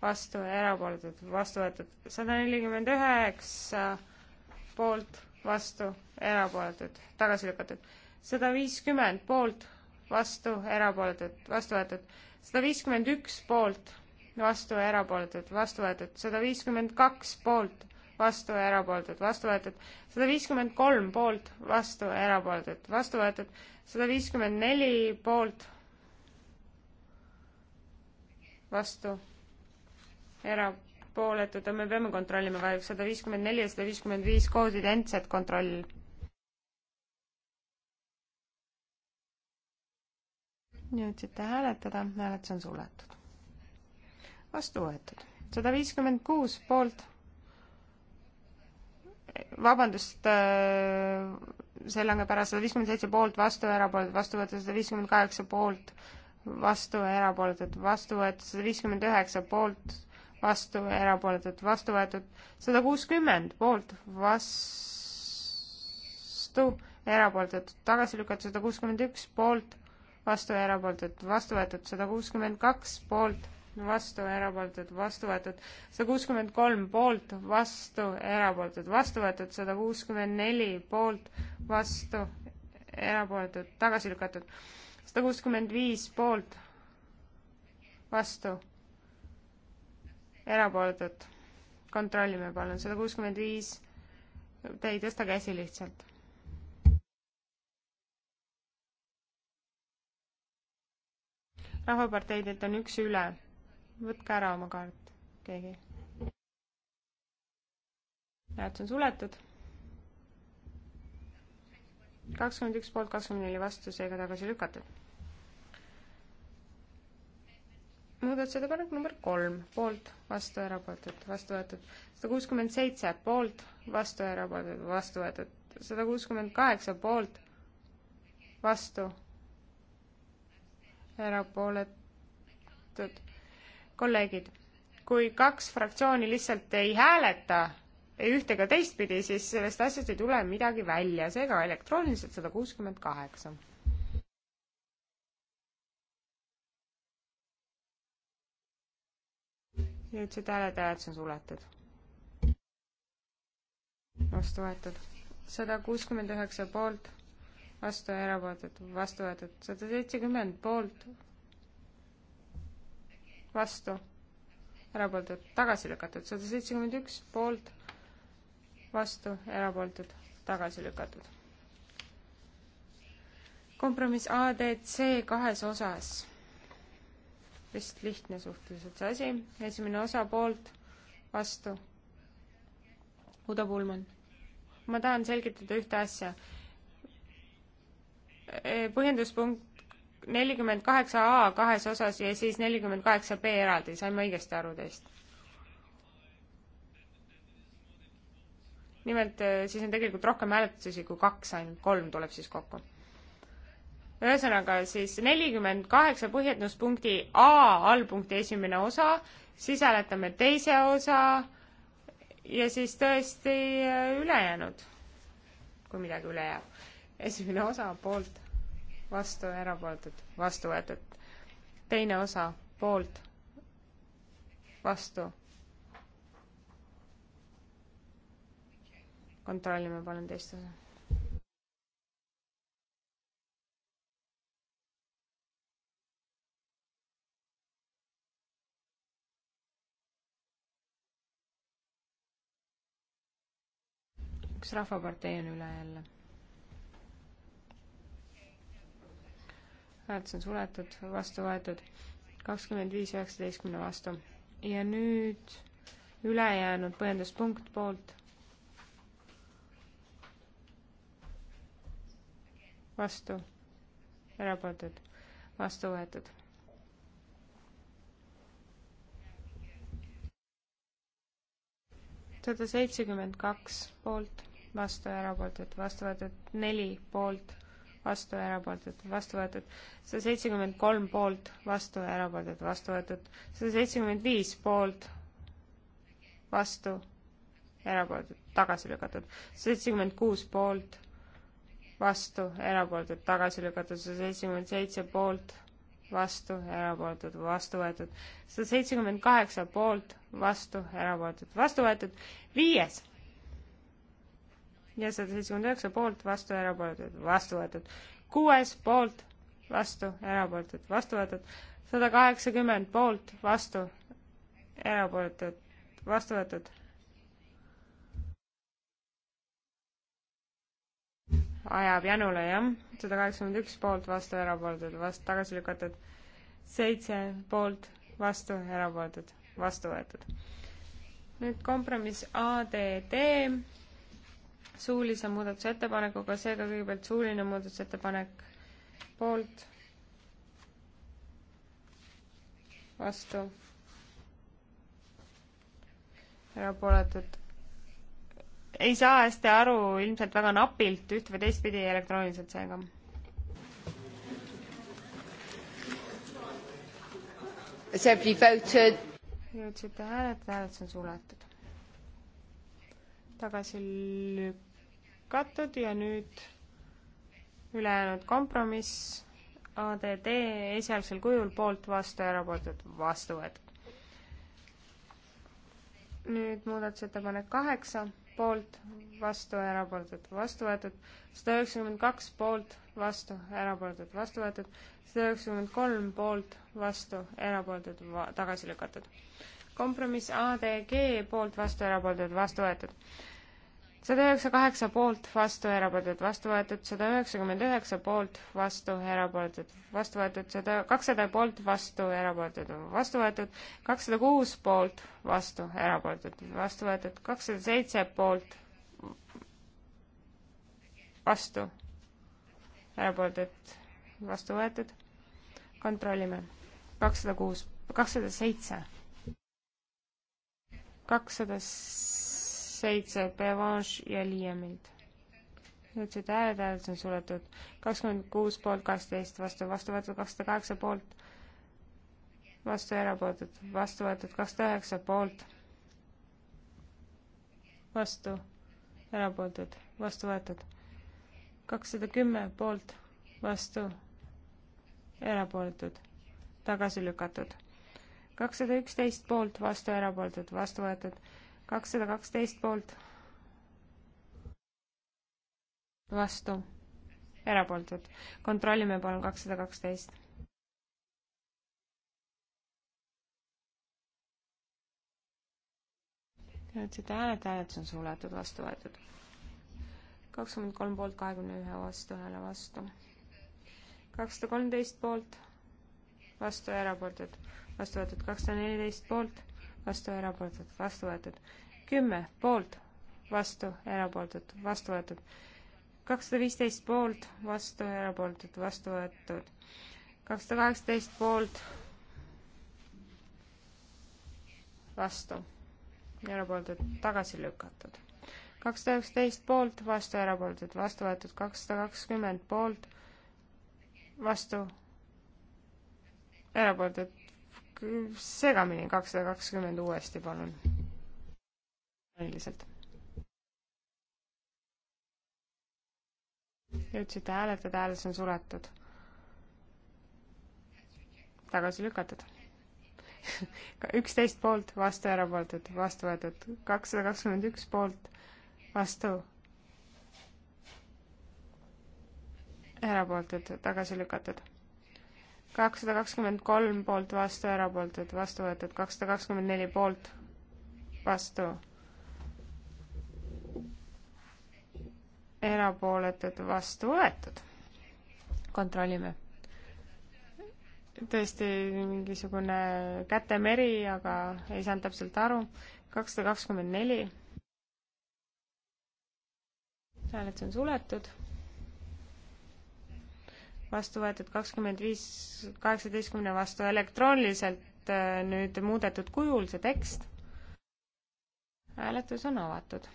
vastu ja erapooletud, vastu võetud sada nelikümmend üheksa poolt vastu, erapooletud, tagasi lükatud. sada viiskümmend poolt, vastu, erapooletud, vastu võetud. sada viiskümmend üks poolt, vastu, erapooletud, vastu võetud. sada viiskümmend kaks poolt, vastu, erapooletud, vastu võetud. sada viiskümmend kolm poolt, vastu, erapooletud, vastu võetud. sada viiskümmend neli poolt, vastu, era-, erapooletud, me peame kontrollima kahjuks sada viiskümmend neli ja sada viiskümmend viis koos identsed kontroll. jõudsite hääletada, hääletus on suletud. vastu võetud. sada viiskümmend kuus poolt. vabandust, äh, see langeb ära, sada viiskümmend seitse poolt, vastu, erapooletud, vastu võetud, sada viiskümmend kaheksa poolt vastu ja erapooletud, vastu võetud sada viiskümmend üheksa poolt, vastu, erapooletud, vastu võetud, sada kuuskümmend poolt, vastu, erapooletud, tagasi lükatud, sada kuuskümmend üks poolt, vastu, erapooletud, vastu võetud, sada kuuskümmend kaks poolt, vastu, erapooletud, vastu võetud, sada kuuskümmend kolm poolt, vastu, erapooletud, vastu võetud, sada kuuskümmend neli poolt, vastu, erapooletud, tagasi lükatud, sada kuuskümmend viis poolt, vastu erapooletud. kontrollime palun, sada kuuskümmend viis. Te ei tõsta käsi lihtsalt. rahvaparteidelt on üks üle. võtke ära oma kaart, keegi. näed, see on suletud. kakskümmend üks poolt, kakskümmend neli vastu, seega tagasi lükatud muudatusettepanek number kolm, poolt, vastu, erapooletud, vastu võetud. sada kuuskümmend seitse, poolt, vastu, erapooletud, vastu võetud. sada kuuskümmend kaheksa, poolt, vastu, erapooletud. kolleegid, kui kaks fraktsiooni lihtsalt ei hääleta ei ühte ega teistpidi, siis sellest asjast ei tule midagi välja, seega elektrooniliselt sada kuuskümmend kaheksa jõudsid hääled, hääletus on suletud. vastu võetud. sada kuuskümmend üheksa poolt, vastu ja erapooletud, vastu võetud. sada seitsekümmend poolt, vastu, erapooletud, tagasi lükatud. sada seitsekümmend üks poolt, vastu, erapooletud, tagasi lükatud kompromiss ADC kahes osas vist lihtne suhteliselt see asi. esimene osa poolt, vastu. Udo Pulman. ma tahan selgitada ühte asja. E, põhjenduspunkt nelikümmend kaheksa A kahes osas ja siis nelikümmend kaheksa B eraldi, sain ma õigesti aru teist? nimelt e, siis on tegelikult rohkem hääletusi kui kaks, ainult kolm tuleb siis kokku ühesõnaga siis nelikümmend kaheksa põhjenduspunkti A allpunkti esimene osa, siis hääletame teise osa ja siis tõesti äh, ülejäänud, kui midagi üle jääb. esimene osa poolt, vastu, erapooletud, vastu võetud. teine osa poolt, vastu. kontrollime palun teist osa üks Rahvapartei on üle jälle. hääletus on suletud, vastu võetud kakskümmend viis üheksateistkümne vastu. ja nüüd ülejäänud põhjenduspunkt poolt. vastu, erapooletud, vastu võetud sada seitsekümmend kaks poolt vastu ja erapooletud, vastu võetud neli poolt, vastu ja erapooletud, vastu võetud sada seitsekümmend kolm poolt, vastu ja erapooletud, vastu võetud sada seitsekümmend viis poolt, vastu ja erapooletud, tagasi lükatud seitsekümmend kuus poolt, vastu, erapooletud, tagasi lükatud sada seitsekümmend seitse poolt, vastu, erapooletud, vastu võetud sada seitsekümmend kaheksa poolt, vastu, erapooletud, vastu võetud viies nelisada seitsekümmend üheksa poolt, vastu, erapooletud, vastu võetud. kuues poolt, vastu, erapooletud, vastu võetud. sada kaheksakümmend poolt, vastu, erapooletud, vastu võetud. ajab janule, jah. sada kaheksakümmend üks poolt, vastu, erapooletud, vastu, tagasi lükatud. seitse poolt, vastu, erapooletud, vastu võetud. nüüd kompromiss ADD suulise muudatusettepanekuga, seega kõigepealt suuline muudatusettepanek poolt, vastu, erapooletud. ei saa hästi aru, ilmselt väga napilt üht või teistpidi elektrooniliselt seega Has everybody voted? jõudsite hääletada, hääletus on suletud. tagasi lük-, lükatud ja nüüd ülejäänud kompromiss ADD esialgsel kujul poolt vastu ja erapooletud vastu võetud. nüüd muudatusettepanek kaheksa, poolt, vastu, erapooletud, vastu võetud, sada üheksakümmend kaks poolt, vastu, erapooletud, vastu võetud, sada üheksakümmend kolm poolt, vastu, erapooletud, tagasi lükatud. kompromiss ADG poolt, vastu, erapooletud, vastu võetud sada üheksa kaheksa poolt, vastu, erapooletud, vastu võetud sada üheksakümmend üheksa poolt, vastu, erapooletud, vastu võetud sada kakssada poolt, vastu, erapooletud, vastu võetud kakssada kuus poolt, vastu, erapooletud, vastu võetud kakssada seitse poolt, vastu, erapooletud, vastu võetud. kontrollime. kakssada kuus, kakssada seitse. kakssada seitse Bevanche ja Liiemilt. jõudsid hääled, hääled on suletud. kakskümmend kuus poolt, kaksteist vastu, vastu võetud kakssada kaheksa poolt, vastu erapooletud, vastu võetud kakssada üheksa poolt, vastu erapooletud, vastu võetud kakssada kümme poolt, vastu erapooletud, tagasi lükatud kakssada üksteist poolt, vastu erapooletud, vastu võetud kakssada kaksteist poolt. vastu, erapooletud. kontrollime palun kakssada kaksteist. jõudsite hääled, hääletus on suletud, vastu võetud. kakskümmend kolm poolt, kahekümne ühe vastu, hääle vastu. kakssada kolmteist poolt, vastu ja erapooletud. vastu võetud kakssada neliteist poolt vastu, erapooletud, vastu võetud. kümme poolt, vastu, erapooletud, vastu võetud. kakssada viisteist poolt, vastu, erapooletud, vastu võetud. kakssada kaheksateist poolt, vastu, erapooletud, tagasi lükatud. kakssada üksteist poolt, vastu, erapooletud, vastu võetud. kakssada kakskümmend poolt, vastu, erapooletud segamini kakssada kakskümmend uuesti, palun. üldiselt. jõudsite hääletada, hääletus on suletud. tagasi lükatud. <laughs> üksteist poolt, vastu erapooletud, vastu võetud, kakssada kakskümmend üks poolt, vastu erapooletud, tagasi lükatud kakssada kakskümmend kolm poolt vastu, erapooletud vastu võetud, kakssada kakskümmend neli poolt vastu, erapooletud vastu võetud. kontrollime. tõesti mingisugune kätemeri, aga ei saanud täpselt aru, kakssada kakskümmend neli. hääled on suletud vastu võetud kakskümmend viis kaheksateistkümne vastu elektrooniliselt äh, nüüd muudetud kujul see tekst. hääletus on avatud.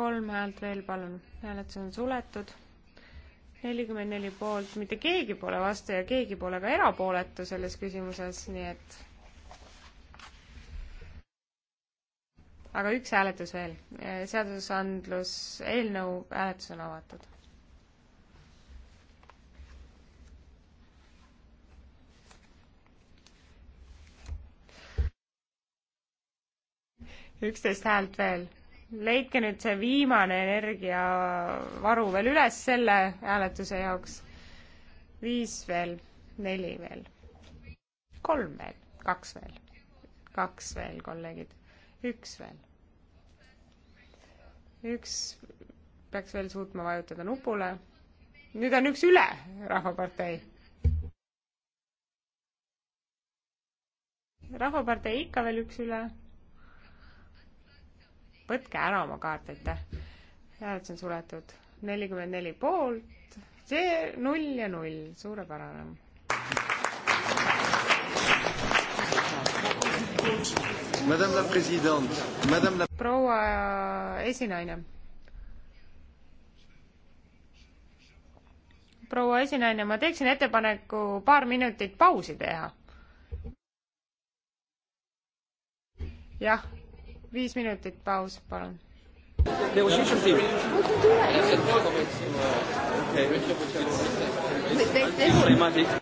kolm häält veel, palun. hääletus on suletud. nelikümmend neli poolt, mitte keegi pole vastu ja keegi pole ka erapooletu selles küsimuses, nii et aga üks hääletus veel. seadusandlus, eelnõu hääletus on avatud. üksteist häält veel. leidke nüüd see viimane energiavaru veel üles selle hääletuse jaoks. viis veel, neli veel, kolm veel, kaks veel, kaks veel, kolleegid üks veel. üks peaks veel suutma vajutada nupule. nüüd on üks üle, Rahvapartei. rahvapartei ikka veel üks üle. võtke ära oma kaart, aitäh. hääletus on suletud. nelikümmend neli poolt, see null ja null, suurepärane. Thank you proua esinaine. proua esinaine, ma teeksin ettepaneku paar minutit pausi teha. jah, viis minutit paus, palun. Okay.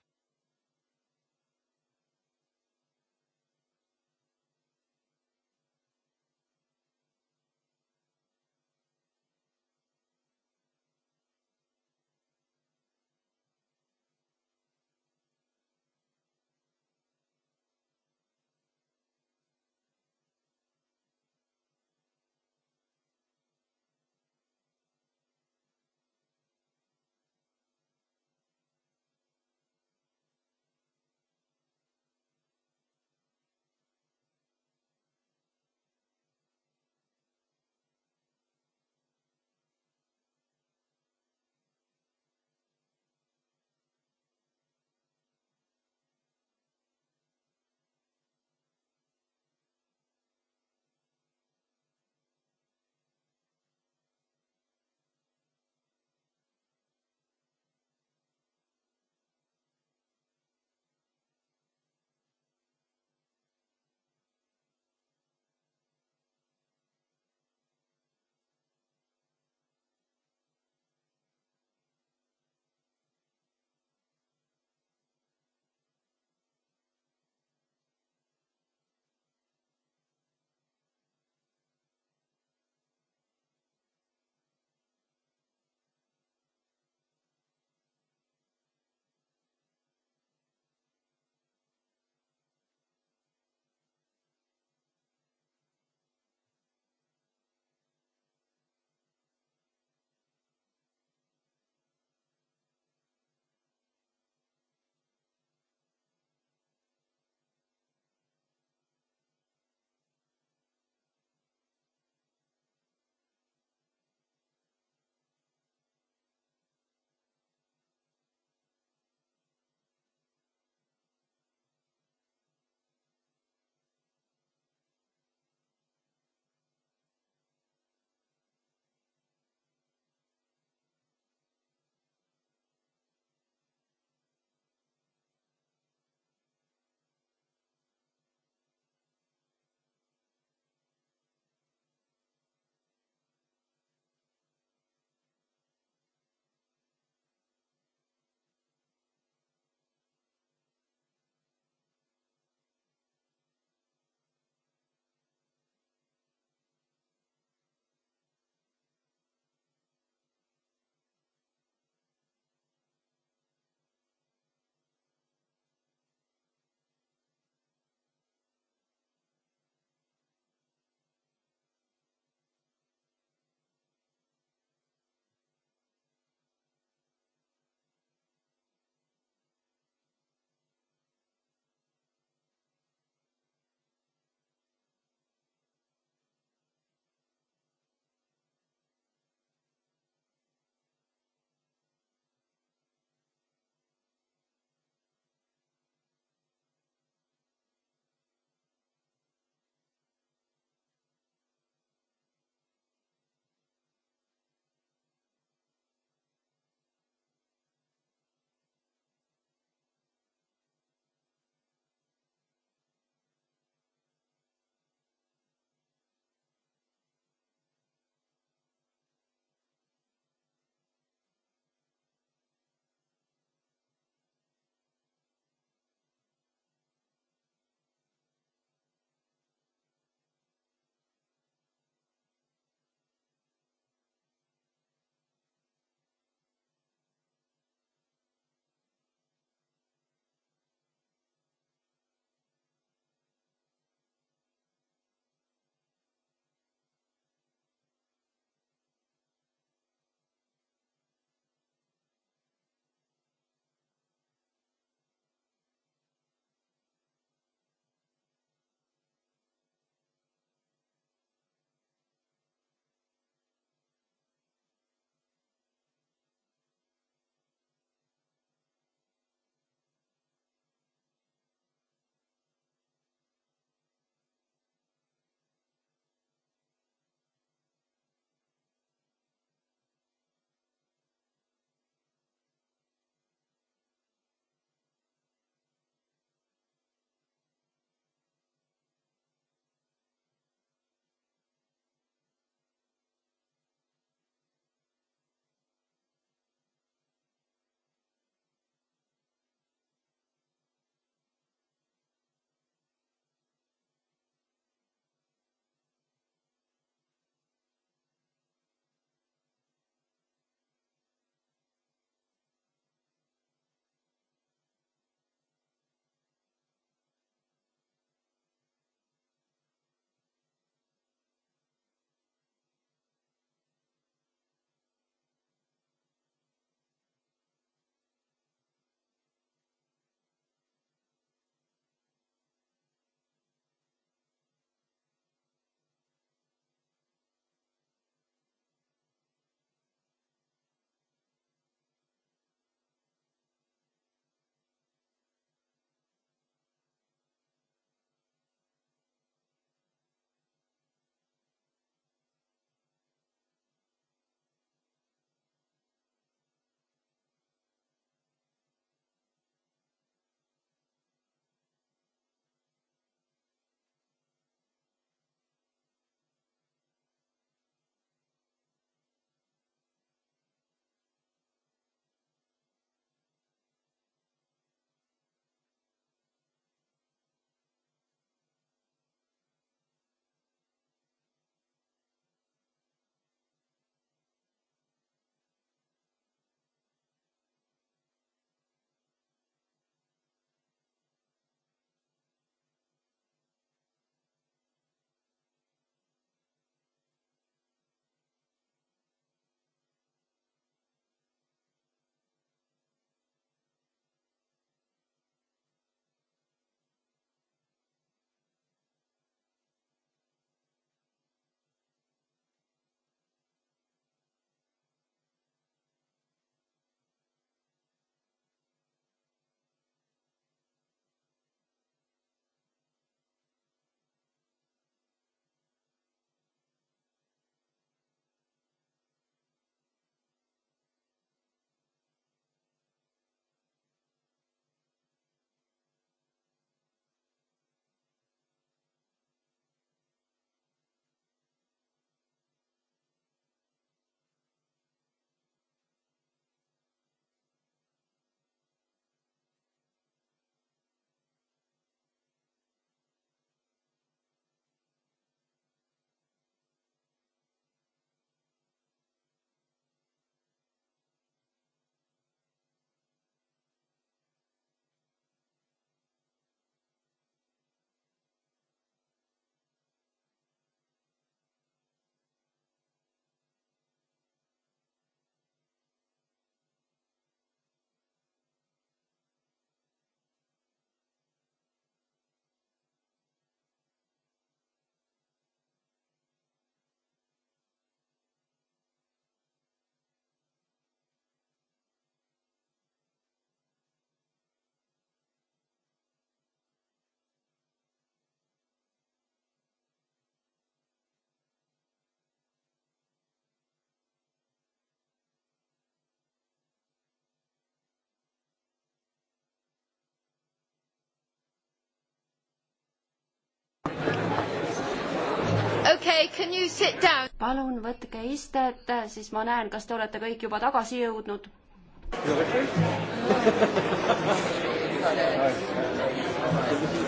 okay, can you sit down? palun võtke istet, siis ma näen, kas te olete kõik juba tagasi jõudnud.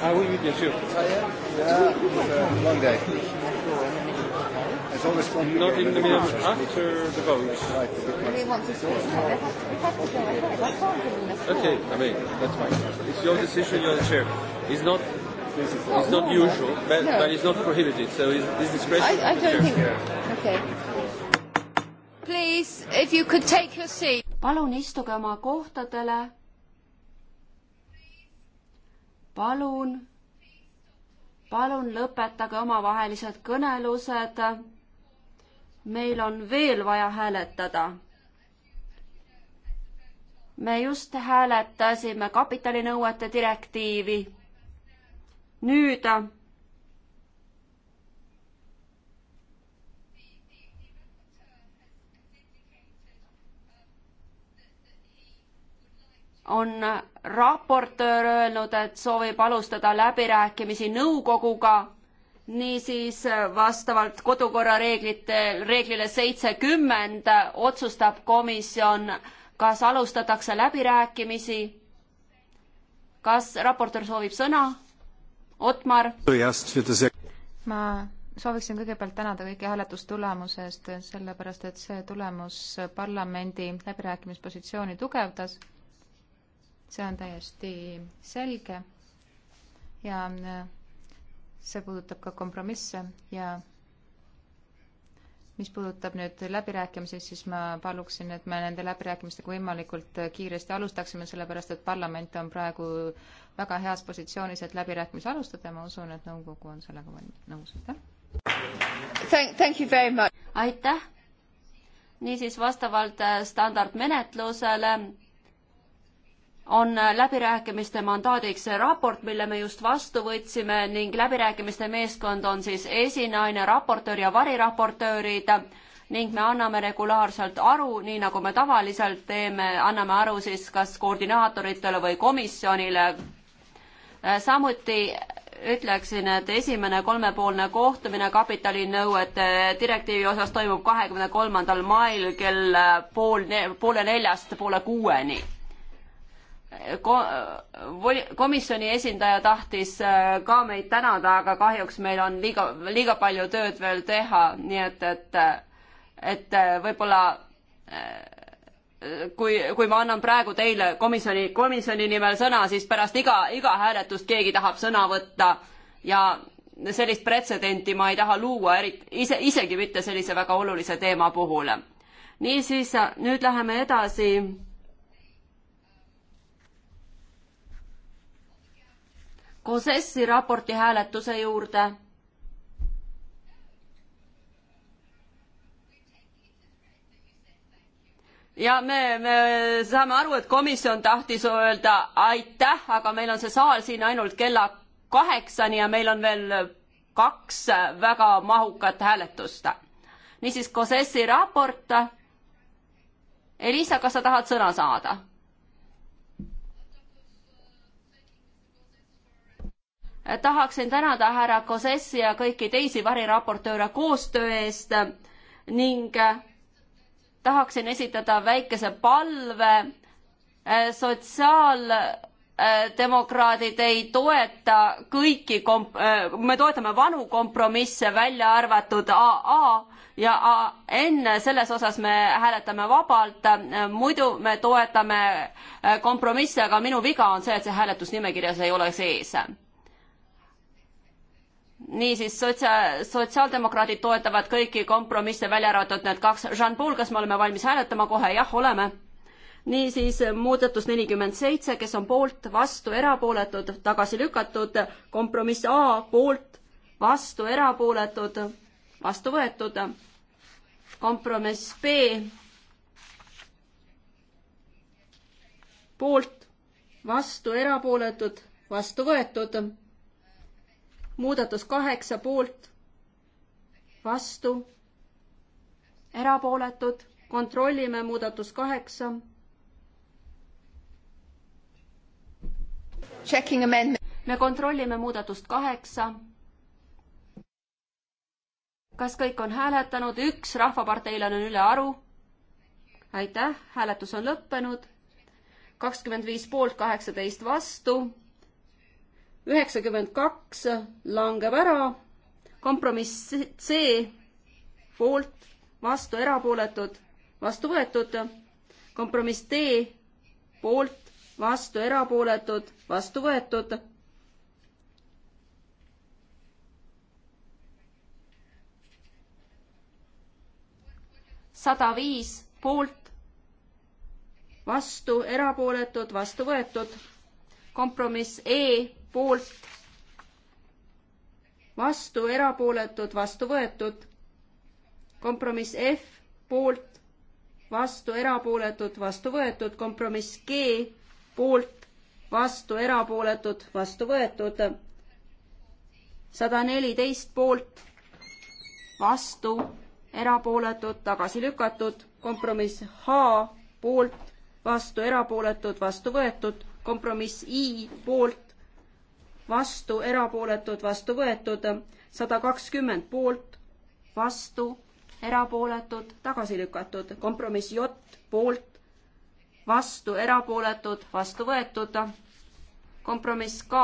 I will meet you too. Yeah, it's a long day. It's always complicated. Not in the middle, after the vote. Right, a bit much. We want to go ahead. We have to go ahead. I can't give them a Okay, I mean, that's fine. It's your decision, you're the chair. It's not It's not no, usual, but, no. but it's not prohibited, so it's, it's discretionary. I, I don't think. Okay. Please, if you could take your seat. palun istuge oma kohtadele. palun, palun lõpetage omavahelised kõnelused. meil on veel vaja hääletada me just hääletasime kapitalinõuete direktiivi nüüd on raportöör öelnud, et soovib alustada läbirääkimisi nõukoguga, niisiis vastavalt kodukorra reeglite, reeglile seitsekümmend otsustab komisjon, kas alustatakse läbirääkimisi. kas raportöör soovib sõna? Otmar. ma sooviksin kõigepealt tänada kõiki hääletustulemuse eest, sellepärast et see tulemus parlamendi läbirääkimispositsiooni tugevdas. see on täiesti selge ja see puudutab ka kompromisse ja mis puudutab nüüd läbirääkimisi, siis ma paluksin, et me nende läbirääkimistega võimalikult kiiresti alustaksime, sellepärast et parlament on praegu väga heas positsioonis, et läbirääkimisi alustada ja ma usun, et nõukogu on sellega nõus, aitäh. aitäh. niisiis, vastavalt standardmenetlusele on läbirääkimiste mandaadiks raport, mille me just vastu võtsime ning läbirääkimiste meeskond on siis esinaine, raportöör ja variraportöörid ning me anname regulaarselt aru, nii nagu me tavaliselt teeme, anname aru siis kas koordinaatoritele või komisjonile. samuti ütleksin, et esimene kolmepoolne kohtumine kapitalinõuete direktiivi osas toimub kahekümne kolmandal mail kell pool, poole neljast poole kuueni komisjoni esindaja tahtis äh, ka meid tänada, aga kahjuks meil on liiga, liiga palju tööd veel teha, nii et, et, et äh, võib-olla äh, kui, kui ma annan praegu teile komisjoni, komisjoni nimel sõna, siis pärast iga, iga hääletust keegi tahab sõna võtta ja sellist pretsedenti ma ei taha luua, eriti, ise, isegi mitte sellise väga olulise teema puhul. niisiis, nüüd läheme edasi Kosessi raporti hääletuse juurde. ja me, me saame aru, et komisjon tahtis öelda aitäh, aga meil on see saal siin ainult kella kaheksani ja meil on veel kaks väga mahukat hääletust. niisiis, Kosessi raport. Elisa, kas sa tahad sõna saada? tahaksin tänada härra Kosessi ja kõiki teisi variraportööre koostöö eest ning äh, tahaksin esitada väikese palve. Äh, sotsiaaldemokraadid äh, ei toeta kõiki komp-, me toetame vanu kompromisse, välja arvatud AA ja enne selles osas me hääletame vabalt, muidu me toetame kompromisse, aga minu viga on see, et see hääletusnimekirjas ei ole sees niisiis, sotsia-, sotsiaaldemokraadid toetavad kõiki kompromisse, välja arvatud need kaks. Jean-Paul, kas me oleme valmis hääletama kohe? jah, oleme. niisiis muudatus nelikümmend seitse, kes on poolt, vastu, erapooletud, tagasi lükatud. kompromiss A poolt, vastu, erapooletud, vastu võetud. kompromiss B poolt, vastu, erapooletud, vastu võetud muudatus kaheksa poolt, vastu, erapooletud, kontrollime muudatus kaheksa. me kontrollime muudatust kaheksa. kas kõik on hääletanud, üks rahvaparteilane on üle aru? aitäh, hääletus on lõppenud. kakskümmend viis poolt, kaheksateist vastu üheksakümmend kaks langeb ära, kompromiss C poolt, vastu, erapooletud, vastu võetud, kompromiss D poolt, vastu, erapooletud, vastu võetud. sada viis poolt, vastu, erapooletud, vastu võetud, kompromiss E poolt, vastu, erapooletud, vastu võetud. kompromiss F poolt, vastu, erapooletud, vastu võetud, kompromiss G poolt, vastu, erapooletud, vastu võetud. sada neliteist poolt, vastu, erapooletud, tagasi lükatud, kompromiss H poolt, vastu, erapooletud, vastu võetud, kompromiss I poolt, vastu, erapooletud, vastu võetud, sada kakskümmend poolt, vastu, erapooletud, tagasi lükatud, kompromiss J poolt, vastu, erapooletud, vastu võetud, kompromiss K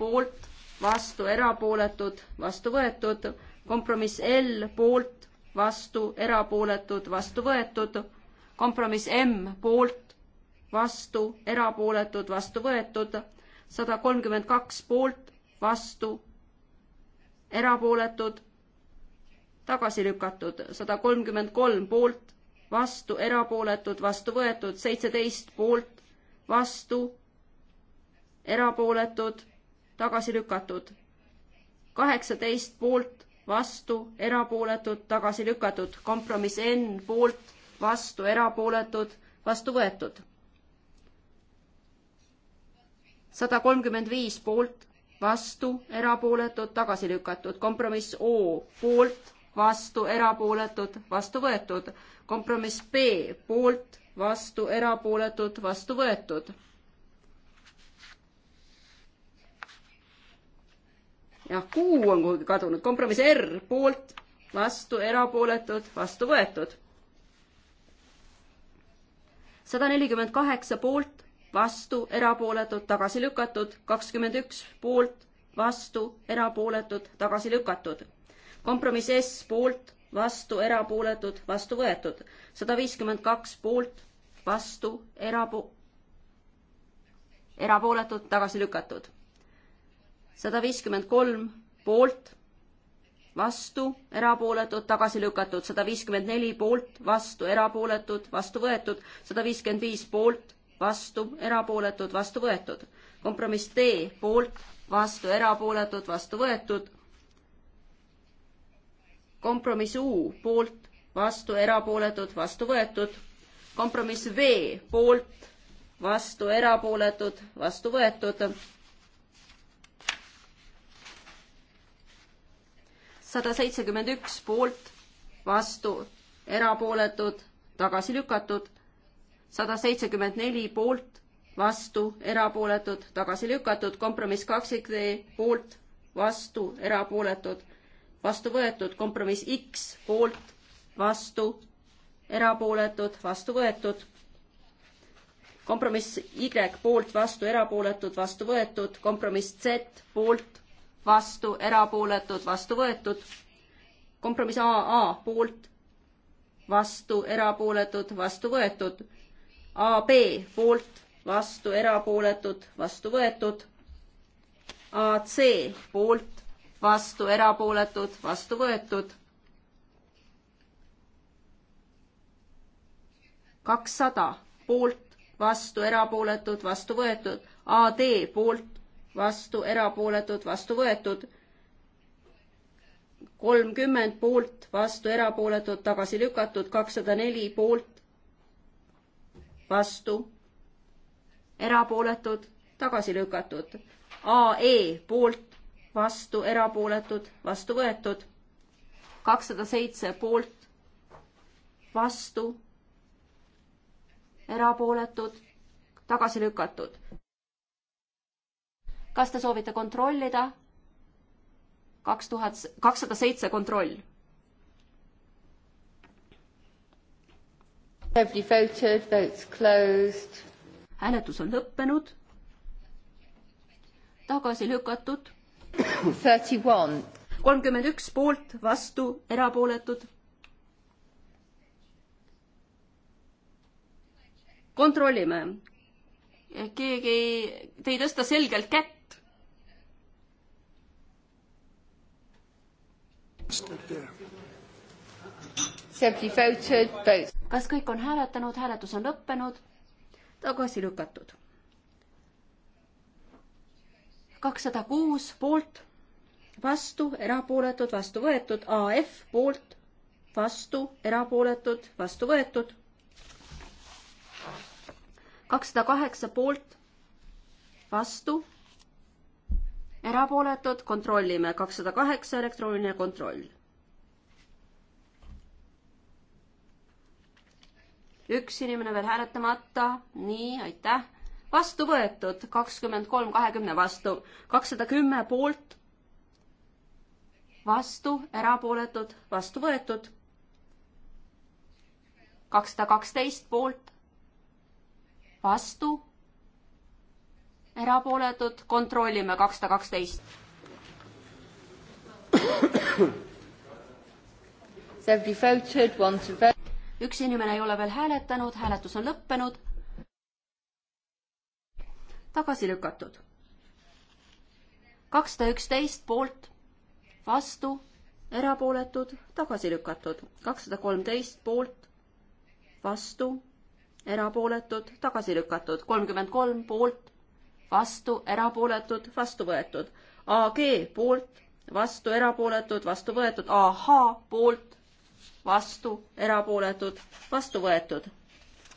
poolt, vastu, erapooletud, vastu võetud, kompromiss L poolt, vastu, erapooletud, vastu võetud, kompromiss M poolt, vastu, erapooletud, vastu võetud sada kolmkümmend kaks poolt, vastu, erapooletud, tagasi lükatud, sada kolmkümmend kolm poolt, vastu, erapooletud, vastu võetud, seitseteist poolt, vastu, erapooletud, tagasi lükatud, kaheksateist poolt, vastu, erapooletud, tagasi lükatud, kompromiss N poolt, vastu, erapooletud, vastu võetud sada kolmkümmend viis poolt, vastu, erapooletud, tagasi lükatud. kompromiss O poolt, vastu, erapooletud, vastu võetud. kompromiss B poolt, vastu, erapooletud, vastu võetud. jah, kuu on kuhugi kadunud. kompromiss R poolt, vastu, erapooletud, vastu võetud. sada nelikümmend kaheksa poolt, vastu, erapooletud, tagasi lükatud, kakskümmend üks poolt, vastu, erapooletud, tagasi lükatud. kompromiss S poolt, vastu, erapooletud, vastu võetud. sada viiskümmend kaks poolt, vastu, erapo-, erapooletud, tagasi lükatud. sada viiskümmend kolm poolt, vastu, erapooletud, tagasi lükatud, sada viiskümmend neli poolt, vastu, erapooletud, vastu võetud, sada viiskümmend viis poolt, vastu, erapooletud, vastu võetud. kompromiss D poolt, vastu, erapooletud, vastu võetud. kompromiss U poolt, vastu, erapooletud, vastu võetud. kompromiss V poolt, vastu, erapooletud, vastu võetud. sada seitsekümmend üks poolt, vastu, erapooletud, tagasi lükatud sada seitsekümmend neli poolt, vastu, erapooletud, tagasi lükatud, kompromiss kaksiktee poolt, vastu, erapooletud, vastu võetud, kompromiss X poolt, vastu, erapooletud, vastu võetud, kompromiss Y poolt, vastu, erapooletud, vastu võetud, kompromiss Z poolt, vastu, erapooletud, vastu võetud, kompromiss AA poolt, vastu, erapooletud, vastu võetud AB poolt, vastu, erapooletud, vastu võetud. AC poolt, vastu, erapooletud, vastu võetud. kakssada poolt, vastu, erapooletud, vastu võetud. AD poolt, vastu, erapooletud, vastu võetud kolmkümmend poolt, vastu erapooletud, tagasi lükatud, kakssada neli poolt, vastu, erapooletud, tagasi lükatud. AE poolt, vastu, erapooletud, vastu võetud. kakssada seitse poolt, vastu, erapooletud, tagasi lükatud. kas te soovite kontrollida? kaks tuhat, kakssada seitse kontroll hääletus on lõppenud. tagasi lükatud. kolmkümmend üks poolt, vastu, erapooletud. kontrollime. keegi ei, te ei tõsta selgelt kätt. Stop there kas kõik on hääletanud, hääletus on lõppenud, tagasi lükatud. kakssada kuus poolt, vastu, erapooletud, vastu võetud, AF poolt, vastu, erapooletud, vastu võetud. kakssada kaheksa poolt, vastu, erapooletud, kontrollime, kakssada kaheksa elektrooniline kontroll üks inimene veel hääletamata, nii, aitäh. vastu võetud, kakskümmend kolm kahekümne vastu, kakssada kümme poolt, vastu, erapooletud, vastu võetud, kakssada kaksteist poolt, vastu, erapooletud, kontrollime kakssada kaksteist. Has <coughs> everybody voted? One to vote üks inimene ei ole veel hääletanud, hääletus on lõppenud. tagasi lükatud. kakssada üksteist poolt, vastu, erapooletud, tagasi lükatud. kakssada kolmteist poolt, vastu, erapooletud, tagasi lükatud. kolmkümmend kolm poolt, vastu, erapooletud, vastu võetud. AG poolt, vastu, erapooletud, vastu võetud. AH poolt vastu, erapooletud, vastu võetud.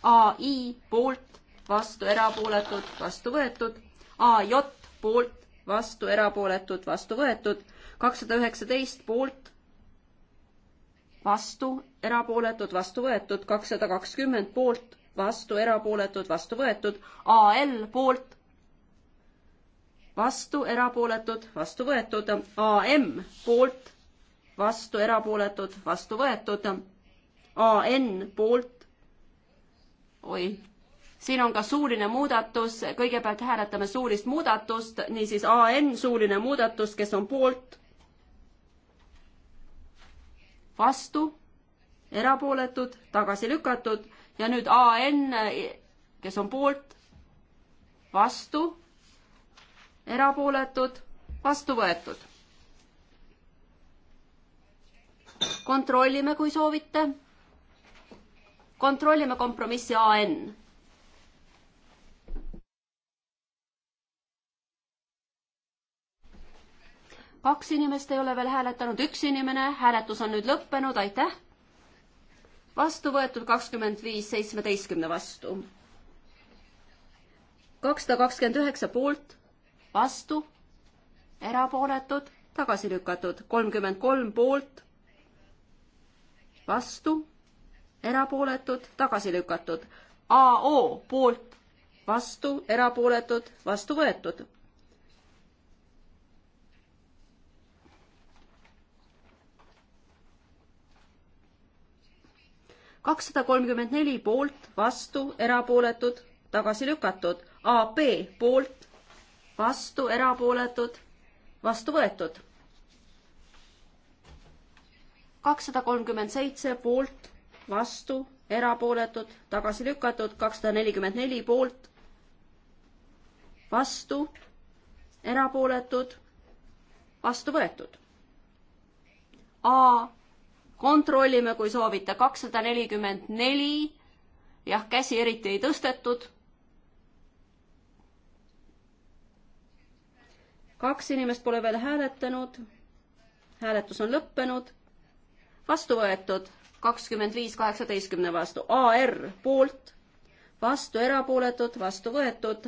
ai poolt, vastu, erapooletud, vastu võetud. aj poolt, vastu, erapooletud, vastu võetud. kakssada üheksateist poolt, vastu, erapooletud, vastu võetud. kakssada kakskümmend poolt, vastu, erapooletud, vastu võetud. al poolt, vastu, erapooletud, vastu võetud. am poolt vastu erapooletud, vastu võetud. AN poolt. oi, siin on ka suuline muudatus, kõigepealt hääletame suulist muudatust, niisiis AN suuline muudatus, kes on poolt, vastu, erapooletud, tagasi lükatud ja nüüd AN, kes on poolt, vastu, erapooletud, vastu võetud kontrollime, kui soovite. kontrollime kompromissi AN. kaks inimest ei ole veel hääletanud, üks inimene, hääletus on nüüd lõppenud, aitäh. vastu võetud kakskümmend viis, seitsmeteistkümne vastu. kakssada kakskümmend üheksa poolt, vastu, erapooletud, tagasi lükatud, kolmkümmend kolm poolt vastu, erapooletud, tagasi lükatud. AO poolt, vastu, erapooletud, vastu võetud. kakssada kolmkümmend neli poolt, vastu, erapooletud, tagasi lükatud. AB poolt, vastu, erapooletud, vastu võetud kakssada kolmkümmend seitse poolt, vastu, erapooletud, tagasi lükatud, kakssada nelikümmend neli poolt, vastu, erapooletud, vastu võetud. A, kontrollime, kui soovite, kakssada nelikümmend neli, jah, käsi eriti ei tõstetud kaks inimest pole veel hääletanud. hääletus on lõppenud vastu võetud, kakskümmend viis kaheksateistkümne vastu, AR poolt, vastu erapooletud, vastu võetud,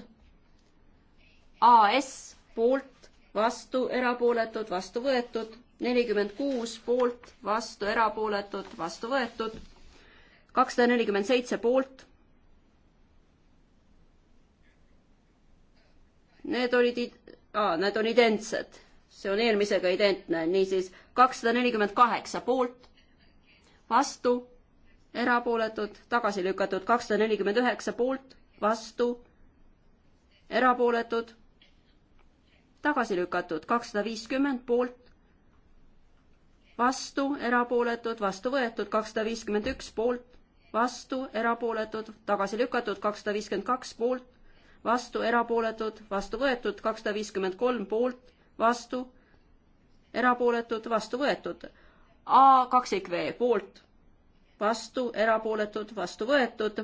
AS poolt, vastu erapooletud, vastu võetud, nelikümmend kuus poolt, vastu erapooletud, vastu võetud, kakssada nelikümmend seitse poolt. Need olid ah,, need on identsed, see on eelmisega identne, niisiis kakssada nelikümmend kaheksa poolt, vastu, erapooletud, tagasi lükatud, kakssada nelikümmend üheksa poolt, vastu, erapooletud, tagasi lükatud, kakssada viiskümmend poolt, vastu, erapooletud, vastu võetud, kakssada viiskümmend üks poolt, vastu, erapooletud, tagasi lükatud, kakssada viiskümmend kaks poolt, vastu, erapooletud, vastu võetud, kakssada viiskümmend kolm poolt, vastu, erapooletud, vastu võetud A kaksik V poolt, vastu, erapooletud, vastu võetud.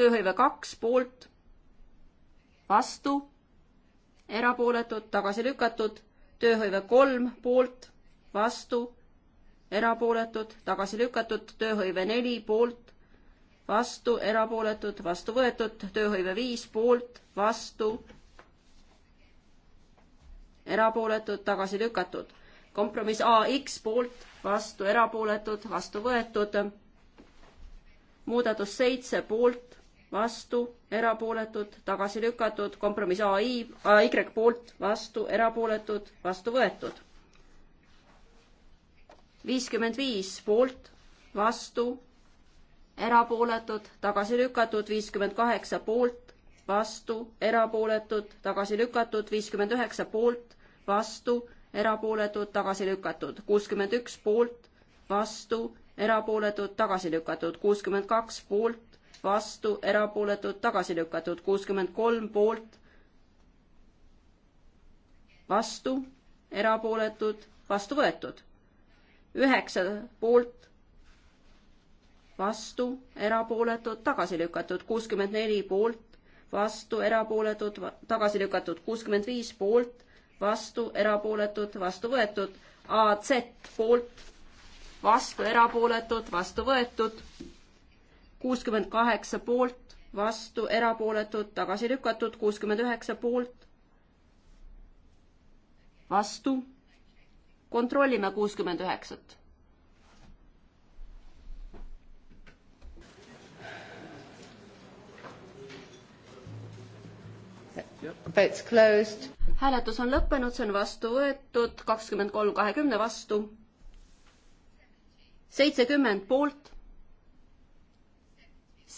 tööhõive kaks poolt, vastu, erapooletud, tagasi lükatud. tööhõive kolm poolt, vastu, erapooletud, tagasi lükatud. tööhõive neli poolt, vastu, erapooletud, vastu võetud. tööhõive viis poolt, vastu, erapooletud, tagasi lükatud kompromiss AX poolt, vastu erapooletud, vastu võetud. muudatus seitse poolt, vastu erapooletud, tagasi lükatud, kompromiss AI, AY poolt, vastu erapooletud, vastu võetud. viiskümmend viis poolt, vastu erapooletud, tagasi lükatud, viiskümmend kaheksa poolt, vastu, erapooletud, tagasi lükatud, viiskümmend üheksa poolt, vastu erapooletud, tagasi lükatud, kuuskümmend üks poolt, vastu, erapooletud, tagasi lükatud, kuuskümmend kaks poolt, vastu, erapooletud, tagasi lükatud, kuuskümmend kolm poolt, vastu, erapooletud, vastu võetud, üheksa poolt, vastu, erapooletud, tagasi lükatud, kuuskümmend neli poolt, vastu, erapooletud, tagasi lükatud, kuuskümmend viis poolt vastu, erapooletud, vastu võetud. AZ poolt, vastu, erapooletud, vastu võetud. kuuskümmend kaheksa poolt, vastu, erapooletud, tagasi lükatud, kuuskümmend üheksa poolt, vastu. kontrollime kuuskümmend üheksat. Votes closed hääletus on lõppenud, see on vastu võetud, kakskümmend kolm kahekümne vastu, seitsekümmend poolt,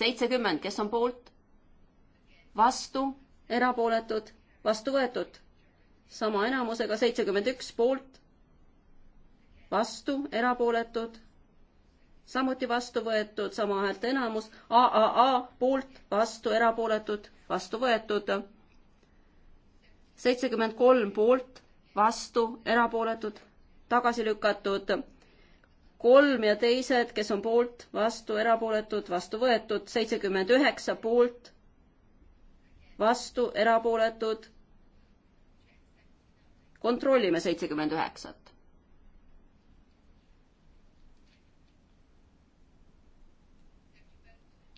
seitsekümmend, kes on poolt, vastu, erapooletud, vastu võetud, sama enamusega seitsekümmend üks poolt, vastu, erapooletud, samuti vastu võetud, sama häälte enamus, AAA poolt, vastu, erapooletud, vastu võetud seitsekümmend kolm poolt, vastu, erapooletud, tagasi lükatud. kolm ja teised, kes on poolt, vastu, erapooletud, vastu võetud, seitsekümmend üheksa poolt, vastu, erapooletud. kontrollime seitsekümmend üheksat.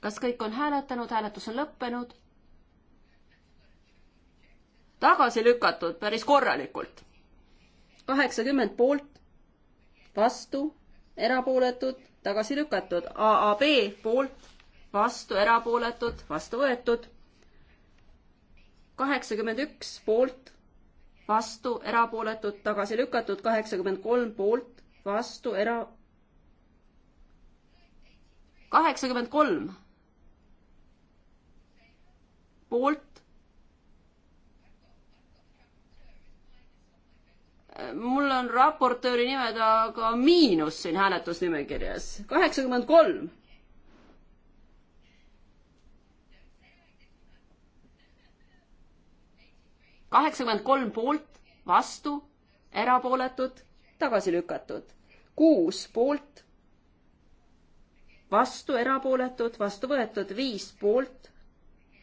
kas kõik on hääletanud, hääletus on lõppenud tagasi lükatud päris korralikult. kaheksakümmend poolt, vastu, erapooletud, tagasi lükatud. AAB poolt, vastu, erapooletud, vastu võetud. kaheksakümmend üks poolt, vastu, erapooletud, tagasi lükatud. kaheksakümmend kolm poolt, vastu, era-. kaheksakümmend kolm poolt, mul on raportööri nimed, aga miinus siin hääletusnimekirjas, kaheksakümmend kolm. kaheksakümmend kolm poolt, vastu, erapooletud, tagasi lükatud. kuus poolt, vastu, erapooletud, vastu võetud, viis poolt,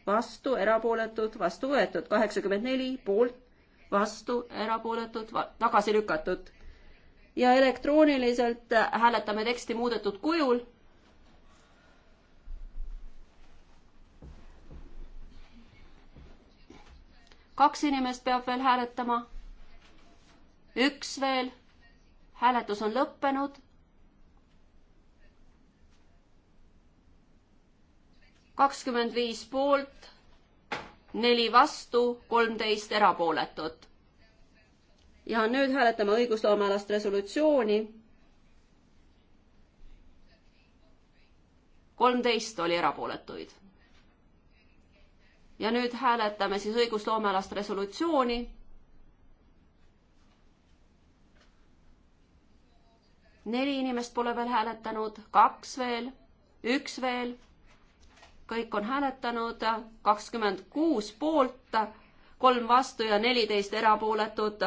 vastu, erapooletud, vastu võetud, kaheksakümmend neli poolt, vastu, erapooletud, tagasi lükatud. ja elektrooniliselt äh, hääletame teksti muudetud kujul. kaks inimest peab veel hääletama. üks veel. hääletus on lõppenud. kakskümmend viis poolt neli vastu, kolmteist erapooletut. ja nüüd hääletame õigusloomealast resolutsiooni. kolmteist oli erapooletuid. ja nüüd hääletame siis õigusloomealast resolutsiooni neli inimest pole veel hääletanud, kaks veel, üks veel kõik on hääletanud, kakskümmend kuus poolt, kolm vastu ja neliteist erapooletut.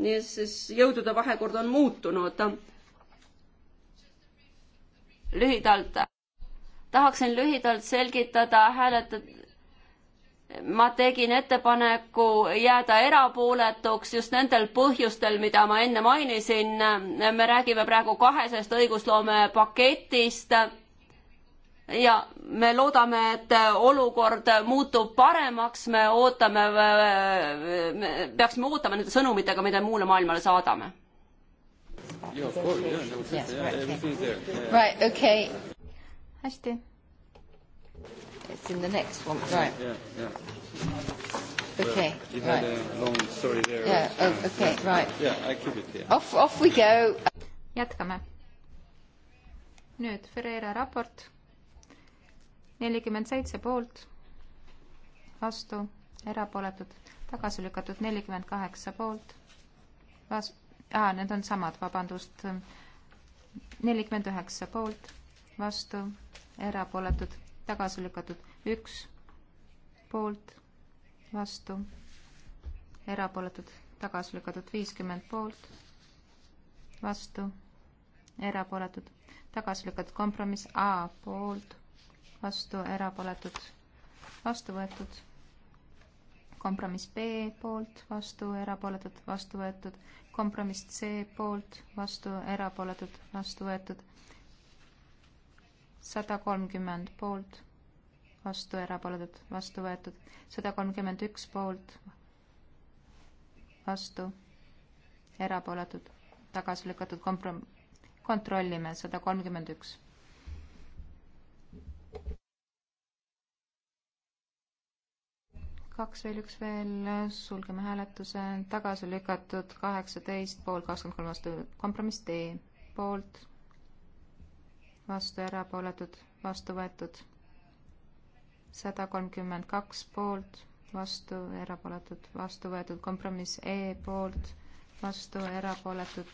nii et siis jõudude vahekord on muutunud. lühidalt, tahaksin lühidalt selgitada hääletajate ma tegin ettepaneku jääda erapooletuks just nendel põhjustel, mida ma enne mainisin. me räägime praegu kahesest õigusloome paketist ja me loodame, et olukord muutub paremaks, me ootame, peaksime ootama nende sõnumitega, mida muule maailmale saadame. hästi It's in the next one, right? Yeah, yeah. Okay. Well, you had right. a long story there. Yeah. Right? Oh, okay. Yeah. Right. Yeah, I keep it here. Yeah. Off, off we go. Jätkame. Nüüd Ferreira raport. 47 poolt, vastu, erapooletud, tagasi lükatud 48 poolt. Vas- ah,, need on samad, vabandust. 49 poolt, vastu, erapooletud tagasi lükatud, üks poolt, vastu, erapooletud, tagasi lükatud, viiskümmend poolt, vastu, erapooletud, tagasi lükatud, kompromiss A poolt, vastu, erapooletud, vastu võetud, kompromiss B poolt, vastu, erapooletud, vastu võetud, kompromiss C poolt, vastu, erapooletud, vastu võetud, sada kolmkümmend poolt, vastu erapooletud, vastu võetud, sada kolmkümmend üks poolt, vastu erapooletud, tagasi lükatud komprom-, kontrollime sada kolmkümmend üks. kaks veel, üks veel, sulgeme hääletuse, tagasi lükatud kaheksateist, poolt kakskümmend kolm vastu, kompromiss D, poolt vastu erapooletud, vastu võetud. sada kolmkümmend kaks poolt, vastu erapooletud, vastu võetud, kompromiss E poolt, vastu erapooletud,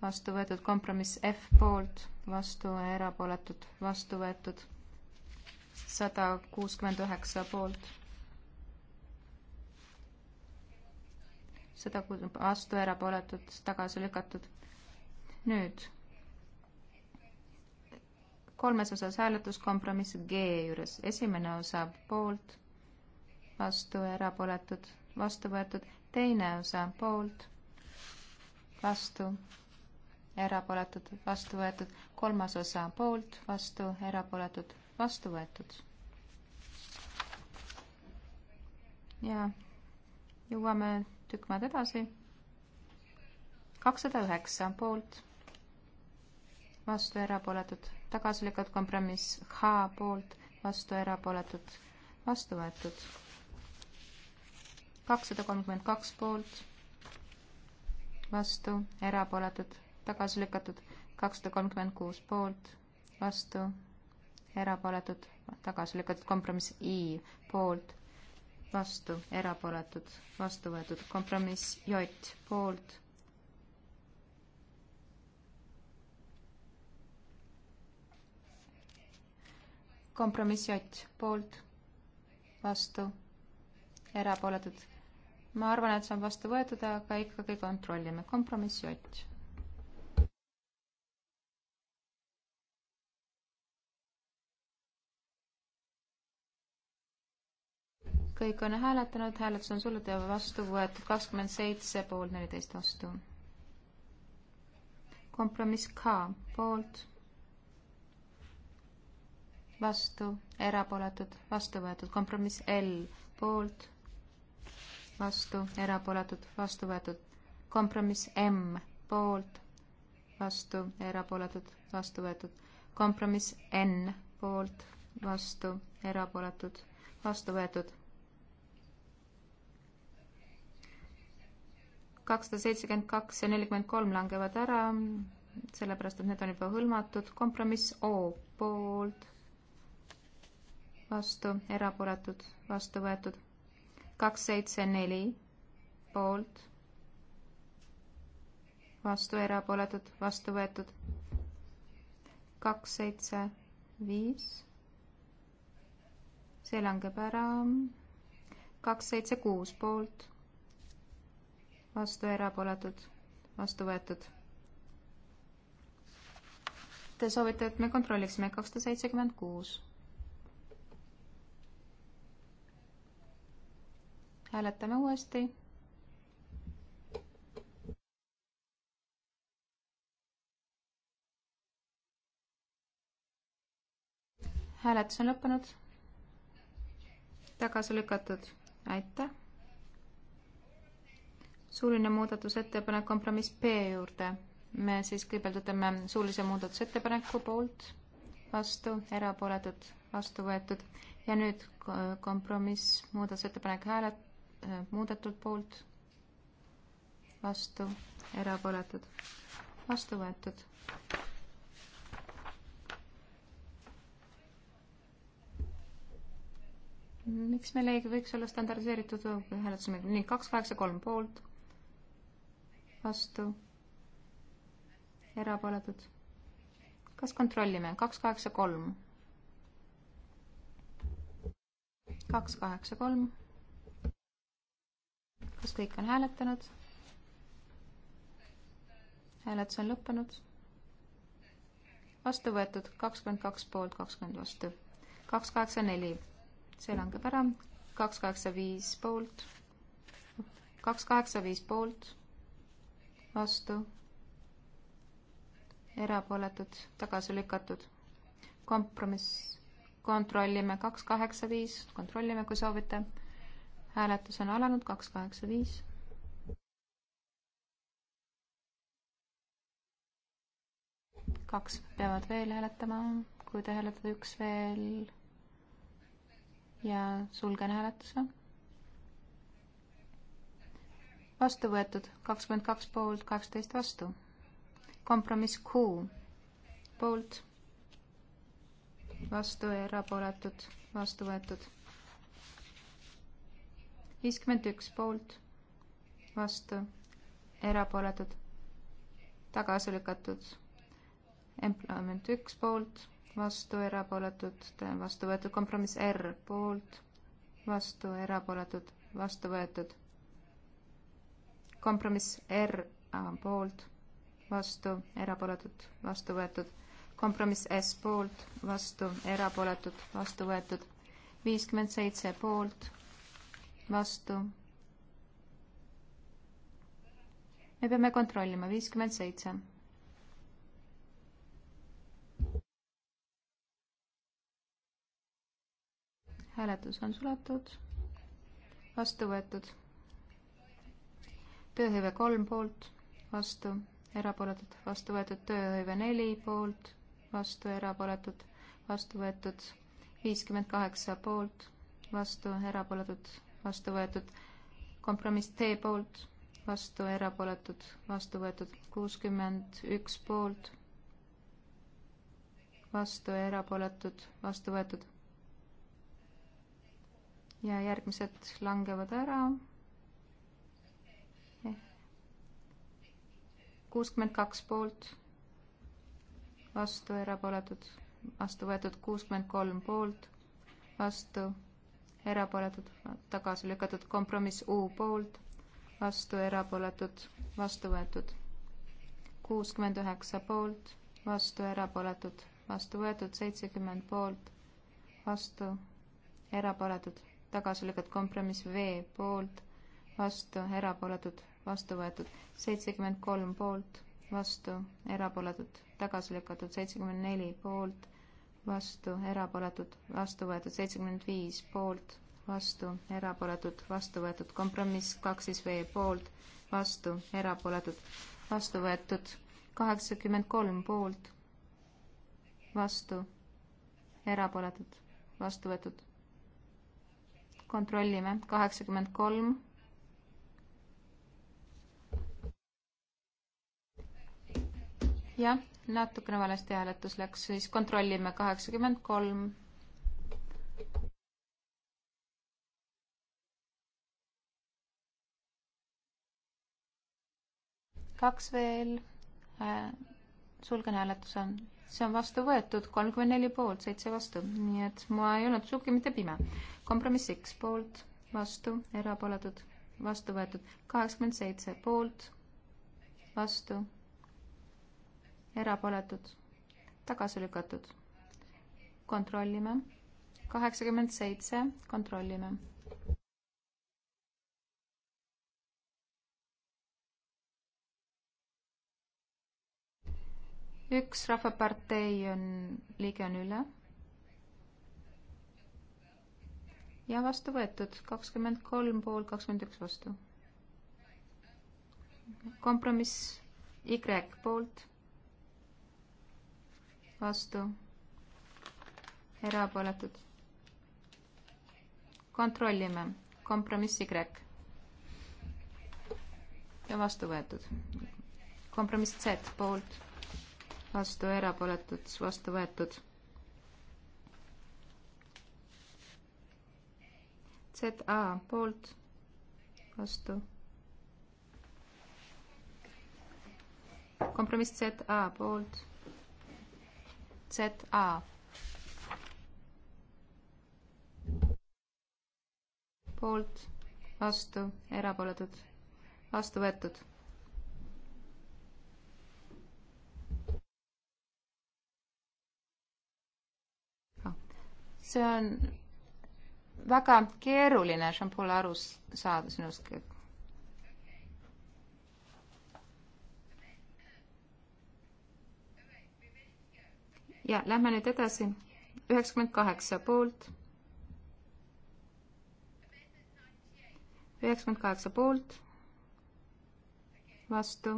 vastu võetud, kompromiss F poolt, vastu erapooletud, vastu võetud, sada kuuskümmend üheksa poolt seda vastu erapooletud tagasi lükatud. nüüd kolmes osas hääletus kompromiss G juures. esimene osa poolt, vastu, erapooletud, vastu võetud. teine osa poolt, vastu, erapooletud, vastu võetud. kolmas osa poolt, vastu, erapooletud, vastu võetud. ja jõuame tükk maad edasi. kakssada üheksa poolt vastu erapooletud, tagasi lükatud kompromiss H poolt, vastu erapooletud, vastu võetud. kakssada kolmkümmend kaks poolt, vastu erapooletud, tagasi lükatud, kakssada kolmkümmend kuus poolt, vastu erapooletud, tagasi lükatud kompromiss I poolt, vastu erapooletud, vastu võetud kompromiss J poolt kompromiss J poolt, vastu, erapooletud. ma arvan, et see on vastu võetud, aga ikkagi kontrollime. kompromiss J. kõik on hääletanud, hääletus on suletud ja vastu võetud kakskümmend seitse, poolt neliteist vastu. kompromiss K poolt vastu, erapooletud, vastu võetud, kompromiss L poolt, vastu, erapooletud, vastu võetud, kompromiss M poolt, vastu, erapooletud, vastu võetud, kompromiss N poolt, vastu, erapooletud, vastu võetud. kakssada seitsekümmend kaks ja nelikümmend kolm langevad ära, sellepärast et need on juba hõlmatud, kompromiss O poolt vastu, erapooletud, vastu võetud. kaks, seitse, neli poolt, vastu, erapooletud, vastu võetud. kaks, seitse, viis. see langeb ära. kaks, seitse, kuus poolt, vastu, erapooletud, vastu võetud Te soovite, et me kontrolliksime kakssada seitsekümmend kuus. hääletame uuesti. hääletus on lõppenud. tagasi lükatud, aitäh. suuline muudatusettepanek kompromiss B juurde. me siis kõigepealt võtame suulise muudatusettepaneku poolt, vastu, erapooletud, vastu võetud ja nüüd kompromiss, muudatusettepanek hääletus Äh, muudetud poolt, vastu, erapooletud, vastu võetud. miks meil ei võiks olla standardiseeritud hääletusmeetod, nii kaks kaheksa kolm poolt, vastu, erapooletud. kas kontrollime, kaks kaheksa kolm? kaks kaheksa kolm kas kõik on hääletanud? hääletus on lõppenud. vastu võetud kakskümmend kaks poolt, kakskümmend vastu. kaks kaheksa neli, see langeb ära. kaks kaheksa viis poolt, kaks kaheksa viis poolt, vastu, erapooletud, tagasi lükatud. kompromiss, kontrollime, kaks kaheksa viis, kontrollime, kui soovite hääletus on alanud, kaks kaheksa viis. kaks peavad veel hääletama, kui te hääletate üks veel. ja sulgen hääletuse. vastu võetud kakskümmend kaks poolt, kaksteist vastu. kompromiss Q poolt, vastu ja erapooletud, vastu võetud viiskümmend üks poolt, vastu, erapooletud, tagasi lükatud. Employment üks poolt, vastu, erapooletud, vastu võetud, kompromiss R poolt, vastu, erapooletud, vastu võetud. kompromiss R poolt, vastu, erapooletud, vastu võetud. kompromiss S poolt, vastu, erapooletud, vastu võetud. viiskümmend seitse poolt vastu. me peame kontrollima, viiskümmend seitse. hääletus on suletud, vastu võetud. tööhõive kolm poolt, vastu, erapooletud, vastu võetud, tööhõive neli poolt, vastu, erapooletud, vastu võetud, viiskümmend kaheksa poolt, vastu, erapooletud vastu võetud, kompromiss D poolt, vastu erapooletud, vastu võetud kuuskümmend üks poolt, vastu erapooletud, vastu võetud. ja järgmised langevad ära. Eh. kuuskümmend kaks poolt, vastu erapooletud, vastu võetud kuuskümmend kolm poolt, vastu erapooletud, tagasi lükatud, kompromiss U poolt, vastu erapooletud, vastu võetud. kuuskümmend üheksa poolt, vastu erapooletud, vastu võetud, seitsekümmend poolt, vastu erapooletud, tagasi lükatud, kompromiss V poolt, vastu erapooletud, vastu võetud, seitsekümmend kolm poolt, vastu erapooletud, tagasi lükatud, seitsekümmend neli poolt vastu, erapooletud, vastu võetud seitsekümmend viis, poolt, vastu, erapooletud, vastu võetud, kompromiss kaks siis V poolt, vastu, erapooletud, vastu võetud, kaheksakümmend kolm poolt, vastu, erapooletud, vastu võetud. kontrollime, kaheksakümmend kolm. jah natukene valesti hääletus läks, siis kontrollime kaheksakümmend kolm. kaks veel. Äh, sulgen hääletuse, see on vastu võetud, kolmkümmend neli poolt, seitse vastu, nii et ma ei olnud sugugi mitte pime. kompromiss X poolt, vastu, erapooletud, vastu võetud, kaheksakümmend seitse poolt, vastu erapooletud, tagasi lükatud. kontrollime. kaheksakümmend seitse, kontrollime. üks Rahvapartei on, liige on üle. ja vastu võetud, kakskümmend kolm pool, kakskümmend üks vastu. kompromiss Y poolt vastu, erapooletud. kontrollime, kompromiss Y. ja vastu võetud. kompromiss Z poolt, vastu, erapooletud, vastu võetud. ZA poolt, vastu kompromiss ZA poolt, ZA. poolt, vastu, erapooletud, vastu võetud. Ah, see on väga keeruline Šampule aru saada sinust ja lähme nüüd edasi. üheksakümmend kaheksa poolt. üheksakümmend kaheksa poolt. vastu.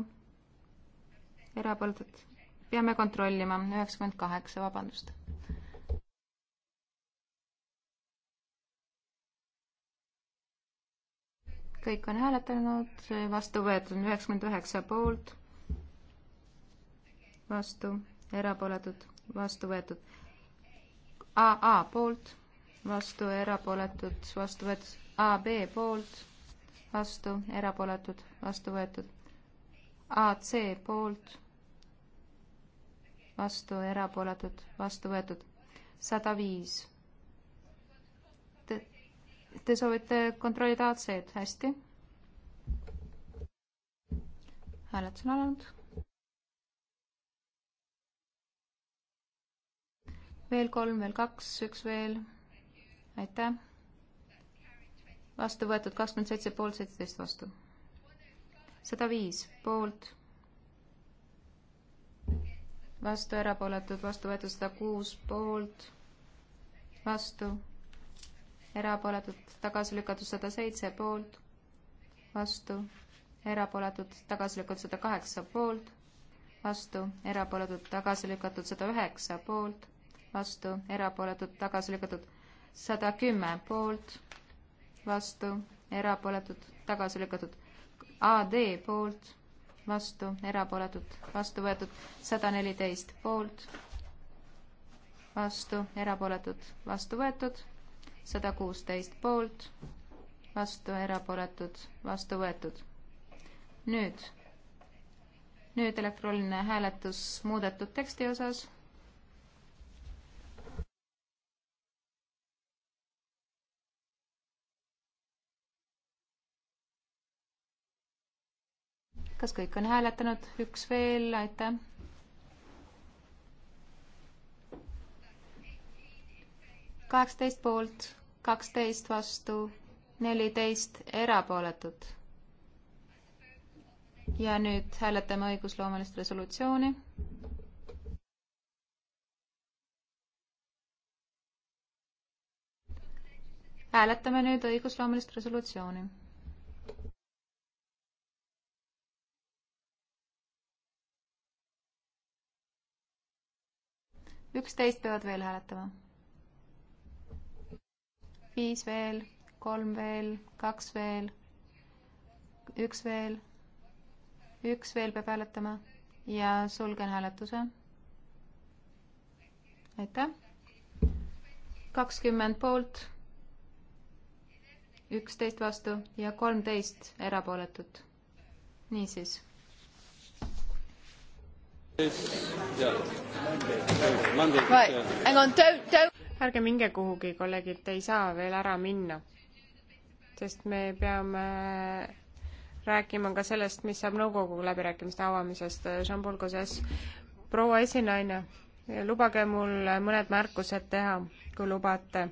erapooletud. peame kontrollima. üheksakümmend kaheksa, vabandust. kõik on hääletanud, vastu võetud on üheksakümmend üheksa poolt, vastu, erapooletud, vastu võetud. AA poolt, vastu, erapooletud, vastu võetud. AB poolt, vastu, erapooletud, vastu võetud. AC poolt, vastu, erapooletud, vastu võetud. sada viis. Te, te soovite kontrollida AC-d, hästi. hääletus on alanud veel kolm, veel kaks, üks veel. aitäh. vastu võetud kakskümmend seitse poolt, seitseteist vastu. sada viis poolt. vastu erapooletud, vastu võetud sada kuus poolt. vastu erapooletud, tagasi lükatud sada seitse poolt. vastu erapooletud, tagasi lükatud sada kaheksa poolt, vastu, erapooletud, tagasi lükatud sada üheksa poolt, vastu, erapooletud, tagasi lükatud. sada kümme poolt, vastu, erapooletud, tagasi lükatud. AD poolt, vastu, erapooletud, vastu võetud. sada neliteist poolt, vastu, erapooletud, vastu võetud. sada kuusteist poolt, vastu, erapooletud, vastu võetud. nüüd, nüüd elektrooniline hääletus muudetud teksti osas kas kõik on hääletanud? üks veel, aitäh. kaheksateist poolt, kaksteist vastu, neliteist erapooletut. ja nüüd hääletame õigusloomelist resolutsiooni. hääletame nüüd õigusloomelist resolutsiooni üksteist peavad veel hääletama. viis veel, kolm veel, kaks veel, üks veel, üks veel peab hääletama ja sulgen hääletuse. aitäh. kakskümmend poolt, üksteist vastu ja kolmteist erapooletut. niisiis ärge minge kuhugi, kolleegid, te ei saa veel ära minna. sest me peame rääkima ka sellest, mis saab nõukogu läbirääkimiste avamisest. Jean-Paul Gauzes, proua esinaine, lubage mul mõned märkused teha, kui lubate.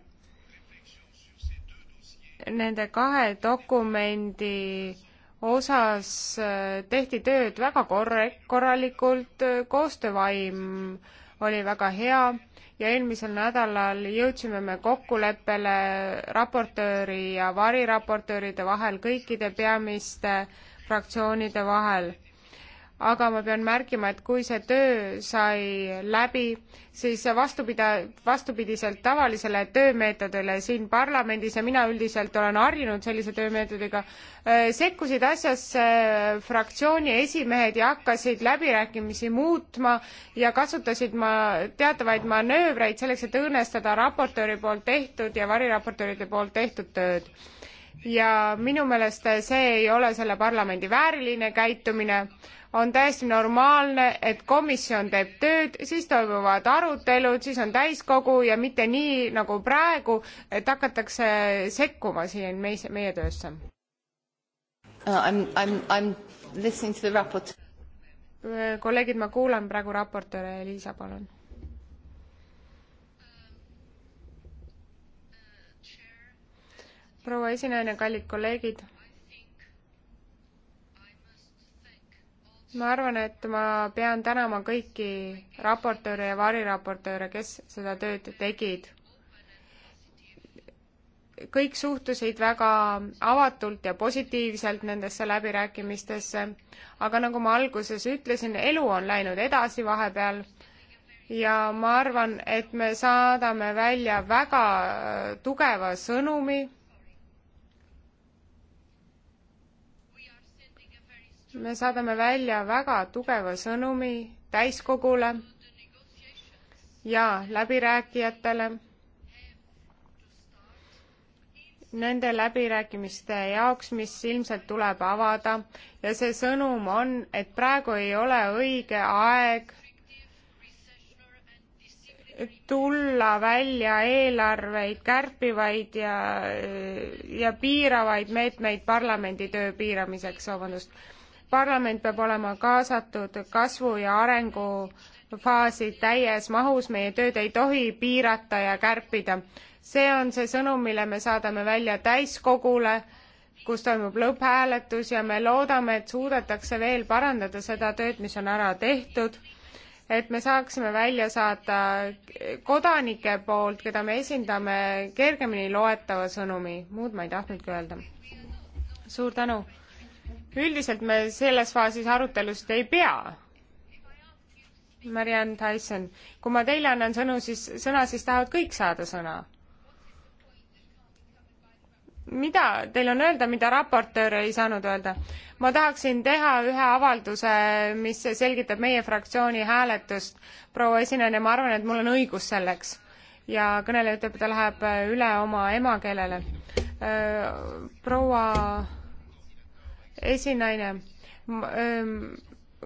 Nende kahe dokumendi osas äh, tehti tööd väga korre-, korralikult, äh, koostöövaim oli väga hea ja eelmisel nädalal jõudsime me kokkuleppele raportööri ja variraportööride vahel, kõikide peamiste fraktsioonide vahel aga ma pean märkima, et kui see töö sai läbi, siis vastupida-, vastupidiselt tavalisele töömeetodile siin parlamendis ja mina üldiselt olen harjunud sellise töömeetodiga, äh, sekkusid asjasse fraktsiooni esimehed ja hakkasid läbirääkimisi muutma ja kasutasid ma teatavaid manöövreid selleks, et õõnestada raportööri poolt tehtud ja variraportööride poolt tehtud tööd. ja minu meelest see ei ole selle parlamendi vääriline käitumine on täiesti normaalne, et komisjon teeb tööd, siis toimuvad arutelud, siis on täiskogu ja mitte nii nagu praegu, et hakatakse sekkuma siin meie, meie töösse. Uh, kolleegid, ma kuulan praegu raportööre, Liisa, palun. proua esinaine, kallid kolleegid ma arvan, et ma pean tänama kõiki raportööre ja variraportööre, kes seda tööd tegid. kõik suhtusid väga avatult ja positiivselt nendesse läbirääkimistesse, aga nagu ma alguses ütlesin, elu on läinud edasi vahepeal ja ma arvan, et me saadame välja väga tugeva sõnumi me saadame välja väga tugeva sõnumi täiskogule ja läbirääkijatele. Nende läbirääkimiste jaoks, mis ilmselt tuleb avada ja see sõnum on, et praegu ei ole õige aeg tulla välja eelarveid kärpivaid ja, ja piiravaid meetmeid parlamendi töö piiramiseks, vabandust parlament peab olema kaasatud kasvu ja arengu faasi täies mahus, meie tööd ei tohi piirata ja kärpida. see on see sõnum, mille me saadame välja täiskogule, kus toimub lõpphääletus ja me loodame, et suudetakse veel parandada seda tööd, mis on ära tehtud, et me saaksime välja saata kodanike poolt, keda me esindame, kergemini loetava sõnumi, muud ma ei tahtnudki öelda. suur tänu! üldiselt me selles faasis arutelust ei pea. Marianne Tyson, kui ma teile annan sõnu, siis, sõna, siis tahavad kõik saada sõna. mida teil on öelda, mida raportöör ei saanud öelda? ma tahaksin teha ühe avalduse, mis selgitab meie fraktsiooni hääletust. proua esineja, ma arvan, et mul on õigus selleks ja kõneleja ütleb, et ta läheb üle oma emakeelele. Äh, proua esinaine, ähm,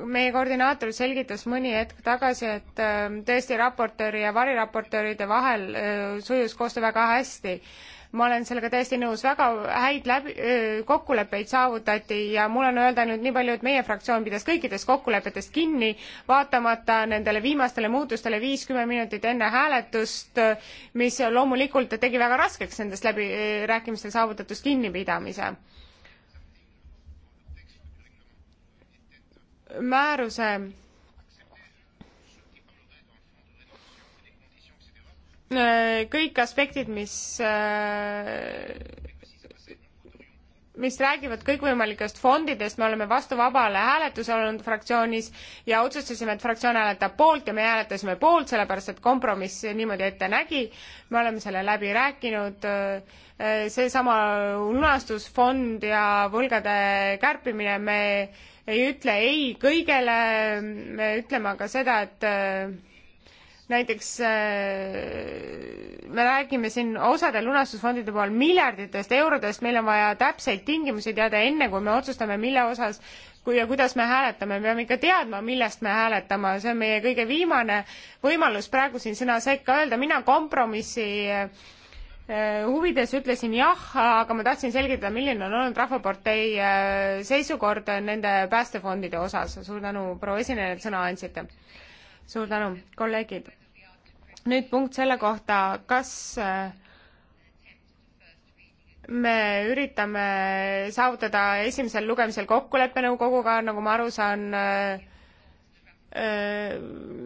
meie koordinaator selgitas mõni hetk tagasi, et ähm, tõesti raportööri ja variraportööride vahel äh, sujus koostöö väga hästi. ma olen sellega täiesti nõus, väga häid läbi, kokkuleppeid saavutati ja mul on öelda nüüd nii palju, et meie fraktsioon pidas kõikidest kokkulepetest kinni, vaatamata nendele viimastele muutustele viiskümmend minutit enne hääletust, mis loomulikult tegi väga raskeks nendest läbirääkimistel saavutatust kinnipidamise määruse kõik aspektid, mis, mis räägivad kõikvõimalikest fondidest, me oleme vastu vabale hääletusele olnud fraktsioonis ja otsustasime, et fraktsioon hääletab poolt ja me hääletasime poolt, sellepärast et kompromiss niimoodi ette nägi. me oleme selle läbi rääkinud, seesama lunastusfond ja võlgade kärpimine, me ei ütle ei kõigele, me ütleme aga seda, et äh, näiteks äh, me räägime siin osade lunastusfondide puhul miljarditest eurodest, meil on vaja täpseid tingimusi teada enne, kui me otsustame, mille osas kui ja kuidas me hääletame, me peame ikka teadma, millest me hääletame, see on meie kõige viimane võimalus praegu siin sõna sekka öelda, mina kompromissi äh, Äh, huvides ütlesin jah, aga ma tahtsin selgitada, milline on olnud Rahvapartei äh, seisukord nende päästefondide osas. suur tänu, proua esineja, et sõna andsite. suur tänu, kolleegid. nüüd punkt selle kohta, kas äh, me üritame saavutada esimesel lugemisel kokkuleppe nõukoguga, nagu ma aru saan,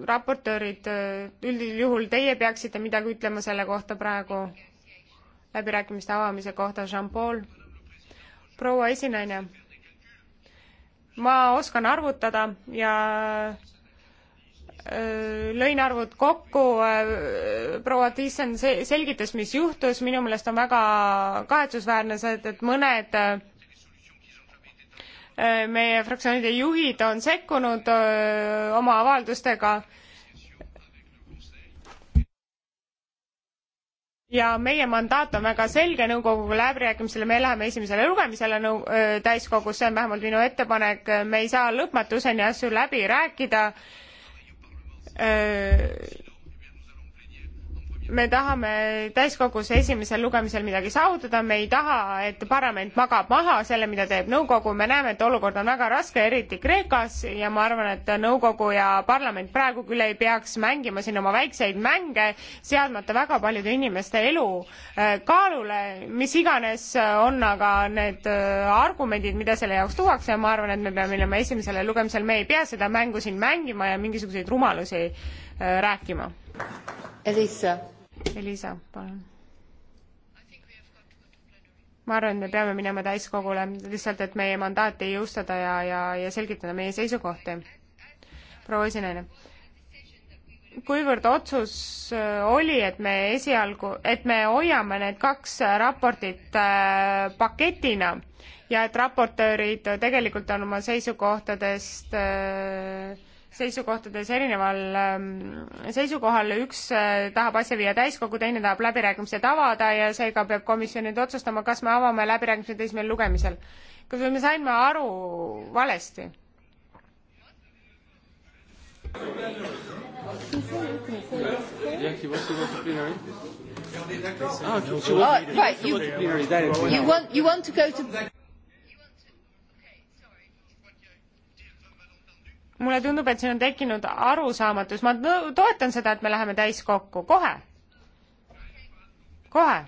raportöörid, üldjuhul teie peaksite midagi ütlema selle kohta praegu läbirääkimiste avamise kohta, Jean-Paul. proua esinaine, ma oskan arvutada ja lõin arvud kokku, proua Thyssen selgitas, mis juhtus, minu meelest on väga kahetsusväärne see, et, et mõned meie fraktsioonide juhid on sekkunud öö, oma avaldustega ja meie mandaat on väga selge nõukoguga läbirääkimisele, me läheme esimesele lugemisele nõu-, täiskogus, see on vähemalt minu ettepanek, me ei saa lõpmatuseni asju läbi rääkida öö, me tahame täiskogus esimesel lugemisel midagi saavutada, me ei taha, et parlament magab maha selle, mida teeb nõukogu, me näeme, et olukord on väga raske, eriti Kreekas ja ma arvan, et nõukogu ja parlament praegu küll ei peaks mängima siin oma väikseid mänge, seadmata väga paljude inimeste elu äh, kaalule, mis iganes äh, on aga need äh, argumendid, mida selle jaoks tuuakse ja ma arvan, et me peame minema esimesele lugemisele, me ei pea seda mängu siin mängima ja mingisuguseid rumalusi rääkima. Elisa Elisa, palun. ma arvan, et me peame minema täiskogule, lihtsalt et meie mandaati jõustada ja, ja, ja selgitada meie seisukohti. proua esinaine, kuivõrd otsus äh, oli, et me esialgu, et me hoiame need kaks raportit äh, paketina ja et raportöörid tegelikult on oma seisukohtadest äh, seisukohtades erineval ähm, seisukohal, üks äh, tahab asja viia täiskokku, teine tahab läbirääkimised avada ja seega peab komisjon nüüd otsustama, kas me avame läbirääkimised esimesel lugemisel. kas me saime aru valesti? Yeah, he wants to go to plenary. Ah, she wants to go to plenary. You want, you want to go to mulle tundub, et siin on tekkinud arusaamatus, ma toetan seda, et me läheme täiskokku kohe, kohe.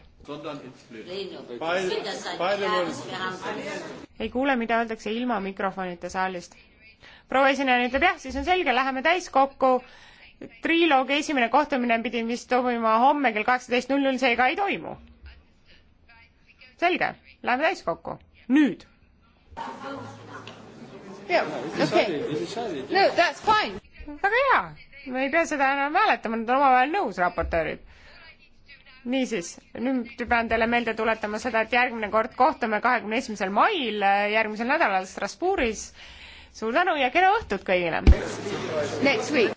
ei kuule, mida öeldakse ilma mikrofonita saalist. proua esineja ütleb jah, siis on selge, läheme täiskokku. triloogi esimene kohtumine pidi vist toimuma homme kell kaheksateist null null, seega ei toimu. selge, läheme täiskokku, nüüd yeah. okay. no that's fine. väga hea, me ei pea seda enam hääletama, nad on omavahel nõus, raportöörid. niisiis, nüüd pean teile meelde tuletama seda, et järgmine kord kohtume kahekümne esimesel mail, eh, järgmisel nädalal Strasbourgis. suur tänu ja kena õhtut kõigile! Next week!